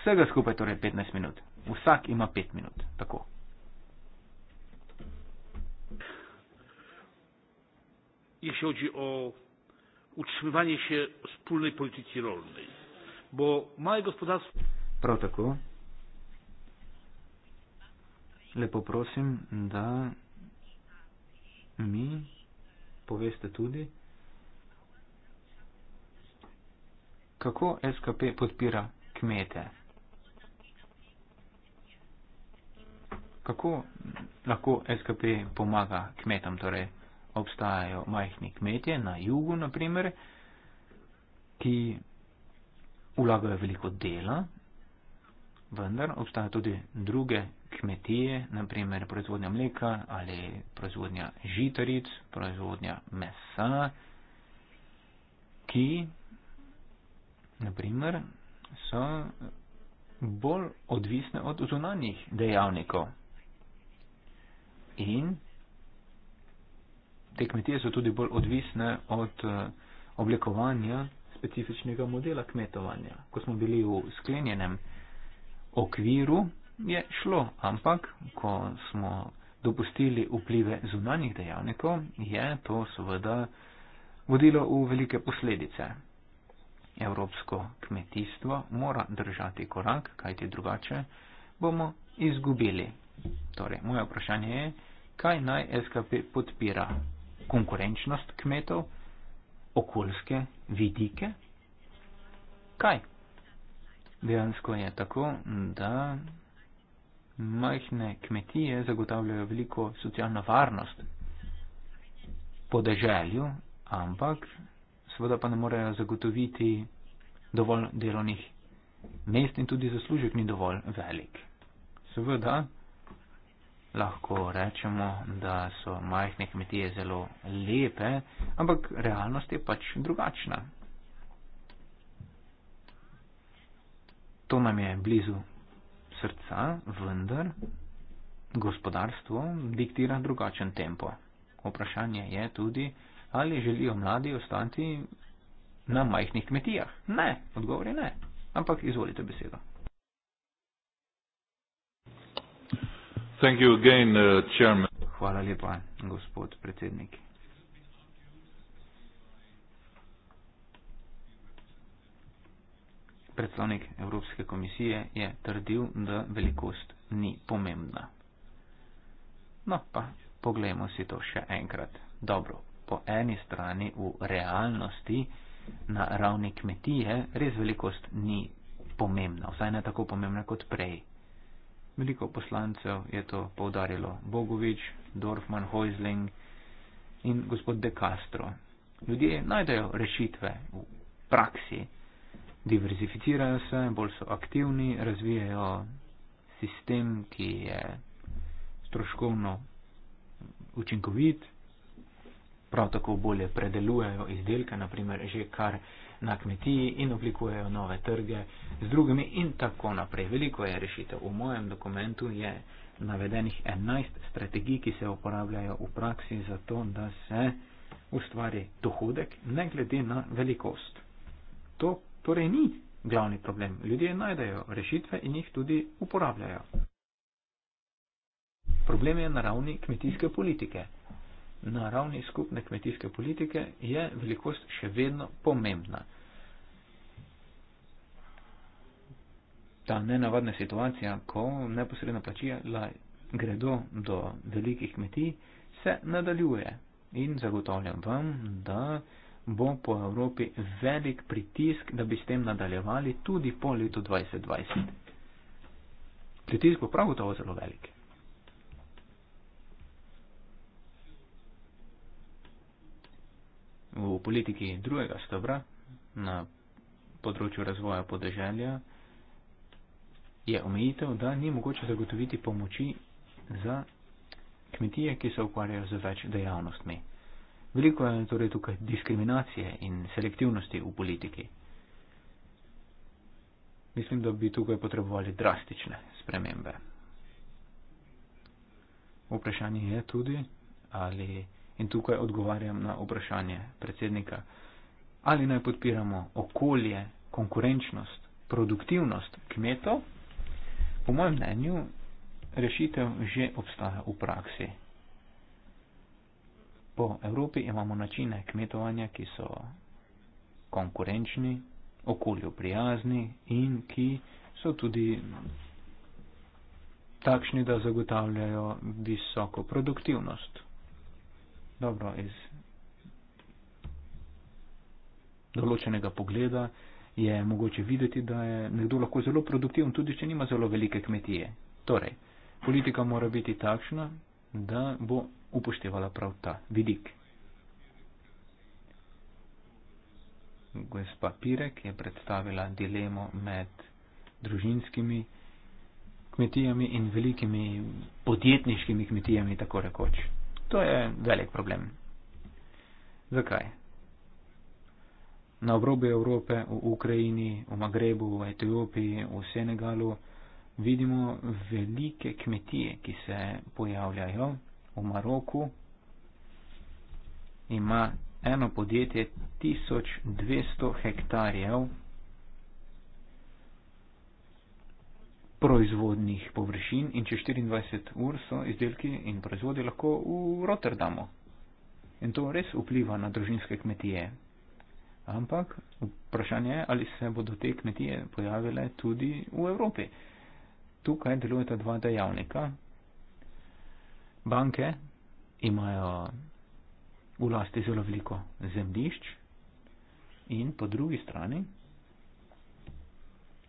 Vsega skupaj torej 15 minut. Vsak ima 5 minut. Tako. Je še oči o učinjevanje še spolne politike rolne. Bo moje gospodarstvo. Prav tako lepo prosim, da mi poveste tudi, kako SKP podpira kmete. Kako lahko SKP pomaga kmetom, torej obstajajo majhni kmetje na jugu, naprimer, ki vlagajo veliko dela, vendar obstajajo tudi druge kmetije, naprimer proizvodnja mleka ali proizvodnja žitaric, proizvodnja mesa, ki naprimer, so bolj odvisne od zunanjih dejavnikov. In te kmetije so tudi bolj odvisne od eh, oblikovanja specifičnega modela kmetovanja. Ko smo bili v sklenjenem okviru, je šlo, ampak ko smo dopustili vplive zunanjih dejavnikov, je to seveda vodilo v velike posledice. Evropsko kmetijstvo mora držati korak, kajti drugače bomo izgubili. Torej, moje vprašanje je, kaj naj SKP podpira? Konkurenčnost kmetov? Okoljske vidike? Kaj? Dejansko je tako, da majhne kmetije zagotavljajo veliko socialno varnost po deželju, ampak seveda pa ne morejo zagotoviti dovolj delovnih mest in tudi zaslužek ni dovolj velik. Seveda lahko rečemo, da so majhne kmetije zelo lepe, ampak realnost je pač drugačna. To nam je blizu srca, vendar gospodarstvo diktira drugačen tempo. Vprašanje je tudi, ali želijo mladi ostati na majhnih kmetijah. Ne, odgovor je ne. Ampak izvolite besedo. Thank you again, uh, Hvala lepa, gospod predsednik. predstavnik Evropske komisije je trdil, da velikost ni pomembna. No pa, poglejmo si to še enkrat. Dobro, po eni strani v realnosti na ravni kmetije res velikost ni pomembna, vsaj ne tako pomembna kot prej. Veliko poslancev je to povdarjalo Bogovič, Dorfman, Heusling in gospod De Castro. Ljudje najdejo rešitve v praksi diverzificirajo se, bolj so aktivni, razvijajo sistem, ki je stroškovno učinkovit, prav tako bolje predelujejo izdelke, naprimer že kar na kmetiji in oblikujejo nove trge z drugimi in tako naprej. Veliko je rešitev. V mojem dokumentu je navedenih 11 strategij, ki se uporabljajo v praksi za to, da se ustvari dohodek ne glede na velikost. To torej ni glavni problem. Ljudje najdejo rešitve in jih tudi uporabljajo. Problem je na ravni kmetijske politike. Na ravni skupne kmetijske politike je velikost še vedno pomembna. Ta nenavadna situacija, ko neposredna plačila gredo do velikih kmetij, se nadaljuje. In zagotavljam vam, da bo po Evropi velik pritisk, da bi s tem nadaljevali tudi po letu 2020. Pritisk bo prav gotovo zelo velik. V politiki drugega stebra na področju razvoja podeželja je omejitev, da ni mogoče zagotoviti pomoči za kmetije, ki se ukvarjajo z več dejavnostmi. Veliko je torej tukaj diskriminacije in selektivnosti v politiki. Mislim, da bi tukaj potrebovali drastične spremembe. Vprašanje je tudi, ali in tukaj odgovarjam na vprašanje predsednika, ali naj podpiramo okolje, konkurenčnost, produktivnost kmetov. Po mojem mnenju rešitev že obstaja v praksi. Po Evropi imamo načine kmetovanja, ki so konkurenčni, okolju prijazni in ki so tudi takšni, da zagotavljajo visoko produktivnost. Dobro, iz določenega pogleda je mogoče videti, da je nekdo lahko zelo produktiven, tudi če nima zelo velike kmetije. Torej, politika mora biti takšna, da bo upoštevala prav ta vidik. Gospa Pirek je predstavila dilemo med družinskimi kmetijami in velikimi podjetniškimi kmetijami, tako rekoč. To je velik problem. Zakaj? Na obrobju Evrope, v Ukrajini, v Magrebu, v Etiopiji, v Senegalu vidimo velike kmetije, ki se pojavljajo v Maroku ima eno podjetje 1200 hektarjev proizvodnih površin in če 24 ur so izdelki in proizvodi lahko v Rotterdamu. In to res vpliva na družinske kmetije. Ampak vprašanje je, ali se bodo te kmetije pojavile tudi v Evropi. Tukaj delujeta dva dejavnika, banke imajo v lasti zelo veliko zemljišč in po drugi strani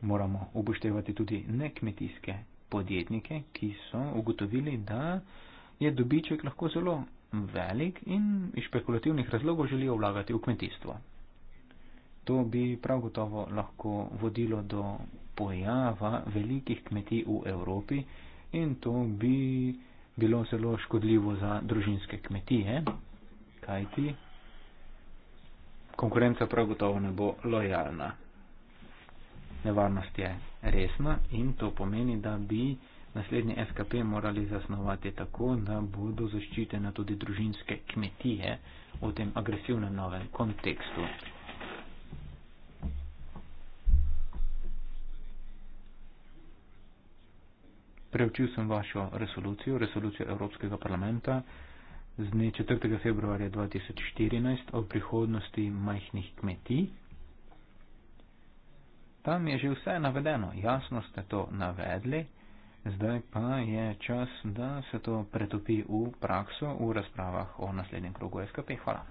moramo upoštevati tudi nekmetijske podjetnike, ki so ugotovili, da je dobiček lahko zelo velik in iz špekulativnih razlogov želijo vlagati v kmetijstvo. To bi prav gotovo lahko vodilo do pojava velikih kmetij v Evropi in to bi bilo zelo škodljivo za družinske kmetije, kajti konkurenca prav gotovo ne bo lojalna. Nevarnost je resna in to pomeni, da bi naslednji SKP morali zasnovati tako, da bodo zaščitene tudi družinske kmetije v tem agresivnem novem kontekstu. Preučil sem vašo resolucijo, resolucijo Evropskega parlamenta z dne 4. februarja 2014 o prihodnosti majhnih kmetij. Tam je že vse navedeno, jasno ste to navedli, zdaj pa je čas, da se to pretopi v prakso v razpravah o naslednjem krogu SKP. Hvala.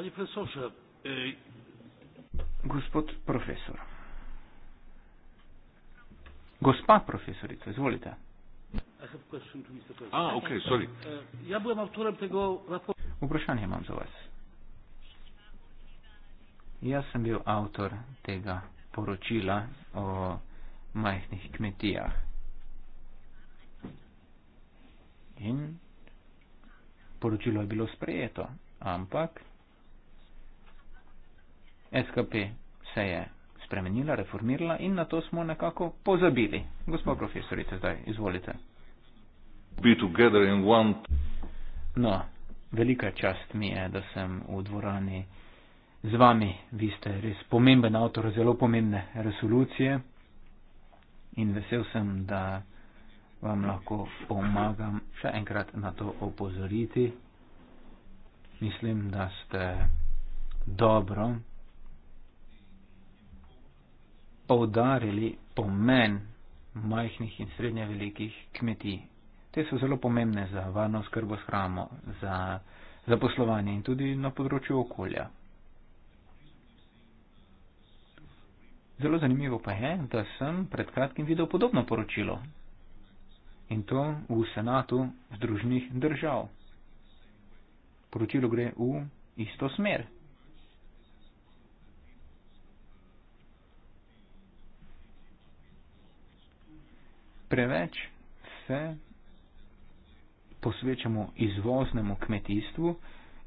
E- Gospod profesor. Gospa profesorica, izvolite. A, ok, sorry. Jaz bom avtorem tega lahko... Vprašanje imam za vas. Jaz sem bil avtor tega poročila o majhnih kmetijah. In poročilo je bilo sprejeto, ampak SKP se je spremenila, reformirala in na to smo nekako pozabili. Gospod profesorice, zdaj izvolite. No, velika čast mi je, da sem v dvorani z vami. Vi ste res pomemben avtor zelo pomembne resolucije in vesel sem, da vam lahko pomagam še enkrat na to opozoriti. Mislim, da ste dobro poudarili pomen majhnih in srednje velikih kmetij. Te so zelo pomembne za varno skrbo s hramo, za zaposlovanje in tudi na področju okolja. Zelo zanimivo pa je, da sem pred kratkim videl podobno poročilo in to v Senatu Združenih držav. Poročilo gre v isto smer. preveč se posvečamo izvoznemu kmetijstvu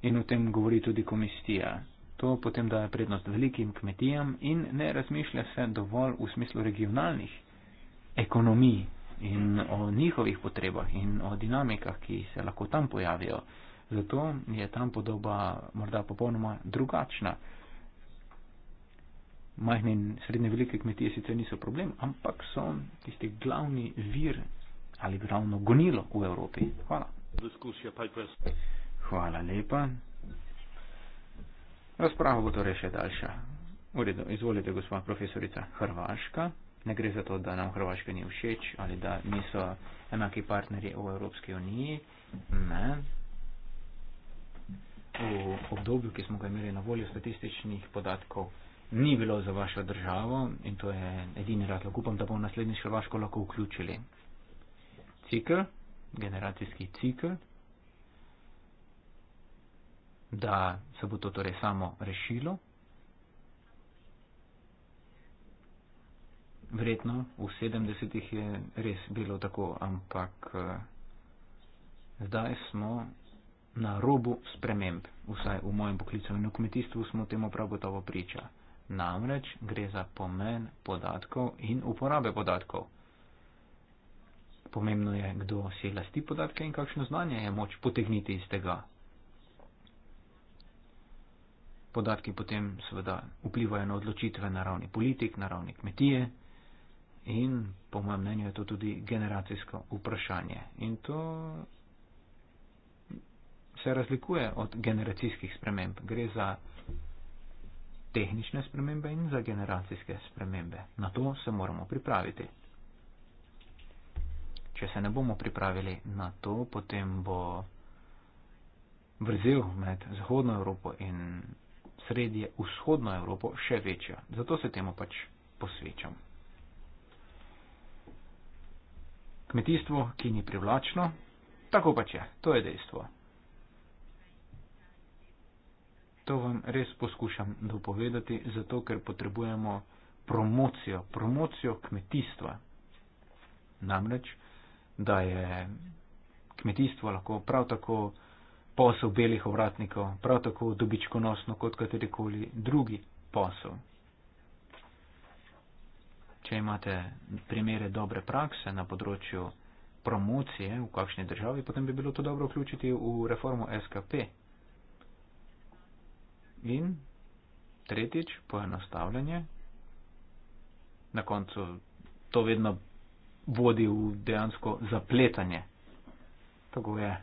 in o tem govori tudi komisija. To potem daje prednost velikim kmetijam in ne razmišlja se dovolj v smislu regionalnih ekonomij in o njihovih potrebah in o dinamikah, ki se lahko tam pojavijo. Zato je tam podoba morda popolnoma drugačna majhne in srednje velike kmetije sicer niso problem, ampak so tisti glavni vir ali glavno gonilo v Evropi. Hvala. Hvala lepa. Razprava bo torej še daljša. V redu, izvolite, gospa profesorica Hrvaška. Ne gre za to, da nam Hrvaška ni všeč ali da niso enaki partnerji v Evropski uniji. Ne. V obdobju, ki smo ga imeli na voljo statističnih podatkov, ni bilo za vašo državo in to je edini razlog. Upam, da bomo naslednjič Hrvaško lahko vključili. Cikl, generacijski cikl, da se bo to torej samo rešilo. Vredno, v 70-ih je res bilo tako, ampak eh, zdaj smo na robu sprememb, vsaj v mojem poklicu in v kmetijstvu smo temu prav gotovo pričali. Namreč gre za pomen podatkov in uporabe podatkov. Pomembno je, kdo si lasti podatke in kakšno znanje je moč potegniti iz tega. Podatki potem seveda vplivajo na odločitve na ravni politik, na ravni kmetije in po mojem mnenju je to tudi generacijsko vprašanje. In to se razlikuje od generacijskih sprememb. Gre za tehnične spremembe in za generacijske spremembe. Na to se moramo pripraviti. Če se ne bomo pripravili na to, potem bo vrzel med Zahodno Evropo in Srednje vzhodno Evropo še večja. Zato se temu pač posvečam. Kmetijstvo, ki ni privlačno, tako pač je, to je dejstvo. To vam res poskušam dopovedati, zato ker potrebujemo promocijo, promocijo kmetijstva. Namreč, da je kmetijstvo lahko prav tako posel belih ovratnikov, prav tako dobičkonosno kot katerikoli drugi posel. Če imate primere dobre prakse na področju promocije v kakšni državi, potem bi bilo to dobro vključiti v reformo SKP. In tretjič, poenostavljanje. Na koncu to vedno vodi v dejansko zapletanje. Tako je.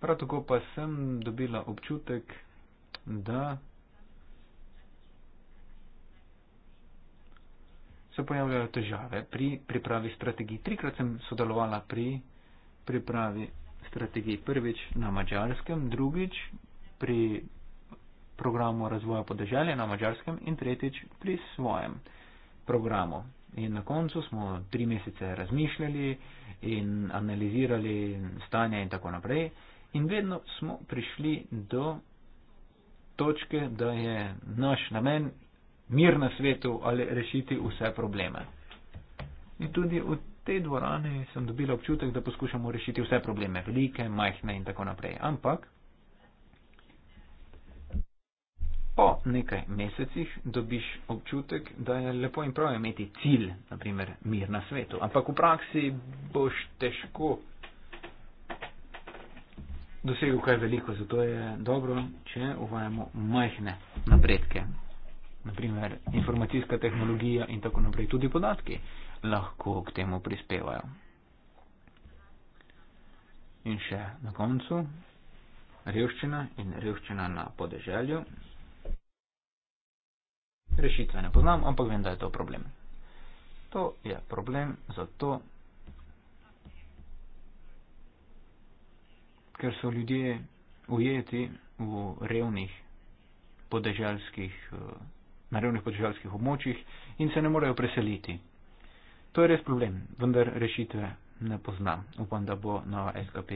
Prav tako pa sem dobila občutek, da se pojavljajo težave pri pripravi strategij. Trikrat sem sodelovala pri pripravi strategiji. Prvič na mačarskem, drugič pri programu razvoja podeželja na mačarskem in tretjič pri svojem programu. In na koncu smo tri mesece razmišljali in analizirali stanje in tako naprej. In vedno smo prišli do točke, da je naš namen mir na svetu ali rešiti vse probleme. In tudi v tej dvorani sem dobila občutek, da poskušamo rešiti vse probleme, velike, majhne in tako naprej. Ampak po nekaj mesecih dobiš občutek, da je lepo in prav imeti cilj, naprimer mir na svetu. Ampak v praksi boš težko dosegel kaj veliko, zato je dobro, če uvajamo majhne napredke. Naprimer informacijska tehnologija in tako naprej, tudi podatki lahko k temu prispevajo. In še na koncu, revščina in revščina na podeželju. Rešitve ne poznam, ampak vem, da je to problem. To je problem zato, ker so ljudje ujeti v revnih podeželskih, eh, na revnih podeželskih območjih in se ne morejo preseliti To je res problem, vendar rešitve ne poznam. Upam, da bo nova SKP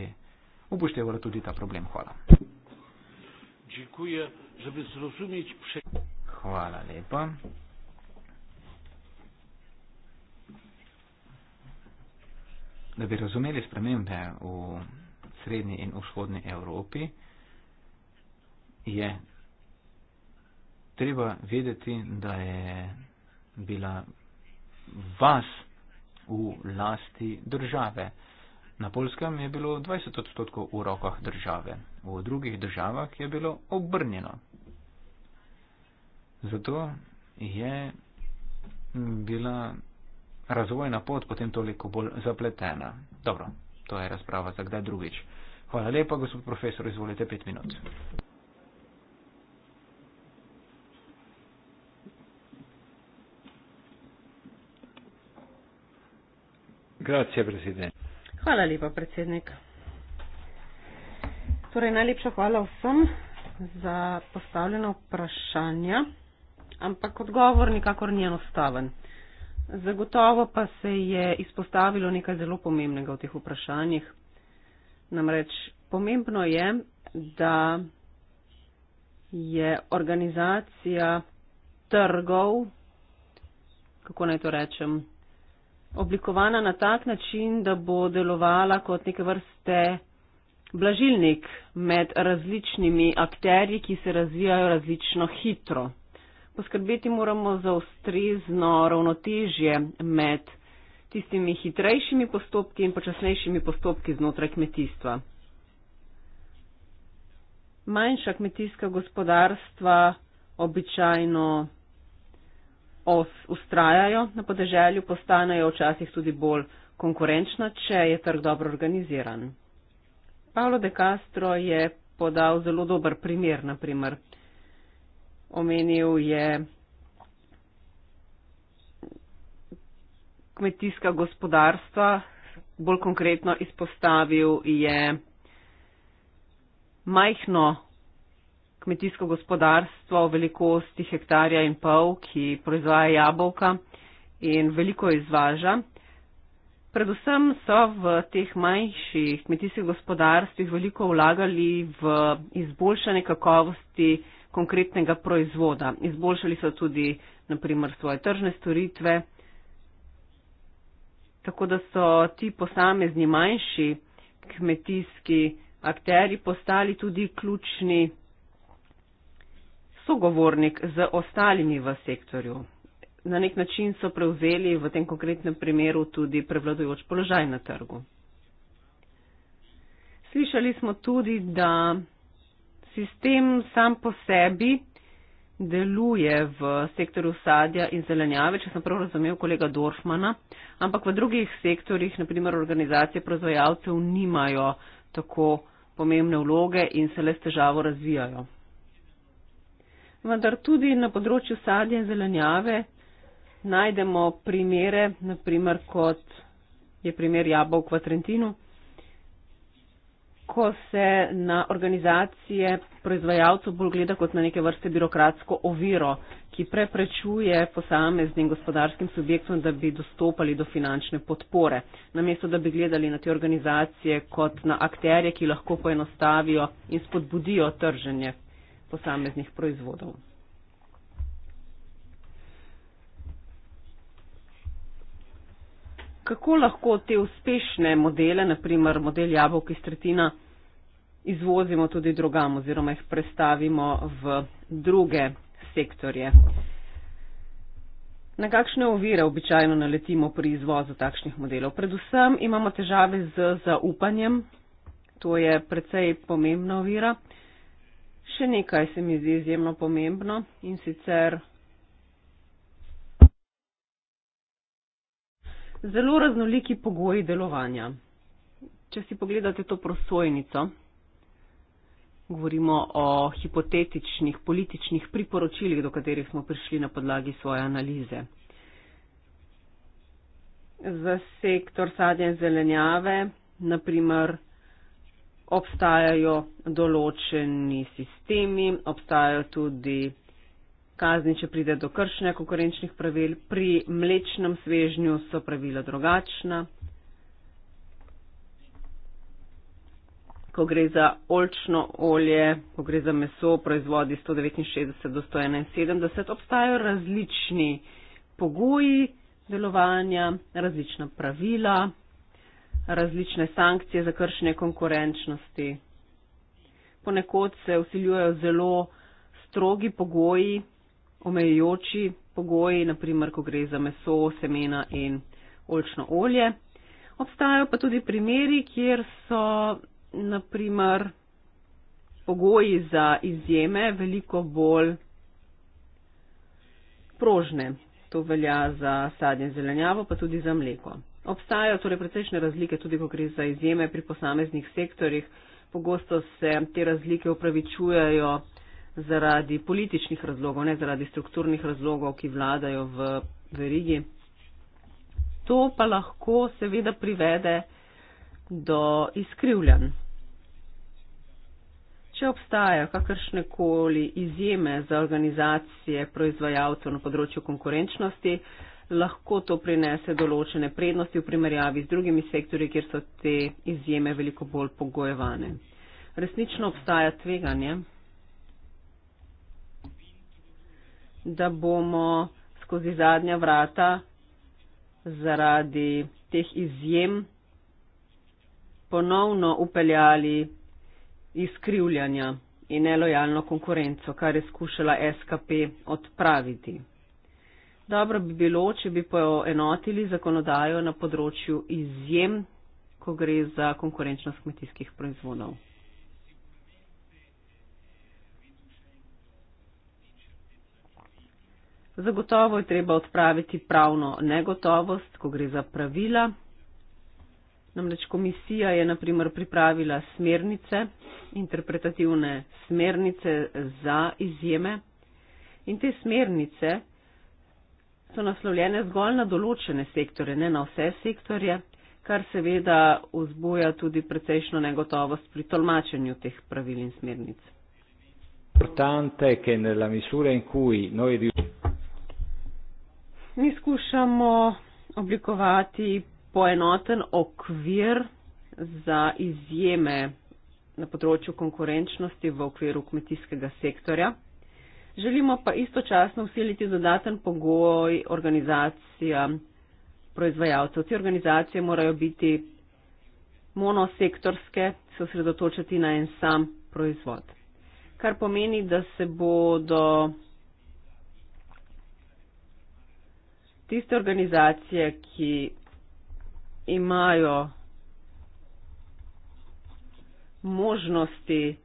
upoštevala tudi ta problem. Hvala. Hvala lepa. Da bi razumeli spremembe v srednji in vzhodni Evropi, je treba vedeti, da je bila vas v lasti države. Na polskem je bilo 20 odstotkov v rokah države, v drugih državah je bilo obrnjeno. Zato je bila razvojna pot potem toliko bolj zapletena. Dobro, to je razprava za kdaj drugič. Hvala lepa, gospod profesor, izvolite pet minut. Grazie, predsednik. Hvala lepa, predsednik. Torej, najlepša hvala vsem za postavljeno vprašanje, ampak odgovor nikakor ni enostaven. Zagotovo pa se je izpostavilo nekaj zelo pomembnega v teh vprašanjih. Namreč pomembno je, da je organizacija trgov, kako naj to rečem, oblikovana na tak način, da bo delovala kot neke vrste blažilnik med različnimi akterji, ki se razvijajo različno hitro. Poskrbeti moramo za ustrezno ravnotežje med tistimi hitrejšimi postopki in počasnejšimi postopki znotraj kmetijstva. Manjša kmetijska gospodarstva običajno ustrajajo na podeželju, postanejo včasih tudi bolj konkurenčna, če je trg dobro organiziran. Paolo de Castro je podal zelo dober primer, naprimer. Omenil je kmetijska gospodarstva, bolj konkretno izpostavil je majhno kmetijsko gospodarstvo v velikosti hektarja in pol, ki proizvaja jabolka in veliko izvaža. Predvsem so v teh manjših kmetijskih gospodarstvih veliko vlagali v izboljšanje kakovosti konkretnega proizvoda. Izboljšali so tudi, naprimer, svoje tržne storitve, tako da so ti posamezni manjši kmetijski akteri postali tudi ključni sogovornik z ostalimi v sektorju. Na nek način so prevzeli v tem konkretnem primeru tudi prevladujoč položaj na trgu. Slišali smo tudi, da sistem sam po sebi deluje v sektorju sadja in zelenjave, če sem prav razumel kolega Dorfmana, ampak v drugih sektorjih, naprimer organizacije proizvajalcev, nimajo tako pomembne vloge in se le s težavo razvijajo vendar tudi na področju sadja in zelenjave najdemo primere, naprimer kot je primer jabolk v Trentinu, ko se na organizacije proizvajalcev bolj gleda kot na neke vrste birokratsko oviro, ki preprečuje posameznim gospodarskim subjektom, da bi dostopali do finančne podpore. Namesto, da bi gledali na te organizacije kot na akterje, ki lahko poenostavijo in spodbudijo trženje posameznih proizvodov. Kako lahko te uspešne modele, naprimer model jabolk iz tretjina, izvozimo tudi drugam oziroma jih prestavimo v druge sektorje? Na kakšne ovire običajno naletimo pri izvozu takšnih modelov? Predvsem imamo težave z zaupanjem, to je precej pomembna ovira še nekaj se mi zdi izjemno pomembno in sicer zelo raznoliki pogoji delovanja. Če si pogledate to prosojnico, govorimo o hipotetičnih političnih priporočilih, do katerih smo prišli na podlagi svoje analize. Za sektor sadja in zelenjave, naprimer, obstajajo določeni sistemi, obstajajo tudi kazni, če pride do kršne konkurenčnih pravil. Pri mlečnem svežnju so pravila drugačna. Ko gre za olčno olje, ko gre za meso, proizvodi 169 do 171, obstajajo različni pogoji delovanja, različna pravila različne sankcije za kršne konkurenčnosti. Ponekod se usiljujejo zelo strogi pogoji, omejujoči pogoji, naprimer, ko gre za meso, semena in olčno olje. Obstajajo pa tudi primeri, kjer so naprimer pogoji za izjeme veliko bolj prožne. To velja za sadje zelenjavo, pa tudi za mleko. Obstajajo torej precejšnje razlike, tudi ko gre za izjeme pri posameznih sektorjih. Pogosto se te razlike upravičujejo zaradi političnih razlogov, ne zaradi strukturnih razlogov, ki vladajo v verigi. To pa lahko seveda privede do izkrivljanj. Če obstajajo kakršne koli izjeme za organizacije proizvajalcev na področju konkurenčnosti, lahko to prinese določene prednosti v primerjavi z drugimi sektorji, kjer so te izjeme veliko bolj pogojevane. Resnično obstaja tveganje, da bomo skozi zadnja vrata zaradi teh izjem ponovno upeljali izkrivljanja in nelojalno konkurenco, kar je skušala SKP odpraviti. Dobro bi bilo, če bi poenotili zakonodajo na področju izjem, ko gre za konkurenčnost kmetijskih proizvodov. Zagotovo je treba odpraviti pravno negotovost, ko gre za pravila. Namreč komisija je naprimer pripravila smernice, interpretativne smernice za izjeme in te smernice so naslovljene zgolj na določene sektore, ne na vse sektorje, kar seveda vzbuja tudi precejšno negotovost pri tolmačenju teh pravil in smernic. Mi skušamo oblikovati poenoten okvir za izjeme na področju konkurenčnosti v okviru kmetijskega sektorja. Želimo pa istočasno usiliti dodaten pogoj organizacija proizvajalcev. Te organizacije morajo biti monosektorske, se osredotočiti na en sam proizvod. Kar pomeni, da se bodo tiste organizacije, ki imajo možnosti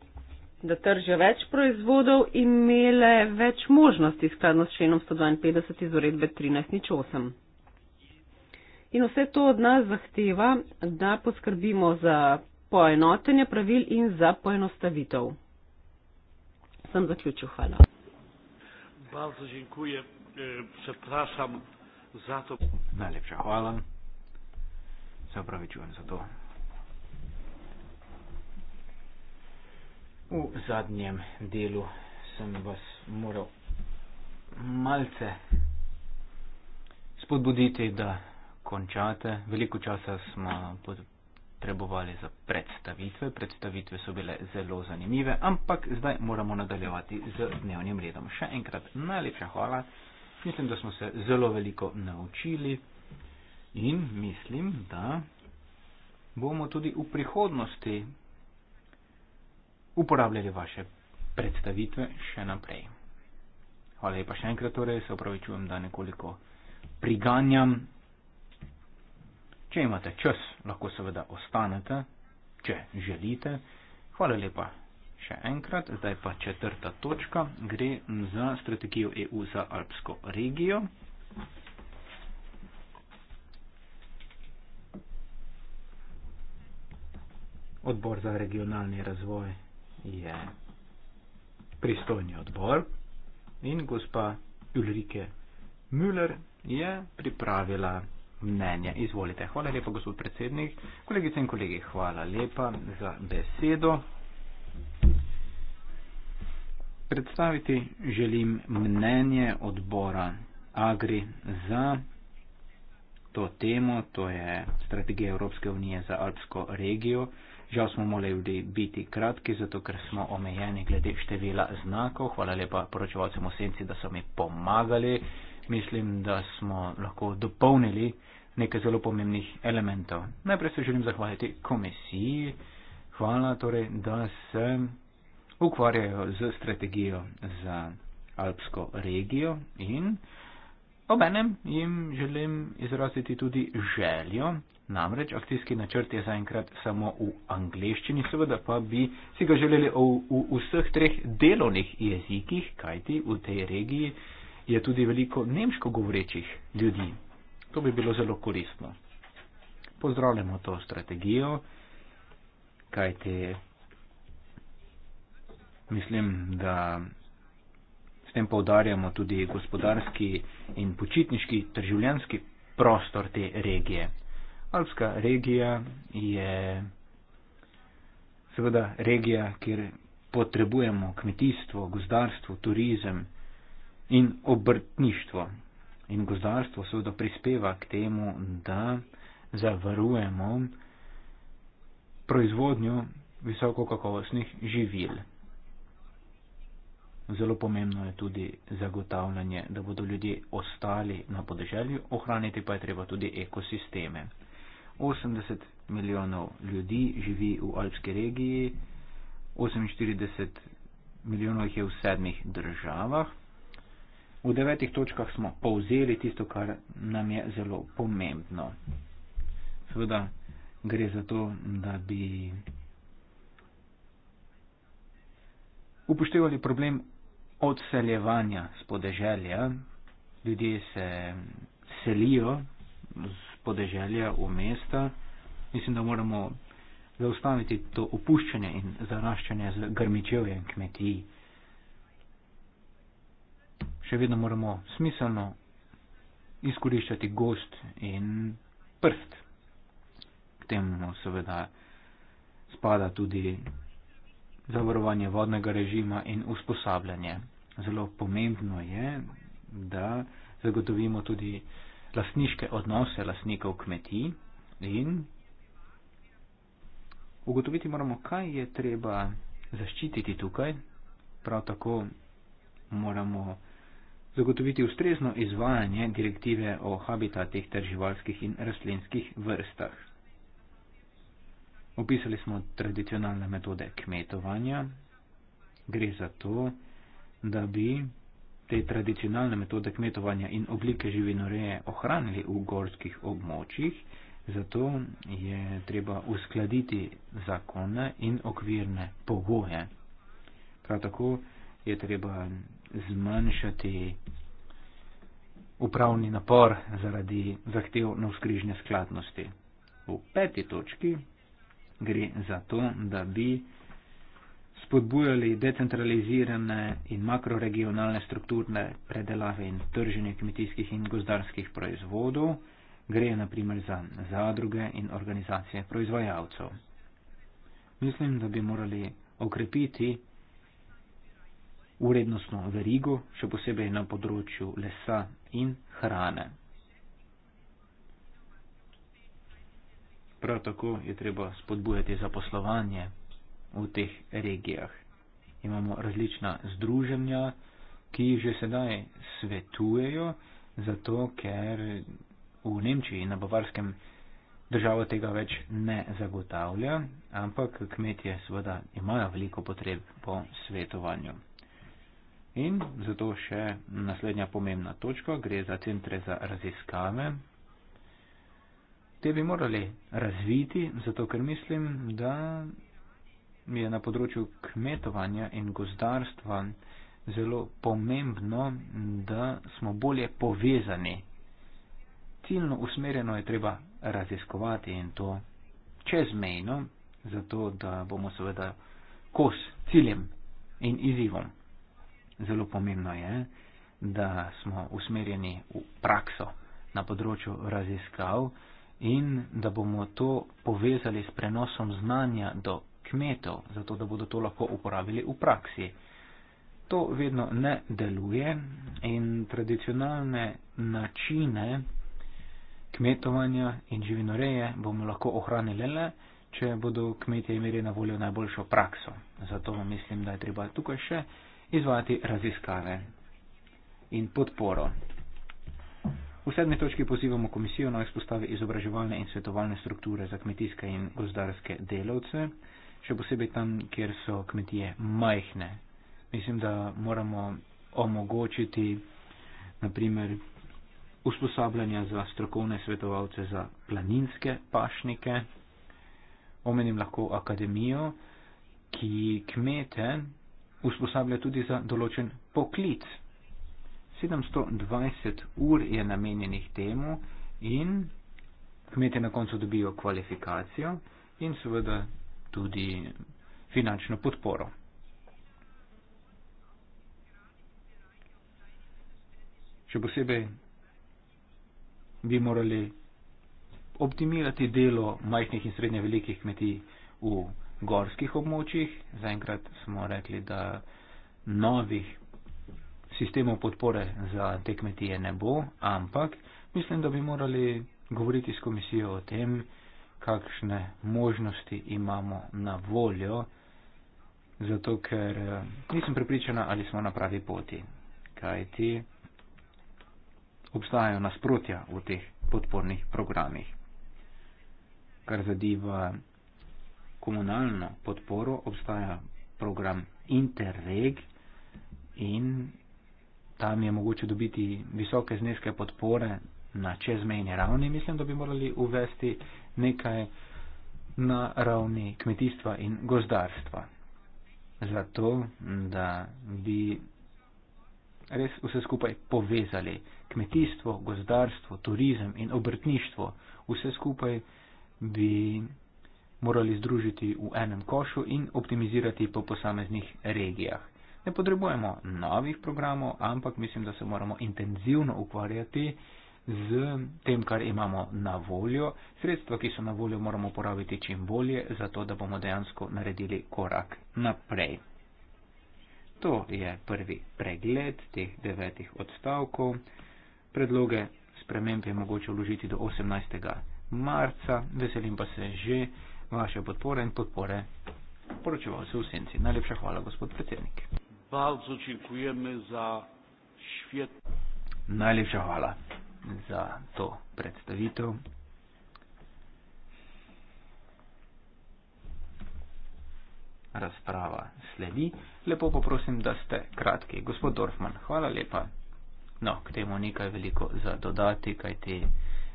da tržijo več proizvodov, imele več možnosti skladno s členom 152 iz uredbe 1308. In vse to od nas zahteva, da poskrbimo za poenotenje pravil in za poenostavitev. Sem zaključil, hvala. Bardzo dziękuję, e, przepraszam za to. Najlepša hvala. Se opravičujem za to. V zadnjem delu sem vas moral malce spodbuditi, da končate. Veliko časa smo potrebovali za predstavitve. Predstavitve so bile zelo zanimive, ampak zdaj moramo nadaljevati z dnevnim redom. Še enkrat najlepša hvala. Mislim, da smo se zelo veliko naučili in mislim, da bomo tudi v prihodnosti uporabljali vaše predstavitve še naprej. Hvala lepa še enkrat, torej se upravičujem, da nekoliko priganjam. Če imate čas, lahko seveda ostanete, če želite. Hvala lepa še enkrat. Zdaj pa četrta točka. Gre za strategijo EU za alpsko regijo. Odbor za regionalni razvoj je pristojni odbor in gospa Ulrike Müller je pripravila mnenje. Izvolite. Hvala lepa, gospod predsednik. Kolegice in kolegi, hvala lepa za besedo. Predstaviti želim mnenje odbora Agri za to temo, to je strategija Evropske unije za alpsko regijo. Žal smo morali biti kratki, zato ker smo omejeni glede števila znakov. Hvala lepa poročevalcem v senci, da so mi pomagali. Mislim, da smo lahko dopolnili nekaj zelo pomembnih elementov. Najprej se želim zahvaliti komisiji. Hvala torej, da se ukvarjajo z strategijo za Alpsko regijo in Obenem jim želim izraziti tudi željo, namreč akcijski načrt je zaenkrat samo v angleščini, seveda pa bi si ga želeli v, v vseh treh delovnih jezikih, kajti v tej regiji je tudi veliko nemško govorečih ljudi. To bi bilo zelo koristno. Pozdravljamo to strategijo, kajti mislim, da tem povdarjamo tudi gospodarski in počitniški ter življenski prostor te regije. Alpska regija je seveda regija, kjer potrebujemo kmetijstvo, gozdarstvo, turizem in obrtništvo. In gozdarstvo seveda prispeva k temu, da zavarujemo proizvodnjo visokokakovostnih živil. Zelo pomembno je tudi zagotavljanje, da bodo ljudje ostali na podeželju, ohraniti pa je treba tudi ekosisteme. 80 milijonov ljudi živi v alpski regiji, 48 milijonov jih je v sedmih državah. V devetih točkah smo povzeli tisto, kar nam je zelo pomembno. Seveda gre za to, da bi upoštevali problem odseljevanja z podeželja. Ljudje se selijo z podeželja v mesta. Mislim, da moramo zaustaviti to opuščanje in zaraščanje z grmičevjem kmetij. Še vedno moramo smiselno izkoriščati gost in prst. K temu seveda spada tudi zavarovanje vodnega režima in usposabljanje zelo pomembno je, da zagotovimo tudi lasniške odnose lasnikov kmetij in ugotoviti moramo, kaj je treba zaščititi tukaj. Prav tako moramo zagotoviti ustrezno izvajanje direktive o habitatih ter živalskih in rastlinskih vrstah. Opisali smo tradicionalne metode kmetovanja. Gre za to, da bi te tradicionalne metode kmetovanja in oblike živinoreje ohranili v gorskih območjih, zato je treba uskladiti zakone in okvirne pogoje. Prav tako je treba zmanjšati upravni napor zaradi zahtev na skladnosti. V peti točki gre za to, da bi spodbujali decentralizirane in makroregionalne strukturne predelave in trženje kmetijskih in gozdarskih proizvodov, gre naprimer za zadruge in organizacije proizvajalcev. Mislim, da bi morali okrepiti urednostno verigo, še posebej na področju lesa in hrane. Prav tako je treba spodbujati zaposlovanje v teh regijah. Imamo različna združenja, ki že sedaj svetujejo, zato ker v Nemčiji in na Bavarskem država tega več ne zagotavlja, ampak kmetje seveda imajo veliko potreb po svetovanju. In zato še naslednja pomembna točka, gre za centre za raziskave. Te bi morali razviti, zato ker mislim, da mi je na področju kmetovanja in gozdarstva zelo pomembno, da smo bolje povezani. Ciljno usmerjeno je treba raziskovati in to čezmejno, zato da bomo seveda kos ciljem in izzivom. Zelo pomembno je, da smo usmerjeni v prakso na področju raziskav in da bomo to povezali s prenosom znanja do kmetov, zato da bodo to lahko uporabili v praksi. To vedno ne deluje in tradicionalne načine kmetovanja in živinoreje bomo lahko ohranili le, če bodo kmetje imeli na voljo najboljšo prakso. Zato mislim, da je treba tukaj še izvajati raziskave in podporo. V sedmi točki pozivamo komisijo na izpostavi izobraževalne in svetovalne strukture za kmetijske in gozdarske delavce še posebej tam, kjer so kmetije majhne. Mislim, da moramo omogočiti naprimer usposabljanja za strokovne svetovalce za planinske pašnike. Omenim lahko akademijo, ki kmete usposablja tudi za določen poklic. 720 ur je namenjenih temu in kmete na koncu dobijo kvalifikacijo in seveda tudi finančno podporo. Še posebej bi morali optimirati delo majhnih in srednje velikih kmetij v gorskih območjih. Zaenkrat smo rekli, da novih sistemov podpore za te kmetije ne bo, ampak mislim, da bi morali govoriti s komisijo o tem, kakšne možnosti imamo na voljo, zato ker eh, nisem pripričana, ali smo na pravi poti, kajti obstajajo nasprotja v teh podpornih programih. Kar zadeva komunalno podporo, obstaja program Interreg in tam je mogoče dobiti visoke zneske podpore na čezmejni ravni, mislim, da bi morali uvesti nekaj na ravni kmetijstva in gozdarstva. Zato, da bi res vse skupaj povezali. Kmetijstvo, gozdarstvo, turizem in obrtništvo, vse skupaj bi morali združiti v enem košu in optimizirati po posameznih regijah. Ne potrebujemo novih programov, ampak mislim, da se moramo intenzivno ukvarjati z tem, kar imamo na voljo. Sredstva, ki so na voljo, moramo uporabiti čim bolje, zato da bomo dejansko naredili korak naprej. To je prvi pregled teh devetih odstavkov. Predloge sprememb je mogoče vložiti do 18. marca. Veselim pa se že vaše podpore in podpore poročevalcev v senci. Najlepša hvala, gospod predsednik. Najlepša hvala za to predstavitev. Razprava sledi. Lepo poprosim, da ste kratki. Gospod Dorfman, hvala lepa. No, k temu nekaj veliko za dodati, kajti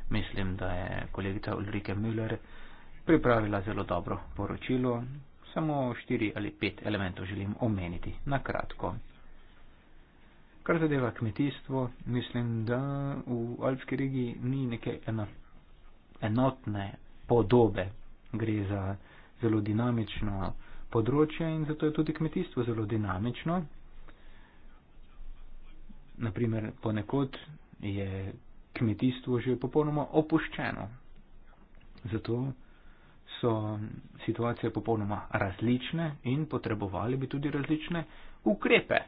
mislim, da je kolegica Ulrike Müller pripravila zelo dobro poročilo. Samo štiri ali pet elementov želim omeniti na kratko. Kar zadeva kmetijstvo, mislim, da v alpski regiji ni neke eno, enotne podobe. Gre za zelo dinamično področje in zato je tudi kmetijstvo zelo dinamično. Naprimer, ponekod je kmetijstvo že popolnoma opuščeno. Zato so situacije popolnoma različne in potrebovali bi tudi različne ukrepe.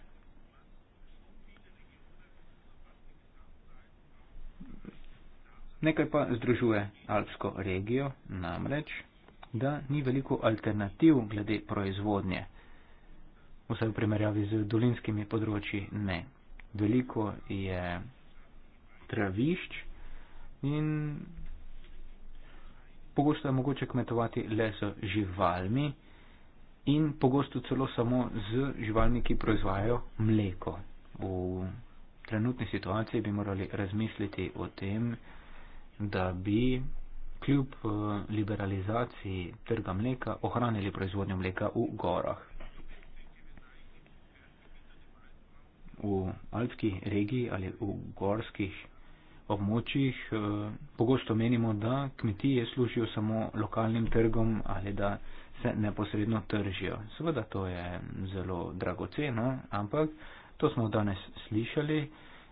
Nekaj pa združuje alpsko regijo, namreč, da ni veliko alternativ glede proizvodnje. Vse v primerjavi z dolinskimi področji ne. Veliko je travišč in pogosto je mogoče kmetovati le z živalmi in pogosto celo samo z živalmi, ki proizvajajo mleko. V trenutni situaciji bi morali razmisliti o tem, da bi kljub eh, liberalizaciji trga mleka ohranili proizvodnjo mleka v gorah. V alpski regiji ali v gorskih območjih eh, pogosto menimo, da kmetije služijo samo lokalnim trgom ali da se neposredno tržijo. Seveda to je zelo dragoceno, ampak to smo danes slišali.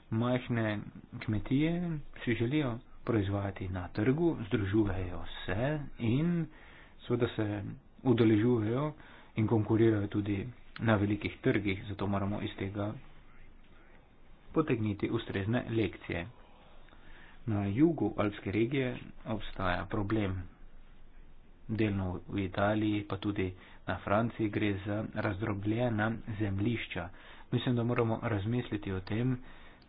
Majhne kmetije si želijo proizvajati na trgu, združujejo se in seveda se udeležujejo in konkurirajo tudi na velikih trgih, zato moramo iz tega potegniti ustrezne lekcije. Na jugu alpske regije obstaja problem. Delno v Italiji, pa tudi na Franciji gre za razdrobljena zemlišča. Mislim, da moramo razmisliti o tem,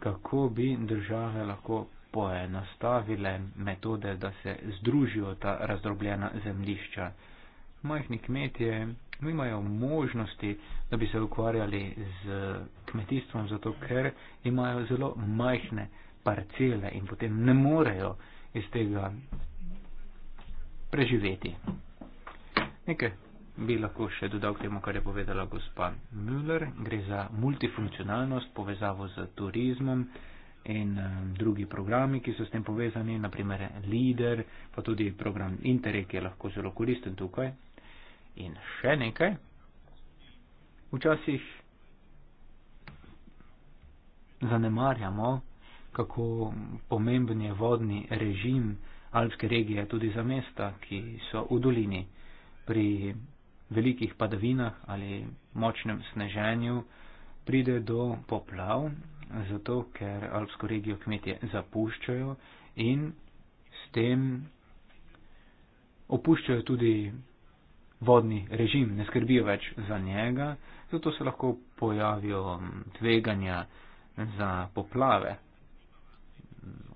kako bi države lahko poenostavile metode, da se združijo ta razdrobljena zemlišča. Majhni kmetje nimajo možnosti, da bi se ukvarjali z kmetijstvom, zato ker imajo zelo majhne parcele in potem ne morejo iz tega preživeti. Nekaj bi lahko še dodal k temu, kar je povedala gospa Müller. Gre za multifunkcionalnost, povezavo z turizmom in um, drugi programi, ki so s tem povezani, naprimer Leader, pa tudi program Interreg je lahko zelo koristen tukaj. In še nekaj. Včasih zanemarjamo, kako pomemben je vodni režim alpske regije, tudi za mesta, ki so v dolini. Pri velikih padavinah ali močnem sneženju pride do poplav zato ker alpsko regijo kmetje zapuščajo in s tem opuščajo tudi vodni režim, ne skrbijo več za njega, zato se lahko pojavijo tveganja za poplave.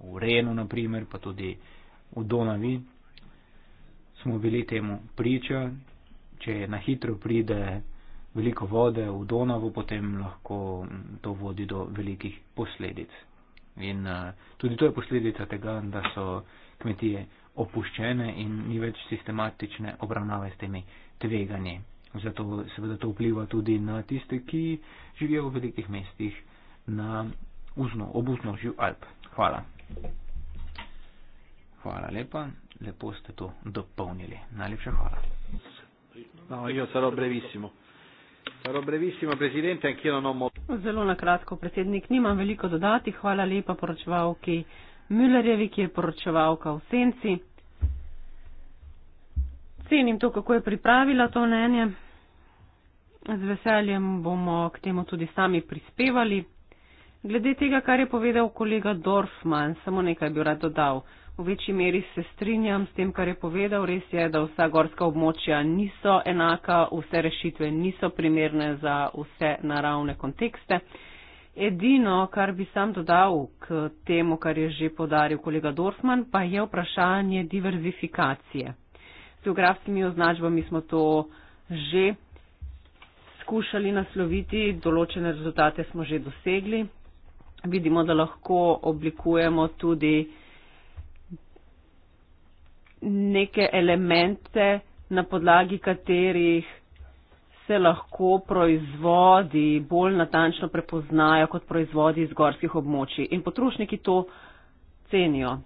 V Renu, naprimer, pa tudi v Donavi smo bili temu priča, če na hitro pride veliko vode v Donavo, potem lahko to vodi do velikih posledic. In eh, tudi to je posledica tega, da so kmetije opuščene in ni več sistematične obravnave s temi tveganji. Zato seveda to vpliva tudi na tiste, ki živijo v velikih mestih na uzno, obuznožju Alp. Hvala. Hvala lepa, lepo ste to dopolnili. Najlepša hvala. No, io sarò brevissimo. Zelo na kratko, predsednik, nimam veliko dodati. Hvala lepa poročevalki Müllerjevi, ki je poročevalka v senci. Cenim to, kako je pripravila to mnenje. Z veseljem bomo k temu tudi sami prispevali. Glede tega, kar je povedal kolega Dorfman, samo nekaj bi rad dodal. V večji meri se strinjam s tem, kar je povedal. Res je, da vsa gorska območja niso enaka, vse rešitve niso primerne za vse naravne kontekste. Edino, kar bi sam dodal k temu, kar je že podaril kolega Dorfman, pa je vprašanje diverzifikacije. S geografskimi označbami smo to že skušali nasloviti, določene rezultate smo že dosegli. Vidimo, da lahko oblikujemo tudi neke elemente, na podlagi katerih se lahko proizvodi bolj natančno prepoznajo kot proizvodi iz gorskih območij. In potrošniki to cenijo.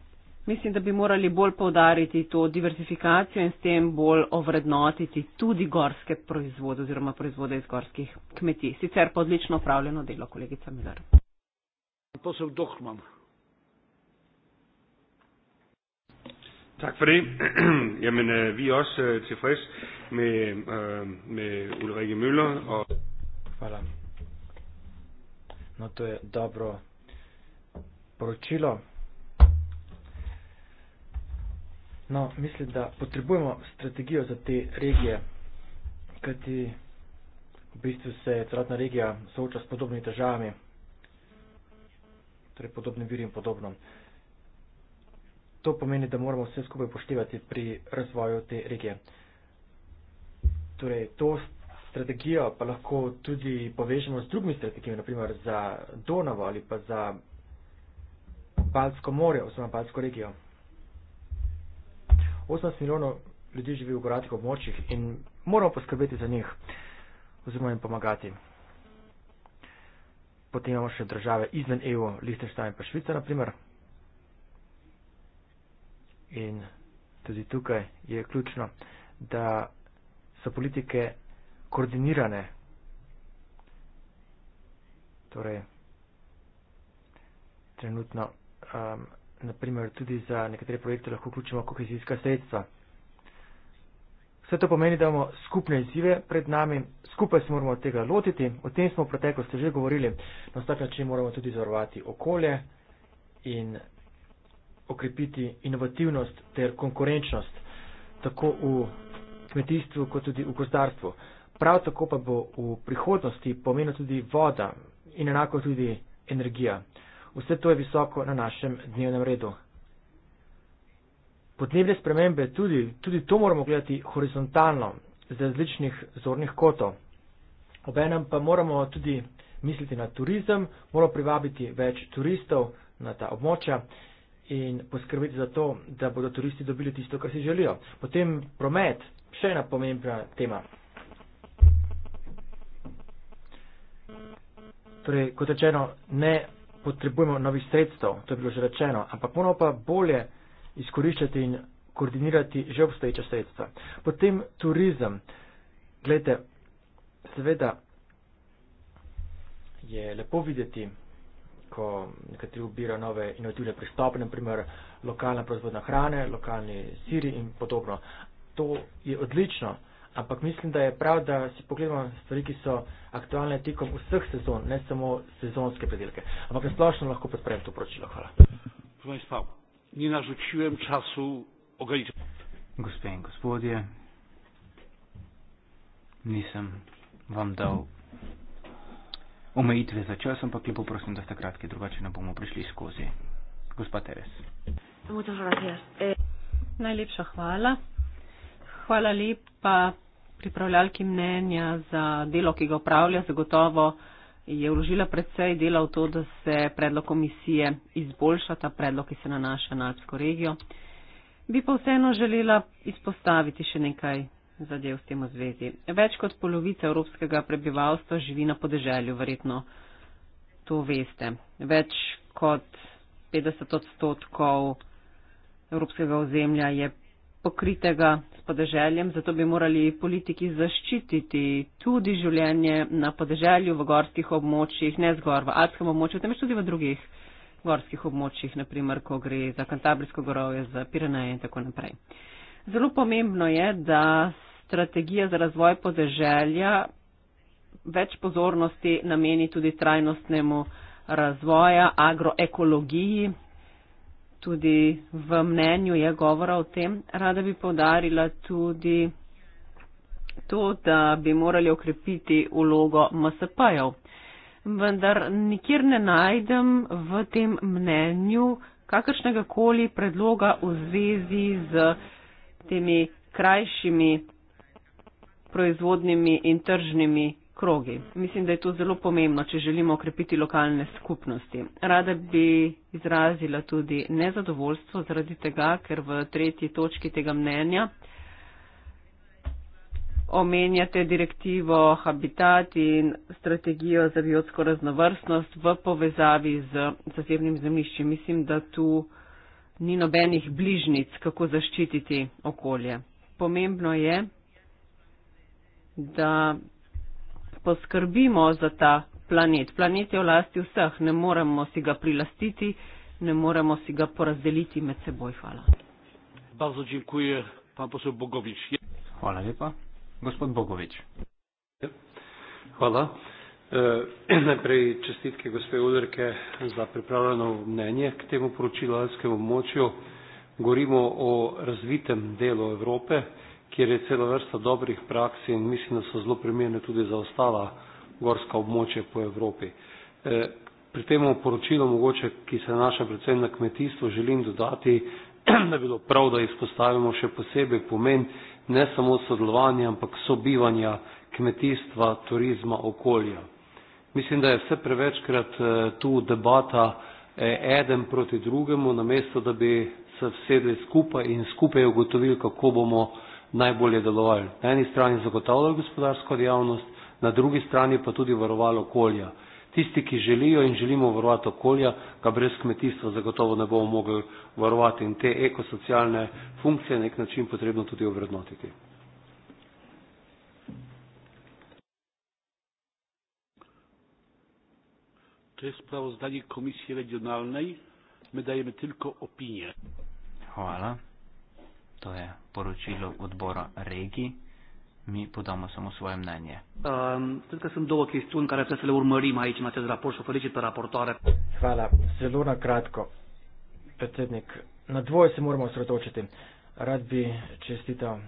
Mislim, da bi morali bolj povdariti to diversifikacijo in s tem bolj ovrednotiti tudi gorske proizvode oziroma proizvode iz gorskih kmetij. Sicer pa odlično upravljeno delo, kolegica Miller. Posel dohmam. Tak for det. Jamen, øh, vi er også øh, tilfredse med, øh, med Ulrike Møller og... Hvala. No, to je dobro poročilo. No, mislim, da potrebujemo strategijo za te regije, kajti v bistvu se celotna regija sooča s podobnimi težavami, torej podobnim virjem in podobno to pomeni, da moramo vse skupaj poštevati pri razvoju te regije. Torej, to strategijo pa lahko tudi povežemo z drugimi strategijami, naprimer za Donavo ali pa za Balsko more oziroma Balsko regijo. 18 milijonov ljudi živi v goratih območjih in moramo poskrbeti za njih oziroma jim pomagati. Potem imamo še države izven EU, Lihtenstein pa Švica, naprimer. In tudi tukaj je ključno, da so politike koordinirane. Torej, trenutno, um, naprimer, tudi za nekatere projekte lahko vključimo kohezijska sredstva. Vse to pomeni, da imamo skupne izzive pred nami, skupaj se moramo tega lotiti, o tem smo v preteklosti že govorili, na vsak način moramo tudi zavarovati okolje in okrepiti inovativnost ter konkurenčnost tako v kmetijstvu kot tudi v gozdarstvu. Prav tako pa bo v prihodnosti pomenila tudi voda in enako tudi energija. Vse to je visoko na našem dnevnem redu. Podnebne spremembe tudi, tudi to moramo gledati horizontalno, z različnih zornih kotov. Obenem pa moramo tudi misliti na turizem, moramo privabiti več turistov na ta območja in poskrbeti za to, da bodo turisti dobili tisto, kar si želijo. Potem promet, še ena pomembna tema. Torej, kot rečeno, ne potrebujemo novih sredstev, to je bilo že rečeno, ampak moramo pa bolje izkoriščati in koordinirati že obstoječa sredstva. Potem turizem. Glede, seveda je lepo videti ko nekateri ubira nove inovativne pristope, naprimer lokalna proizvodna hrane, lokalni siri in podobno. To je odlično, ampak mislim, da je prav, da si pogledamo stvari, ki so aktualne tekom vseh sezon, ne samo sezonske predelke. Ampak na splošno lahko podprem to poročilo. Hvala. Gospe in gospodje, nisem vam dal omejitve za čas, ampak lepo prosim, da ste kratki, drugače ne bomo prišli skozi. Gospa Teres. Eh, Najlepša hvala. Hvala lepa pripravljalki mnenja za delo, ki ga upravlja. Zagotovo je vložila predvsej dela v to, da se predlog komisije izboljša, ta predlog, ki se nanaša na Alpsko regijo. Bi pa vseeno želela izpostaviti še nekaj zadev s tem v zvezi. Več kot polovica evropskega prebivalstva živi na podeželju, verjetno to veste. Več kot 50 odstotkov evropskega ozemlja je pokritega s podeželjem, zato bi morali politiki zaščititi tudi življenje na podeželju v gorskih območjih, ne zgor v alpskem območju, temveč tudi v drugih gorskih območjih, naprimer, ko gre za kantabrijsko gorovje, za Pireneje in tako naprej. Zelo pomembno je, da strategija za razvoj podeželja več pozornosti nameni tudi trajnostnemu razvoju, agroekologiji. Tudi v mnenju je govora o tem. Rada bi povdarila tudi to, da bi morali okrepiti ulogo MSP-jev. Vendar nikjer ne najdem v tem mnenju kakršnega koli predloga v zvezi z temi krajšimi proizvodnimi in tržnimi krogi. Mislim, da je to zelo pomembno, če želimo okrepiti lokalne skupnosti. Rada bi izrazila tudi nezadovoljstvo zaradi tega, ker v tretji točki tega mnenja omenjate direktivo Habitat in strategijo za biotsko raznovrstnost v povezavi z zasebnim zemljiščem. Mislim, da tu ni nobenih bližnic, kako zaščititi okolje. Pomembno je, da poskrbimo za ta planet. Planet je v lasti vseh, ne moremo si ga prilastiti, ne moremo si ga porazdeliti med seboj. Hvala. Hvala lepa. Gospod Bogovič. Hvala. E, najprej čestitke gospe Udrke za pripravljeno mnenje k temu poročilu Alpskemu območju. Govorimo o razvitem delu Evrope kjer je celo vrsta dobrih praks in mislim, da so zelo primerne tudi za ostala gorska območja po Evropi. E, pri tem poročilu, mogoče, ki se nanaša predvsem na kmetijstvo, želim dodati, da bi bilo prav, da izpostavimo še posebej pomen ne samo sodelovanja, ampak sobivanja kmetijstva, turizma, okolja. Mislim, da je vse prevečkrat e, tu debata e, eden proti drugemu, namesto da bi se vsedli skupaj in skupaj ugotovili, kako bomo najbolje delovali. Na eni strani zagotavljali gospodarsko dejavnost, na drugi strani pa tudi varovali okolja. Tisti, ki želijo in želimo varovati okolja, ga brez kmetijstva zagotovo ne bomo mogli varovati in te ekosocialne funkcije na nek način potrebno tudi obrednotiti. To je sprawozdanje Komisije Regionalnej. My dajemy tylko opinię. Hvala to je poročilo odbora regij, mi podamo samo svoje mnenje. Ehm, Hvala. Zelo na kratko, predsednik. Na dvoje se moramo osredotočiti. Rad bi čestital uh,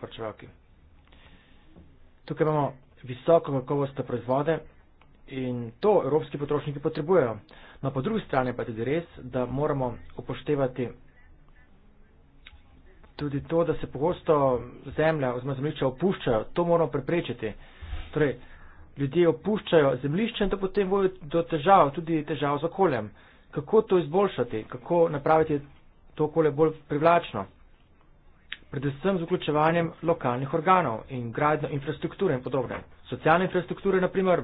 poročevalki. Tukaj imamo visoko kakovostne proizvode in to evropski potrošniki potrebujejo. No, po drugi strani pa je tudi res, da moramo upoštevati tudi to, da se pogosto zemlja oziroma zemljišča opuščajo, to moramo preprečiti. Torej, ljudje opuščajo zemljišče in to potem bojo do težav, tudi težav z okoljem. Kako to izboljšati, kako napraviti to okolje bolj privlačno? Predvsem z vključevanjem lokalnih organov in gradno infrastrukture in podobne. Socialne infrastrukture, naprimer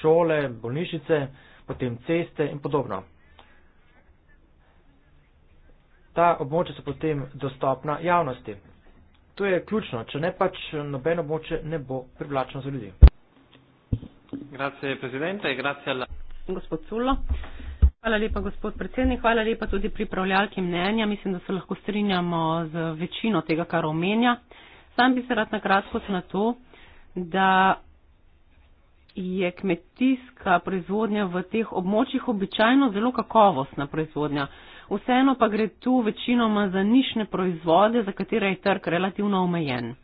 šole, bolnišnice, potem ceste in podobno ta območja so potem dostopna javnosti. To je ključno, če ne pač nobeno območje ne bo privlačno za ljudi. Grazie presidente, grazie alla... Gospod Culo. Hvala lepa, gospod predsednik, hvala lepa tudi pripravljalki mnenja. Mislim, da se lahko strinjamo z večino tega, kar omenja. Sam bi se rad nakratko na to, da je kmetijska proizvodnja v teh območjih običajno zelo kakovostna proizvodnja vseeno pa gre tu večinoma za nišne proizvode, za katere je trg relativno omejen.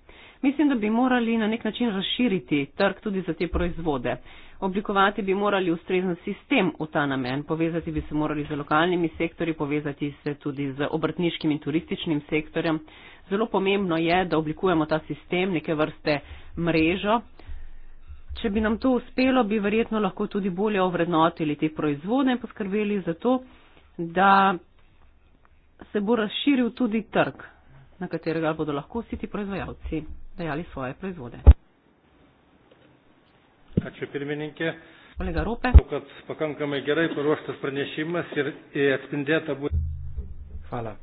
Mislim, da bi morali na nek način razširiti trg tudi za te proizvode. Oblikovati bi morali ustrezen sistem v ta namen, povezati bi se morali z lokalnimi sektori, povezati se tudi z obrtniškim in turističnim sektorjem. Zelo pomembno je, da oblikujemo ta sistem, neke vrste mrežo. Če bi nam to uspelo, bi verjetno lahko tudi bolje ovrednotili te proizvode in poskrbeli za to, da se bo razširil tudi trg, na katerega bodo lahko vsi ti proizvajalci dajali svoje proizvode. Ačiū pirmininkė. Kolega Rupė. Kad pakankamai gerai paruoštas pranešimas ir atspindėta būtų. Hvala.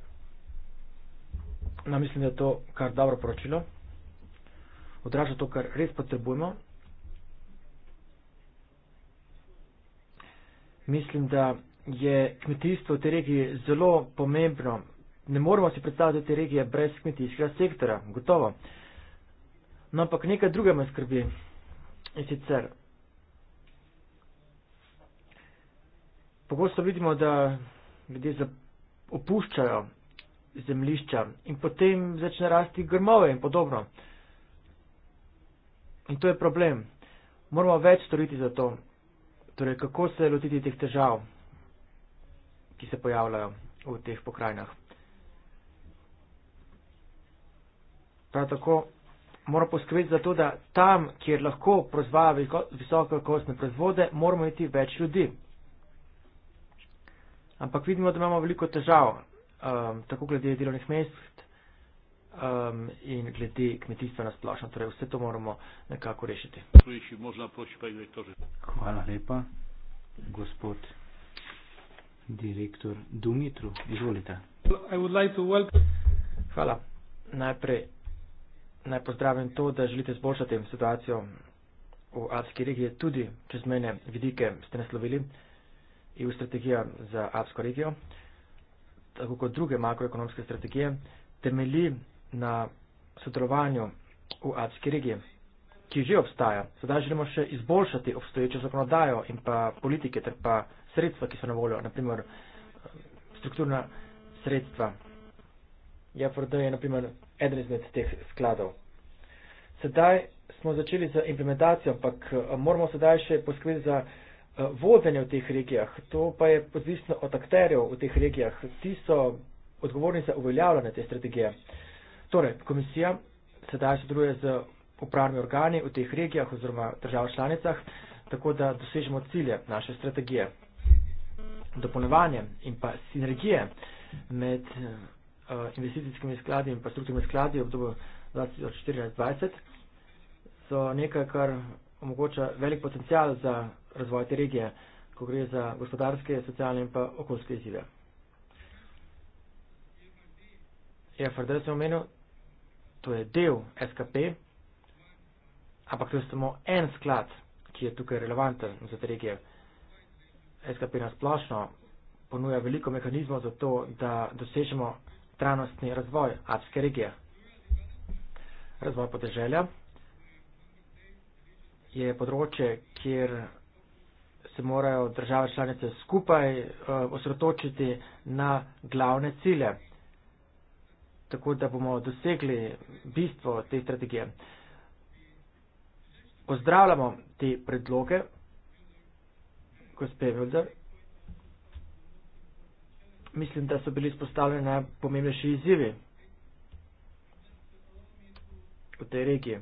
Na, mislim, da je to kar dobro poročilo. Odraža to, kar res potrebujemo. Mislim, da je kmetijstvo v tej regiji zelo pomembno. Ne moramo si predstavljati te regije brez kmetijskega sektora, gotovo. No, ampak nekaj druga me skrbi. In sicer, pogosto vidimo, da ljudje opuščajo zemlišča in potem začne rasti grmove in podobno. In to je problem. Moramo več storiti za to. Torej, kako se lotiti teh težav? ki se pojavljajo v teh pokrajinah. Prav tako moramo poskrbeti za to, da tam, kjer lahko proizvaja visoko kakovostne proizvode, moramo imeti več ljudi. Ampak vidimo, da imamo veliko težav, um, tako glede delovnih mest um, in glede kmetijstva na splošno. Torej, vse to moramo nekako rešiti. Hvala lepa, gospod direktor Dumitru. Izvolite. Like Hvala. Najprej naj pozdravim to, da želite zboljšati situacijo v Alpski regiji. Tudi čez mene vidike ste naslovili EU strategija za Alpsko regijo, tako kot druge makroekonomske strategije, temelji na sodelovanju v Alpski regiji ki že obstaja. Sedaj želimo še izboljšati obstoječo zakonodajo in pa politike ter pa sredstva, ki so na voljo, naprimer eh, strukturna sredstva. JFRD je naprimer eden izmed teh skladov. Sedaj smo začeli z implementacijo, ampak eh, moramo sedaj še poskrbeti za eh, vodenje v teh regijah. To pa je odvisno od akterjev v teh regijah. Ti so odgovorni za uveljavljanje te strategije. Torej, komisija sedaj sodeluje z upravni organi v teh regijah oziroma državah članicah, tako da dosežemo cilje naše strategije. Dopolnevanje in pa sinergije med eh, investicijskimi skladi in pa strukturnimi skladi v obdobju 2014-2020 so nekaj, kar omogoča velik potencial za razvoj te regije, ko gre za gospodarske, socialne in pa okoljske izzive. EFRD ja, sem omenil, to je del SKP, ampak to je samo en sklad, ki je tukaj relevanten za te regije. SKP na splošno ponuja veliko mehanizmov za to, da dosežemo trajnostni razvoj afske regije. Razvoj podeželja je področje, kjer se morajo države članice skupaj uh, osredotočiti na glavne cilje, tako da bomo dosegli bistvo te strategije. Uh, pozdravljamo te predloge, gospe Vildar. Mislim, da so bili izpostavljeni najpomembnejši izzivi v tej regiji.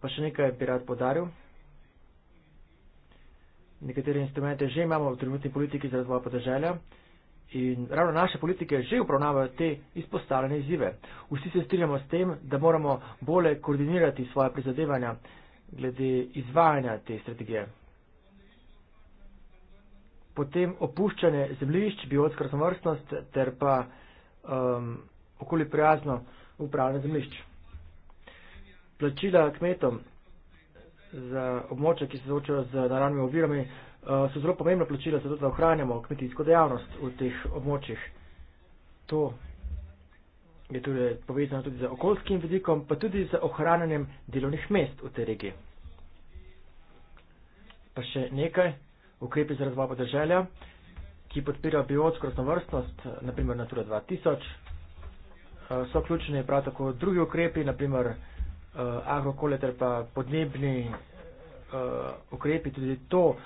Pa še nekaj bi rad podaril. Nekatere instrumente že imamo v trenutni politiki za razvoj podeželja in ravno naše politike že upravnavajo te izpostavljene izzive. Vsi se strinjamo s tem, da moramo bolje koordinirati svoje prizadevanja glede izvajanja te strategije. Potem opuščanje zemljišč, biotska raznovrstnost ter pa um, okoli prijazno upravljanje zemljišč. Plačila kmetom za območja, ki se zaočajo z naravnimi ovirami, uh, so zelo pomembna plačila, zato da ohranjamo kmetijsko dejavnost v teh območjih. To je torej povezano tudi z okoljskim vidikom, pa tudi z ohranjanjem delovnih mest v tej regiji. Pa še nekaj ukrepi za razvoj podeželja, ki podpirajo biotsko raznovrstnost, naprimer Natura 2000. Eh, so vključeni prav tako drugi ukrepi, naprimer eh, agrokole ter pa podnebni eh, ukrepi, tudi to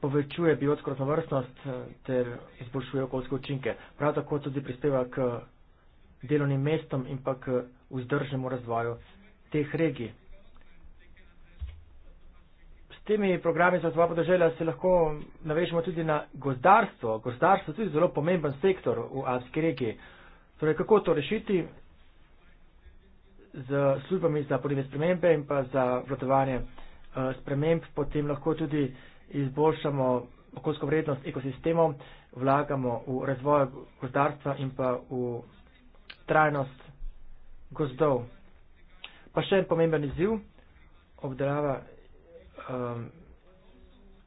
povečuje biotsko raznovrstnost ter izboljšuje okoljske učinke. Prav tako tudi prispeva k delovnim mestom in pa k vzdržnemu razvoju teh regij. S temi programi za dva podeželja se lahko navežemo tudi na gozdarstvo. Gozdarstvo je tudi zelo pomemben sektor v Alpski regiji. Torej, kako to rešiti z službami za podnebne spremembe in pa za vladovanje eh, sprememb, potem lahko tudi izboljšamo okoljsko vrednost ekosistemov, vlagamo v razvoj gozdarstva in pa v trajnost gozdov. Pa še en pomemben izziv, obdelava um,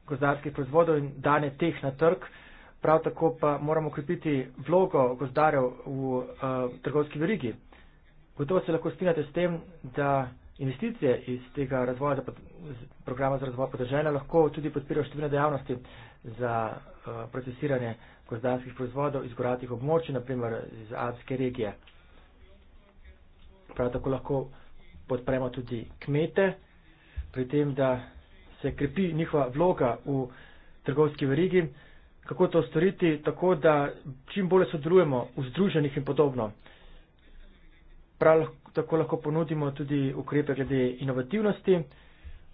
gozdarskih proizvodov in dane teh na trg, prav tako pa moramo krepiti vlogo gozdarjev v uh, trgovski verigi. Gotovo se lahko strinjate s tem, da investicije iz tega razvoja, programa za razvoj podržanja lahko tudi podpirajo številne dejavnosti za uh, procesiranje gozdanskih proizvodov iz goratih območij, naprimer iz Alpske regije. Prav tako lahko podpremo tudi kmete, pri tem, da se krepi njihova vloga v trgovski verigi, kako to storiti, tako da čim bolje sodelujemo v združenih in podobno. Prav tako lahko ponudimo tudi ukrepe glede inovativnosti,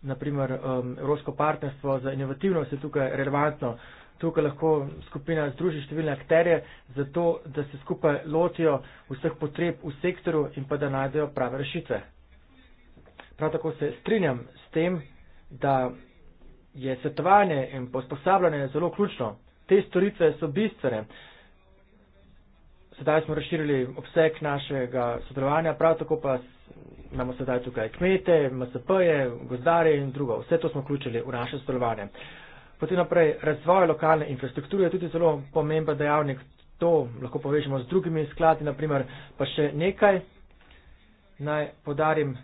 naprimer um, Evropsko partnerstvo za inovativnost je tukaj relevantno. Tukaj lahko skupina združi številne akterje, zato da se skupaj lotijo vseh potreb v sektoru in pa da najdejo prave rešitve. Prav tako se strinjam s tem, da je svetovanje in posposabljanje zelo ključno. Te storitve so bistvene. Sedaj smo razširili obseg našega sodelovanja, prav tako pa imamo sedaj tukaj kmete, MSP-je, gozdare in drugo. Vse to smo vključili v naše sodelovanje. Potem naprej, razvoj lokalne infrastrukture je tudi zelo pomemben dejavnik. To lahko povežemo z drugimi skladi, naprimer pa še nekaj. Naj podarim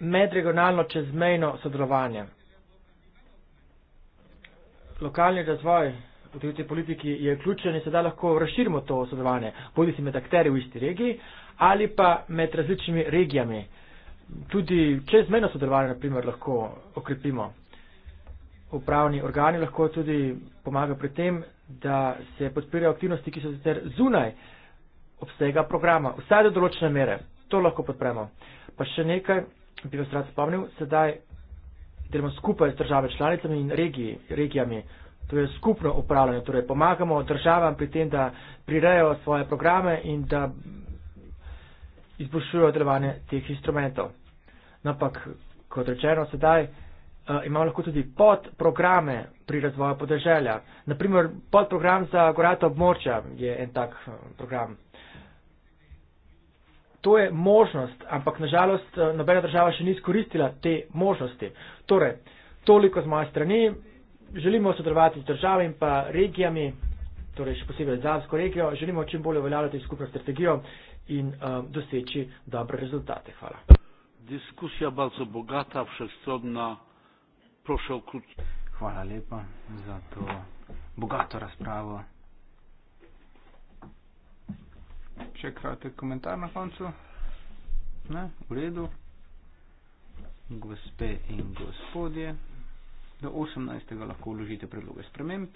medregionalno čezmejno sodelovanje. Lokalni razvoj v tej politiki je ključen in sedaj lahko razširimo to sodelovanje, bodi si med akteri v isti regiji ali pa med različnimi regijami. Tudi čezmejno sodelovanje, na primer, lahko okrepimo. Upravni organi lahko tudi pomagajo pri tem, da se podpirajo aktivnosti, ki so sicer zunaj obsega programa, vsaj do določene mere. To lahko podpremo. Pa še nekaj, bi vas rad spomnil, sedaj delamo skupaj z države članicami in regiji, regijami. To je skupno upravljanje, torej pomagamo državam pri tem, da prirejo svoje programe in da izboljšujejo delovanje teh instrumentov. No, ampak, kot rečeno, sedaj uh, imamo lahko tudi podprograme pri razvoju podeželja. Naprimer, podprogram za gorata območja je en tak uh, program. To je možnost, ampak nažalost eh, nobena država še ni izkoristila te možnosti. Torej, toliko z moje strani, želimo sodelovati z državi in pa regijami, torej še posebej z Zavsko regijo, želimo čim bolje uveljavljati skupno strategijo in uh, doseči dobre rezultate. Hvala. Diskusija je zelo bogata, všestrodna. Prošel kruč. Hvala lepa za to bogato razpravo. Še kratek komentar na koncu. Ne, v redu. Gospe in gospodje, do 18. lahko vložite predloge sprememb.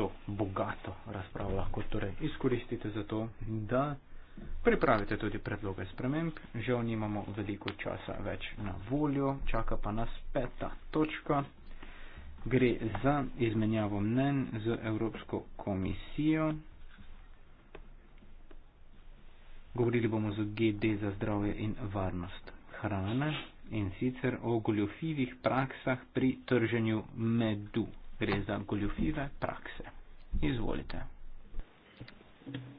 to bogato razpravo lahko torej izkoristite za to, da pripravite tudi predloge sprememb. Žal nimamo veliko časa več na voljo, čaka pa nas peta točka. Gre za izmenjavo mnen z Evropsko komisijo. Govorili bomo z GD za zdravje in varnost hrane in sicer o goljofivih praksah pri trženju medu gre za goljufive prakse. Izvolite.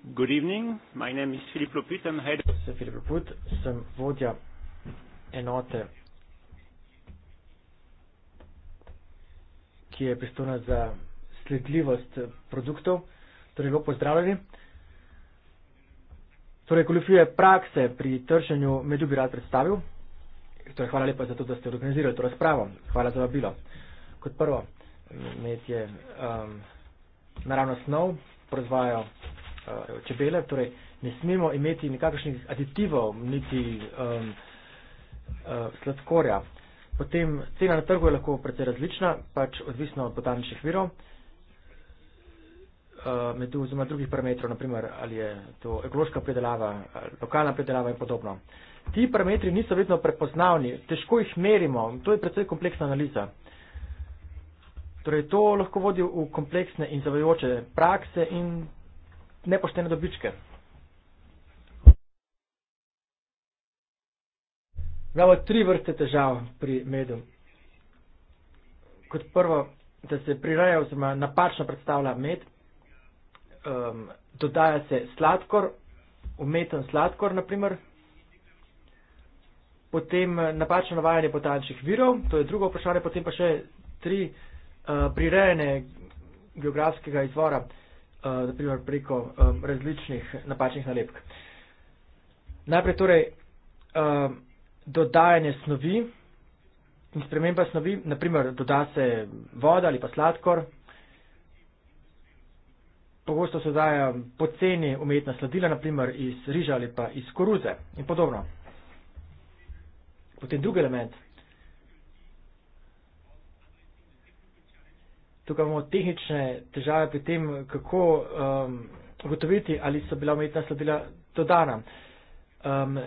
Good evening, my name is Filip Lopit, I'm head of Put, sem vodja enote, ki je pristojna za sledljivost produktov, torej lepo pozdravljeni. Torej, kolifije prakse pri tršenju medu bi rad predstavil. Torej, hvala lepa za to, da ste organizirali to razpravo. Hvala za vabilo. Kot prvo, metje um, naravno snov, proizvajajo uh, čebele, torej ne smemo imeti nikakršnih aditivov, niti um, uh, sladkorja. Potem cena na trgu je lahko precej različna, pač odvisno od podaničnih virov, uh, med oziroma drugih parametrov, naprimer ali je to ekološka predelava, lokalna predelava in podobno. Ti parametri niso vedno prepoznavni, težko jih merimo, to je precej kompleksna analiza. Torej, to lahko vodi v kompleksne in zavajajoče prakse in nepoštene dobičke. Imamo tri vrste težav pri medu. Kot prvo, da se priraja oziroma napačno predstavlja med, um, dodaja se sladkor, umeten sladkor naprimer, potem napačno navajanje potančnih virov, to je drugo vprašanje, potem pa še tri. Eh, prirejene geografskega izvora, eh, naprimer preko eh, različnih napačnih nalepk. Najprej torej dodajanje snovi in sprememba snovi, naprimer doda se voda ali pa sladkor, pogosto se daja poceni umetna sladila, naprimer iz riža ali pa iz koruze in podobno. Potem drugi element, tukaj imamo tehnične težave pri tem, kako um, ugotoviti, ali so bila umetna sledila dodana. Um,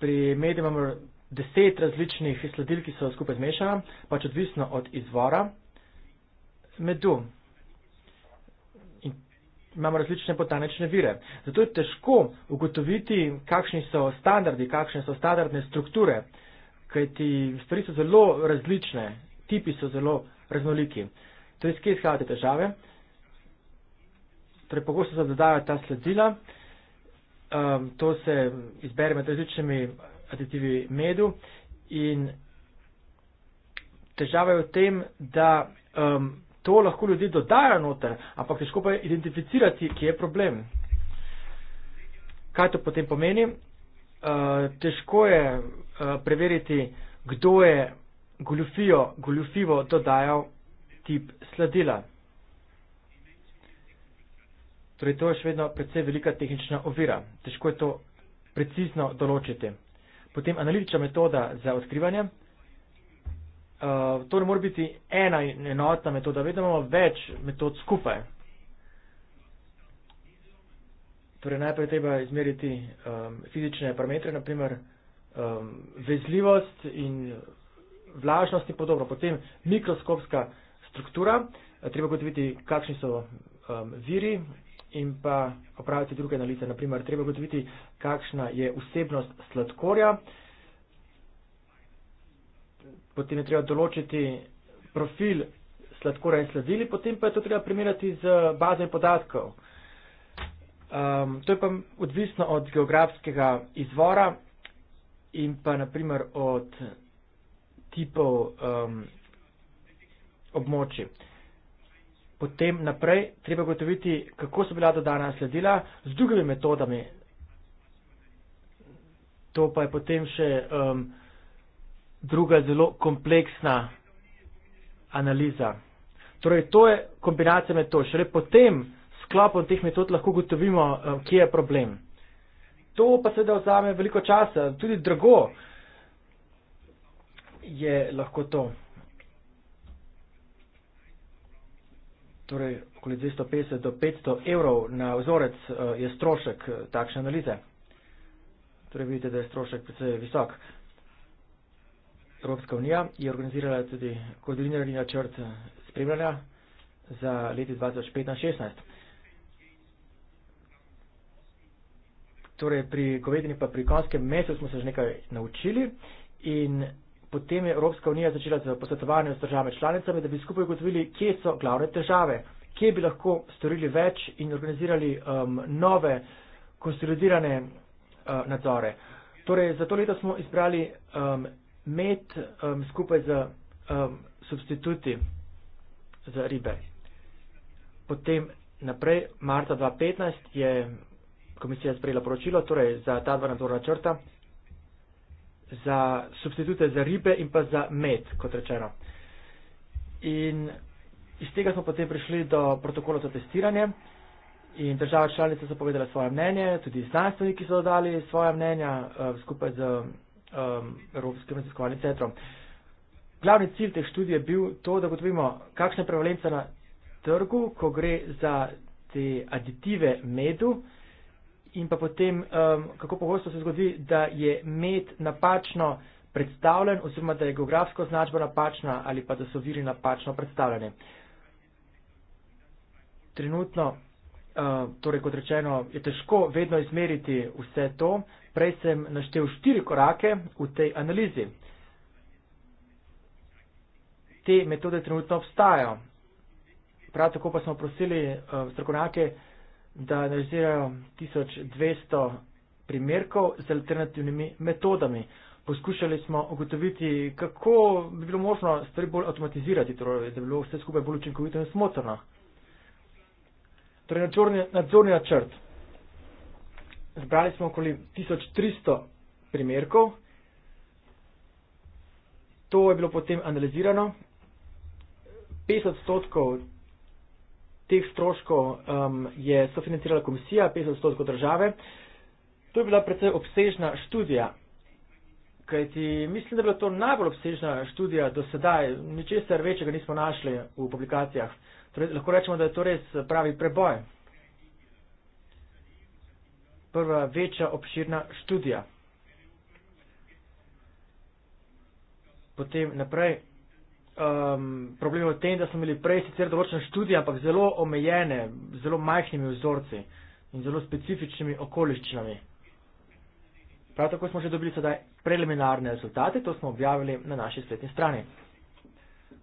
pri medijih imamo deset različnih sledil, ki so skupaj zmešana, pač odvisno od izvora medu. Imamo različne botanične vire. Zato je težko ugotoviti, kakšni so standardi, kakšne so standardne strukture, kajti stvari so zelo različne, tipi so zelo različni raznoliki. To je, kje izhajate težave. Torej, pogosto se dodajo ta sledila. Um, to se izbere med različnimi aditivi medu in težava je v tem, da um, to lahko ljudi dodajo noter, ampak težko pa je identificirati, kje je problem. Kaj to potem pomeni? Uh, težko je uh, preveriti, kdo je goljufijo, goljufivo dodajal tip sladila. Torej, to je še vedno predvsej velika tehnična ovira. Težko je to precizno določiti. Potem analitična metoda za odkrivanje. Uh, to ne more biti ena enotna metoda, vedno imamo več metod skupaj. Torej, najprej treba izmeriti um, fizične parametre, naprimer um, ehm, vezljivost in vlažnost in podobno. Potem mikroskopska struktura, eh, treba gotoviti, kakšni so um, viri in pa opraviti druge analize. Naprimer, treba gotoviti, kakšna je vsebnost sladkorja. Potem je treba določiti profil sladkorja in sladili, potem pa je to treba primerjati z bazami podatkov. Um, to je pa odvisno od geografskega izvora in pa naprimer od tipov um, območij. Potem naprej treba gotoviti, kako so bila dodana sledila z drugimi metodami. To pa je potem še um, druga zelo kompleksna analiza. Torej, to je kombinacija metod. Šele potem sklopom teh metod lahko gotovimo, um, kje je problem. To pa seveda vzame veliko časa, tudi drago je lahko to. Torej, okoli 250 do 500 evrov na vzorec eh, je strošek eh, takšne analize. Torej, vidite, da je strošek precej visok. Evropska unija je organizirala tudi koordinirani načrt eh, spremljanja za leti 2015-2016. Torej, pri govedini pa pri konskem mesu smo se že nekaj naučili in potem je Evropska unija začela z posvetovanjem s državami članicami, da bi skupaj ugotovili, kje so glavne težave, kje bi lahko storili več in organizirali um, nove konsolidirane uh, nadzore. Torej, za to leto smo izbrali um, med um, skupaj z um, substituti za ribe. Potem naprej, marca 2015, je komisija sprejela poročilo torej, za ta dva nadzorna črta za substitute za ribe in pa za med, kot rečeno. In iz tega smo potem prišli do protokola za testiranje in države članice so povedale svoje mnenje, tudi znanstveniki so dodali svoje mnenja uh, skupaj z um, Evropskim raziskovalnim centrom. Glavni cilj teh študij je bil to, da gotovimo, kakšna je prevalenca na trgu, ko gre za te aditive medu, uh, in pa potem, um, kako pogosto se zgodi, da je med napačno predstavljen oziroma da je geografsko značba napačna ali pa da so viri napačno predstavljeni. Trenutno, uh, torej kot rečeno, je težko vedno izmeriti vse to. Prej sem naštel štiri korake v tej analizi. Te metode trenutno obstajajo. Prav tako pa smo prosili uh, strokovnjake, da analizirajo 1200 primerkov z alternativnimi metodami. Poskušali smo ugotoviti, kako bi bilo možno stvari bolj avtomatizirati, torej, da bi bilo vse skupaj bolj učinkovito in smotrno. Torej, nadzorni, nadzorni načrt. Zbrali smo okoli 1300 primerkov. To je bilo potem analizirano. 50 odstotkov teh stroškov um, je sofinancirala komisija, 50% države. To je bila predvsej obsežna študija, kajti mislim, da je bila to najbolj obsežna študija do sedaj. Ničesar večjega nismo našli v publikacijah. Torej, lahko rečemo, da je to res pravi preboj. Prva večja obširna študija. Potem naprej um, problem v tem, da smo imeli prej sicer določene študije, ampak zelo omejene, zelo majhnimi vzorci in zelo specifičnimi okoliščinami. Prav tako smo že dobili sedaj preliminarne rezultate, to smo objavili na naši spletni strani.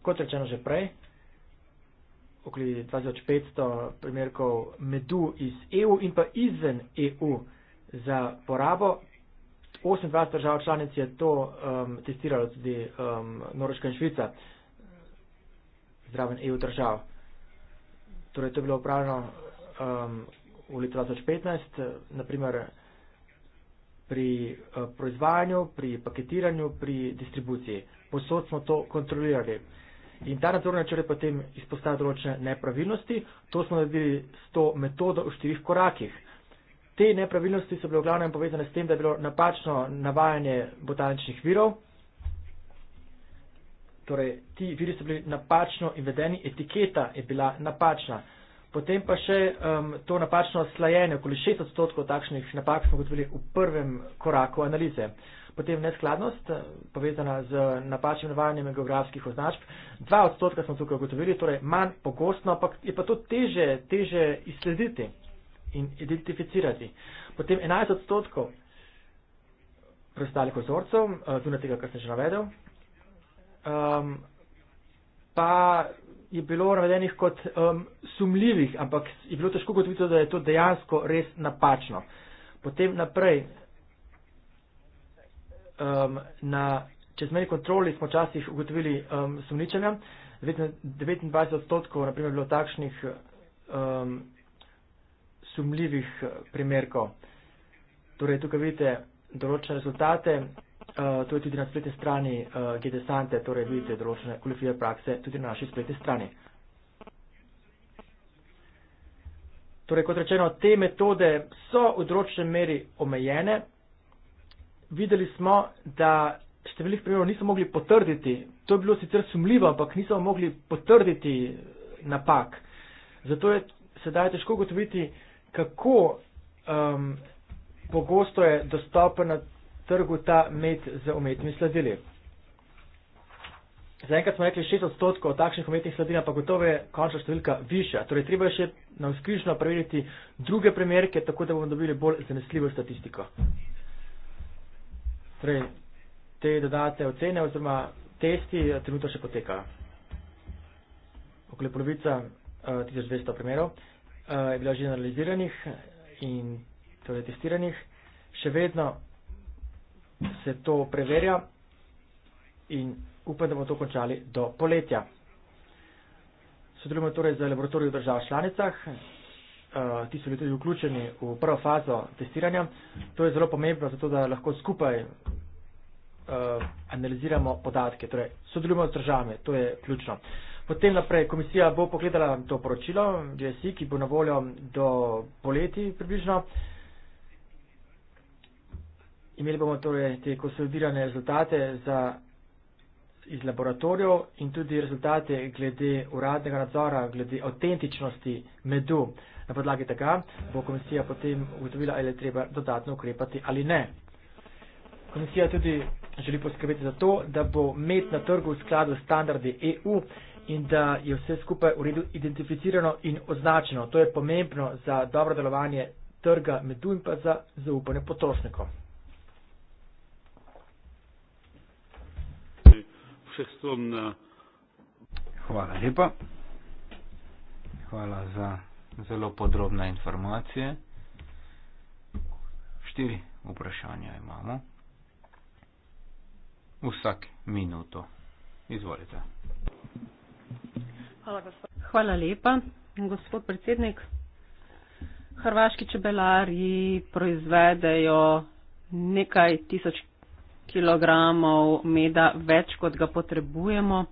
Kot rečeno že prej, okoli 2500 primerkov medu iz EU in pa izven EU za porabo. 28 držav članic je to um, testiralo tudi um, Norveška in Švica zraven EU držav. Torej, to je bilo upravljeno um, v letu 2015, naprimer pri uh, proizvajanju, pri paketiranju, pri distribuciji. Posod smo to kontrolirali. In ta nadzor načel je potem izpostavil določene nepravilnosti. To smo naredili s to metodo v štirih korakih. Te nepravilnosti so bile v glavnem povezane s tem, da je bilo napačno navajanje botaničnih virov. Torej, ti virusi so bili napačno izvedeni, etiketa je bila napačna. Potem pa še um, to napačno slajenje, okoli 6 odstotkov takšnih napak smo ugotovili v prvem koraku analize. Potem neskladnost, eh, povezana z napačnim navajanjem geografskih označb. 2 odstotka smo tukaj ugotovili, torej manj pogostno, ampak je pa to teže, teže izslediti in identificirati. Potem 11 odstotkov preostalih ozorcev, eh, zunaj tega, kar sem že navedel, um, pa je bilo navedenih kot um, sumljivih, ampak je bilo težko gotoviti, da je to dejansko res napačno. Potem naprej, um, na čezmeni kontroli smo včasih ugotovili um, sumničenja, 29 odstotkov naprimer je bilo takšnih um, sumljivih primerkov. Torej, tukaj vidite določene rezultate, Uh, to je tudi na spletni strani uh, eh, GD Sante, torej vidite določene kvalifikacije prakse tudi na naši spletni strani. Torej, kot rečeno, te metode so v določenem meri omejene. Videli smo, da številnih primerov niso mogli potrditi. To je bilo sicer sumljivo, ampak niso mogli potrditi napak. Zato je sedaj težko ugotoviti, kako um, pogosto je dostopen na trgu ta med z umetnimi sladili. Zaenkrat smo rekli 6 odstotkov takšnih umetnih sladil, ampak gotovo je končna številka višja. Torej, treba je še na vzkrižno preveriti druge primerke, tako da bomo dobili bolj zanesljivo statistiko. Torej, te dodate ocene oziroma testi eh, trenutno še potekajo. Okoli polovica 1200 eh, primerov eh, je bila že analiziranih in torej testiranih. Še vedno se to preverja in upam, da bomo to končali do poletja. Sodelujemo torej za laboratorij v državah članicah, eh, ti so bili tudi vključeni v prvo fazo testiranja. To je zelo pomembno, zato da lahko skupaj eh, analiziramo podatke, torej sodelujemo z državami, to je ključno. Potem naprej komisija bo pogledala to poročilo GSI, ki bo na voljo do poleti približno. Uh, Imeli bomo torej te konsolidirane rezultate za, iz laboratorijev in tudi rezultate glede uradnega nadzora, glede avtentičnosti medu. Na podlagi tega bo komisija potem ugotovila, ali je treba dodatno ukrepati ali ne. Komisija tudi želi poskrbeti za to, da bo med na trgu v skladu s standardi EU in da je vse skupaj v redu identificirano in označeno. To je pomembno za dobro delovanje trga medu in pa za zaupanje potrošnikov. vsestrumna. Hvala lepa. Hvala za zelo podrobne informacije. Štiri vprašanja imamo. Vsak minuto. Izvolite. Hvala, Hvala lepa, gospod predsednik. Hrvaški čebelari proizvedejo nekaj tisoč kg meda več, kot ga potrebujemo.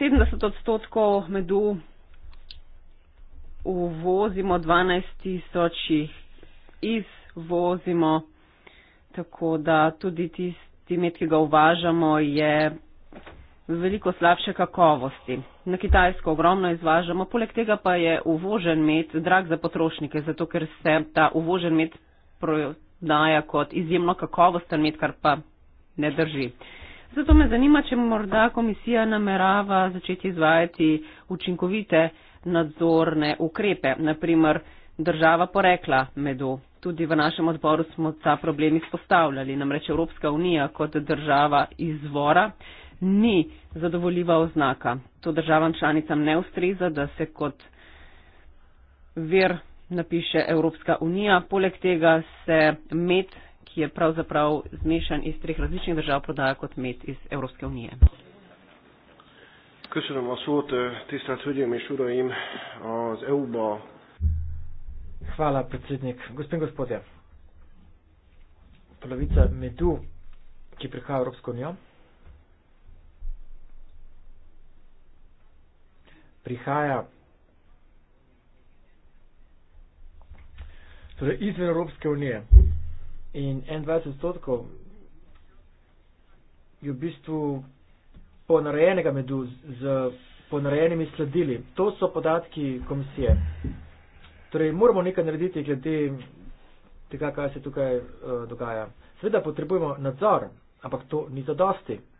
70 odstotkov medu uvozimo, 12 tisoč jih izvozimo, tako da tudi tisti med, ki ga uvažamo, je veliko slabše kakovosti. Na Kitajsko ogromno izvažamo, poleg tega pa je uvožen med drag za potrošnike, zato ker se ta uvožen med daja kot izjemno kakovosten med, kar pa ne drži. Zato me zanima, če morda komisija namerava začeti izvajati učinkovite nadzorne ukrepe, naprimer država porekla medu. Tudi v našem odboru smo ta problem izpostavljali, namreč Evropska unija kot država izvora ni zadovoljiva oznaka. To državam članicam ne ustreza, da se kot vir napiše Evropska unija. Poleg tega se med, ki je pravzaprav zmešan iz treh različnih držav, prodaja kot med iz Evropske unije. Köszönöm a szót, tisztelt Hölgyeim és Uraim, az EU-ba. Hvala, predsednik. Gospod in gospodje, polovica medu, ki prihaja v Evropsko unijo, prihaja torej izven Evropske unije. In 21 odstotkov je v bistvu ponarejenega medu z ponarejenimi sledili. To so podatki komisije. Torej, moramo nekaj narediti glede tega, kaj se tukaj uh, dogaja. Seveda potrebujemo nadzor, ampak to ni zadosti. Za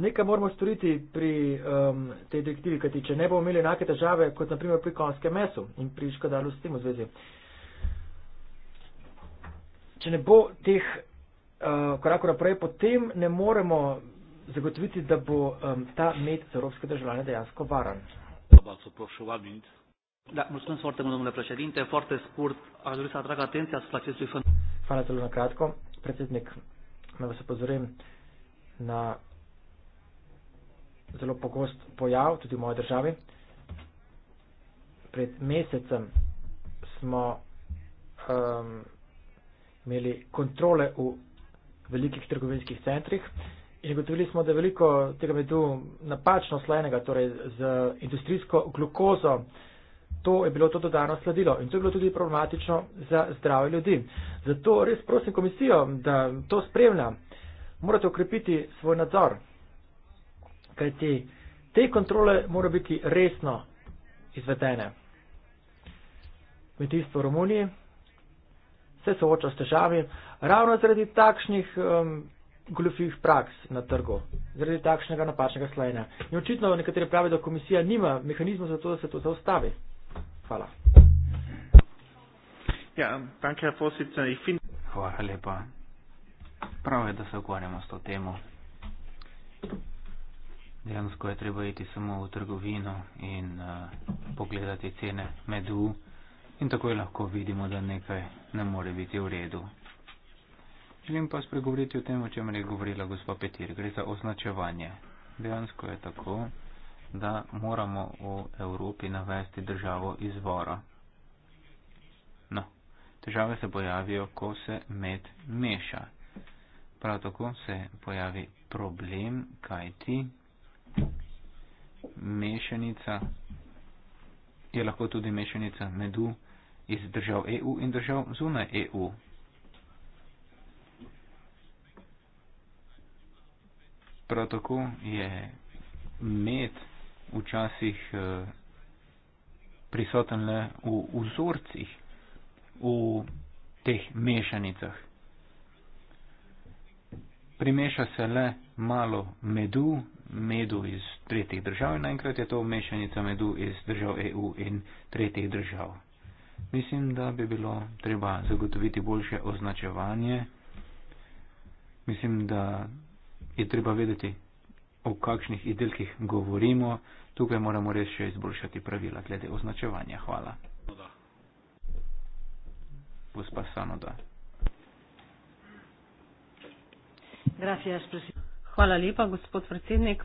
Nekaj moramo storiti pri um, tej direktivi, kajti če ne bomo imeli enake težave kot naprimer pri konskem mesu in pri škodalu s tem v zvezi. Če ne bo teh uh, korakov naprej, potem ne moremo zagotoviti, da bo um, ta med za evropske državljane dejansko varan. Da, mulțumesc foarte mult, domnule președinte. Foarte scurt, aș dori să atrag atenția asupra acestui fenomen. Fără să-l lungă cratco, președinte, mă vă să pozorim la na zelo pogost pojav tudi v moji državi. Pred mesecem smo um, imeli kontrole v velikih trgovinskih centrih in gotovili smo, da je veliko tega medu napačno slajenega, torej z industrijsko glukozo. To je bilo to dodano sladilo in to je bilo tudi problematično za zdrave ljudi. Zato res prosim komisijo, da to spremlja. Morate ukrepiti svoj nadzor kajti te kontrole mora biti resno izvedene. Kmetijstvo v Romuniji se sooča s težavami ravno zaradi takšnih um, glufih praks na trgu, zaradi takšnega napačnega slajna. In očitno nekateri pravijo, da komisija nima mehanizma za to, da se to zaustavi. Hvala. Ja, danke, Hvala lepa. Prav je, da se ukvarjamo s to temo. Thank you. Dejansko je treba iti samo v trgovino in uh, pogledati cene medu in takoj lahko vidimo, da nekaj ne more biti v redu. Želim pa spregovoriti o tem, o čem je govorila gospa Petir. Gre za označevanje. Dejansko je tako, da moramo v Evropi navesti državo izvora. No, težave se pojavijo, ko se med meša. Prav tako se pojavi problem, kaj ti, mešanica, je lahko tudi mešanica medu iz držav EU in držav zunaj EU. Prav tako je med včasih eh, prisoten le v vzorcih, v teh mešanicah. Primeša se le malo medu, medu iz tretjih držav in naenkrat je to mešanica medu iz držav EU in tretjih držav. Mislim, da bi bilo treba zagotoviti boljše označevanje. Mislim, da je treba vedeti, o kakšnih izdelkih govorimo. Tukaj moramo res še izboljšati pravila glede označevanja. Hvala. Gospa Sanoda. Gracias, presidente. Hvala lepa, gospod predsednik.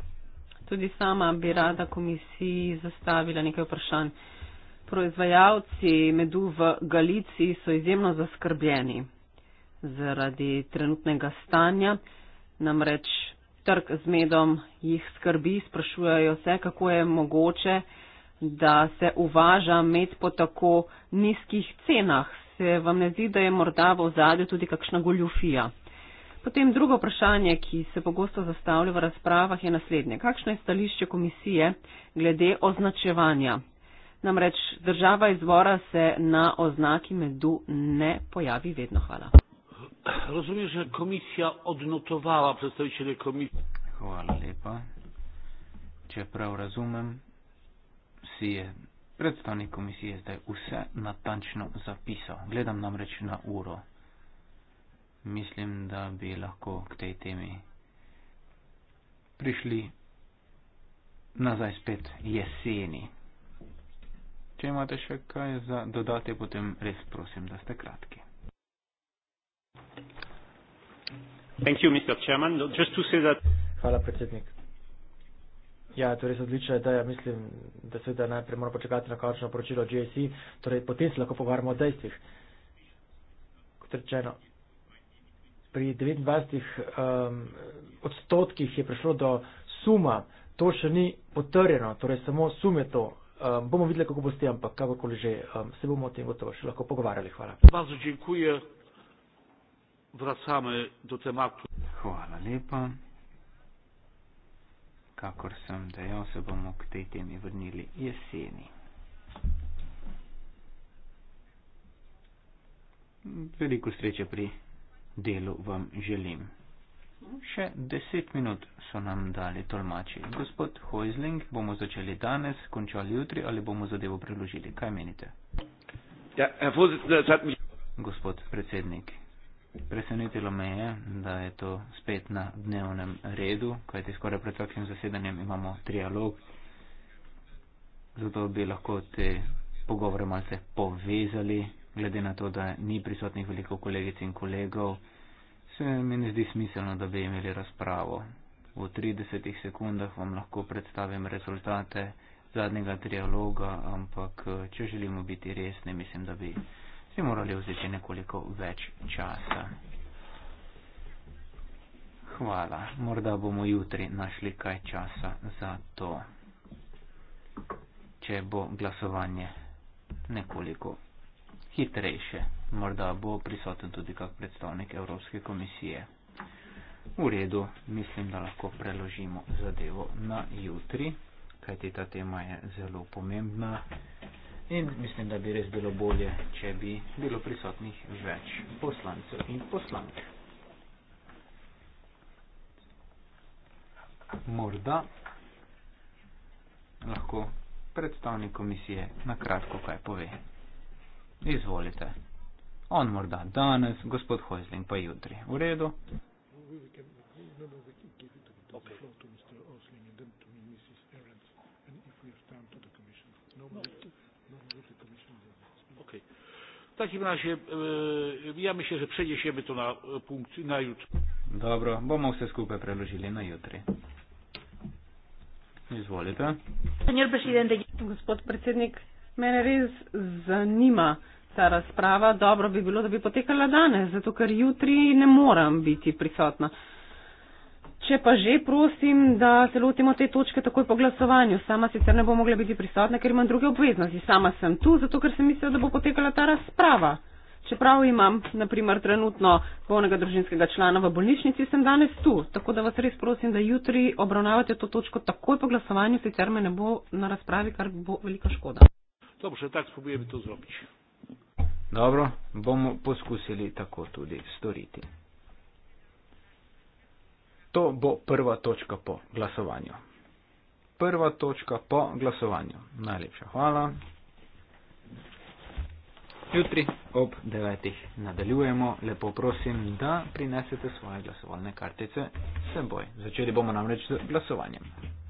Tudi sama bi rada komisiji zastavila nekaj vprašanj. Proizvajalci medu v Galiciji so izjemno zaskrbljeni zaradi trenutnega stanja. Namreč trg z medom jih skrbi, sprašujejo se, kako je mogoče, da se uvaža med po tako nizkih cenah. Se vam ne zdi, da je morda v zadju tudi kakšna goljufija? Potem drugo vprašanje, ki se pogosto zastavlja v razpravah, je naslednje. Kakšno je stališče komisije glede označevanja? Namreč država izvora se na oznaki medu ne pojavi vedno. Hvala. Razumem, že komisija odnotovala predstavitele komisije. Hvala lepa. Če prav razumem, si je predstavnik komisije zdaj vse natančno zapisal. Gledam namreč na uro mislim, da bi lahko k tej temi prišli nazaj spet jeseni. Če imate še kaj za dodati, potem res prosim, da ste kratki. Thank you, Mr. Chairman. Just to say that... Hvala, predsednik. Ja, to je res odlična ideja. Mislim, da se da najprej moramo počakati na končno poročilo GSE, torej potem se lahko pogovarjamo o dejstvih. Kot rečeno, pri 29 um, odstotkih je prišlo do suma, to še ni potrjeno, torej samo sum je to. Um, bomo videli, kako bo s tem, ampak kakorkoli že, um, se bomo o tem gotovo še lahko pogovarjali. Hvala. Bardzo dziękuję. Vracamy do tematu. Hvala lepa. Kakor sem dejal, se bomo k tej temi vrnili jeseni. Veliko sreče pri delu vam želim. Še deset minut so nam dali tolmači. Gospod Hoizling, bomo začeli danes, končali jutri ali bomo zadevo preložili? Kaj menite? Ja, eh, Gospod predsednik, presenetilo me je, da je to spet na dnevnem redu, kajti skoraj pred vsakim zasedanjem imamo trialog. Zato bi lahko te pogovore malce povezali, glede na to, da ni prisotnih veliko kolegic in kolegov, se mi ne zdi smiselno, da bi imeli razpravo. V 30 sekundah vam lahko predstavim rezultate zadnjega trialoga, ampak če želimo biti resni, mislim, da bi si morali vzeti nekoliko več časa. Hvala, morda bomo jutri našli kaj časa za to, če bo glasovanje nekoliko hitrejše. Morda bo prisoten tudi kak predstavnik Evropske komisije. V redu, mislim, da lahko preložimo zadevo na jutri, kajti ta tema je zelo pomembna in mislim, da bi res bilo bolje, če bi bilo prisotnih več poslancev in poslank. Morda lahko predstavnik komisije na kratko kaj pove. Izvolite. On morda danes, gospod Hoisling pa jutri. V redu? V takim razie e, ja myślę, że przeniesiemy to na e, punkt na jutro. Dobro, bo mogę skupę przełożyli na jutro. Nie zwolite. Panie Przewodniczący, Gospod Przewodnik. Mene res zanima ta razprava. Dobro bi bilo, da bi potekala danes, zato ker jutri ne moram biti prisotna. Če pa že prosim, da se lotimo te točke takoj po glasovanju. Sama sicer ne bom mogla biti prisotna, ker imam druge obveznosti. Sama sem tu, zato ker sem mislila, da bo potekala ta razprava. Čeprav imam, naprimer, trenutno polnega družinskega člana v bolnišnici, sem danes tu. Tako da vas res prosim, da jutri obravnavate to točko takoj po glasovanju, sicer me ne bo na razpravi, kar bo velika škoda. Dobrze, tak spróbujemy to zrobić. Dobro, bomo poskusili tako tudi storiti. To bo prva točka po glasovanju. Prva točka po glasovanju. Najlepša hvala. Jutri ob devetih nadaljujemo. Lepo prosim, da prinesete svoje glasovalne kartice s seboj. Začeli bomo namreč z glasovanjem.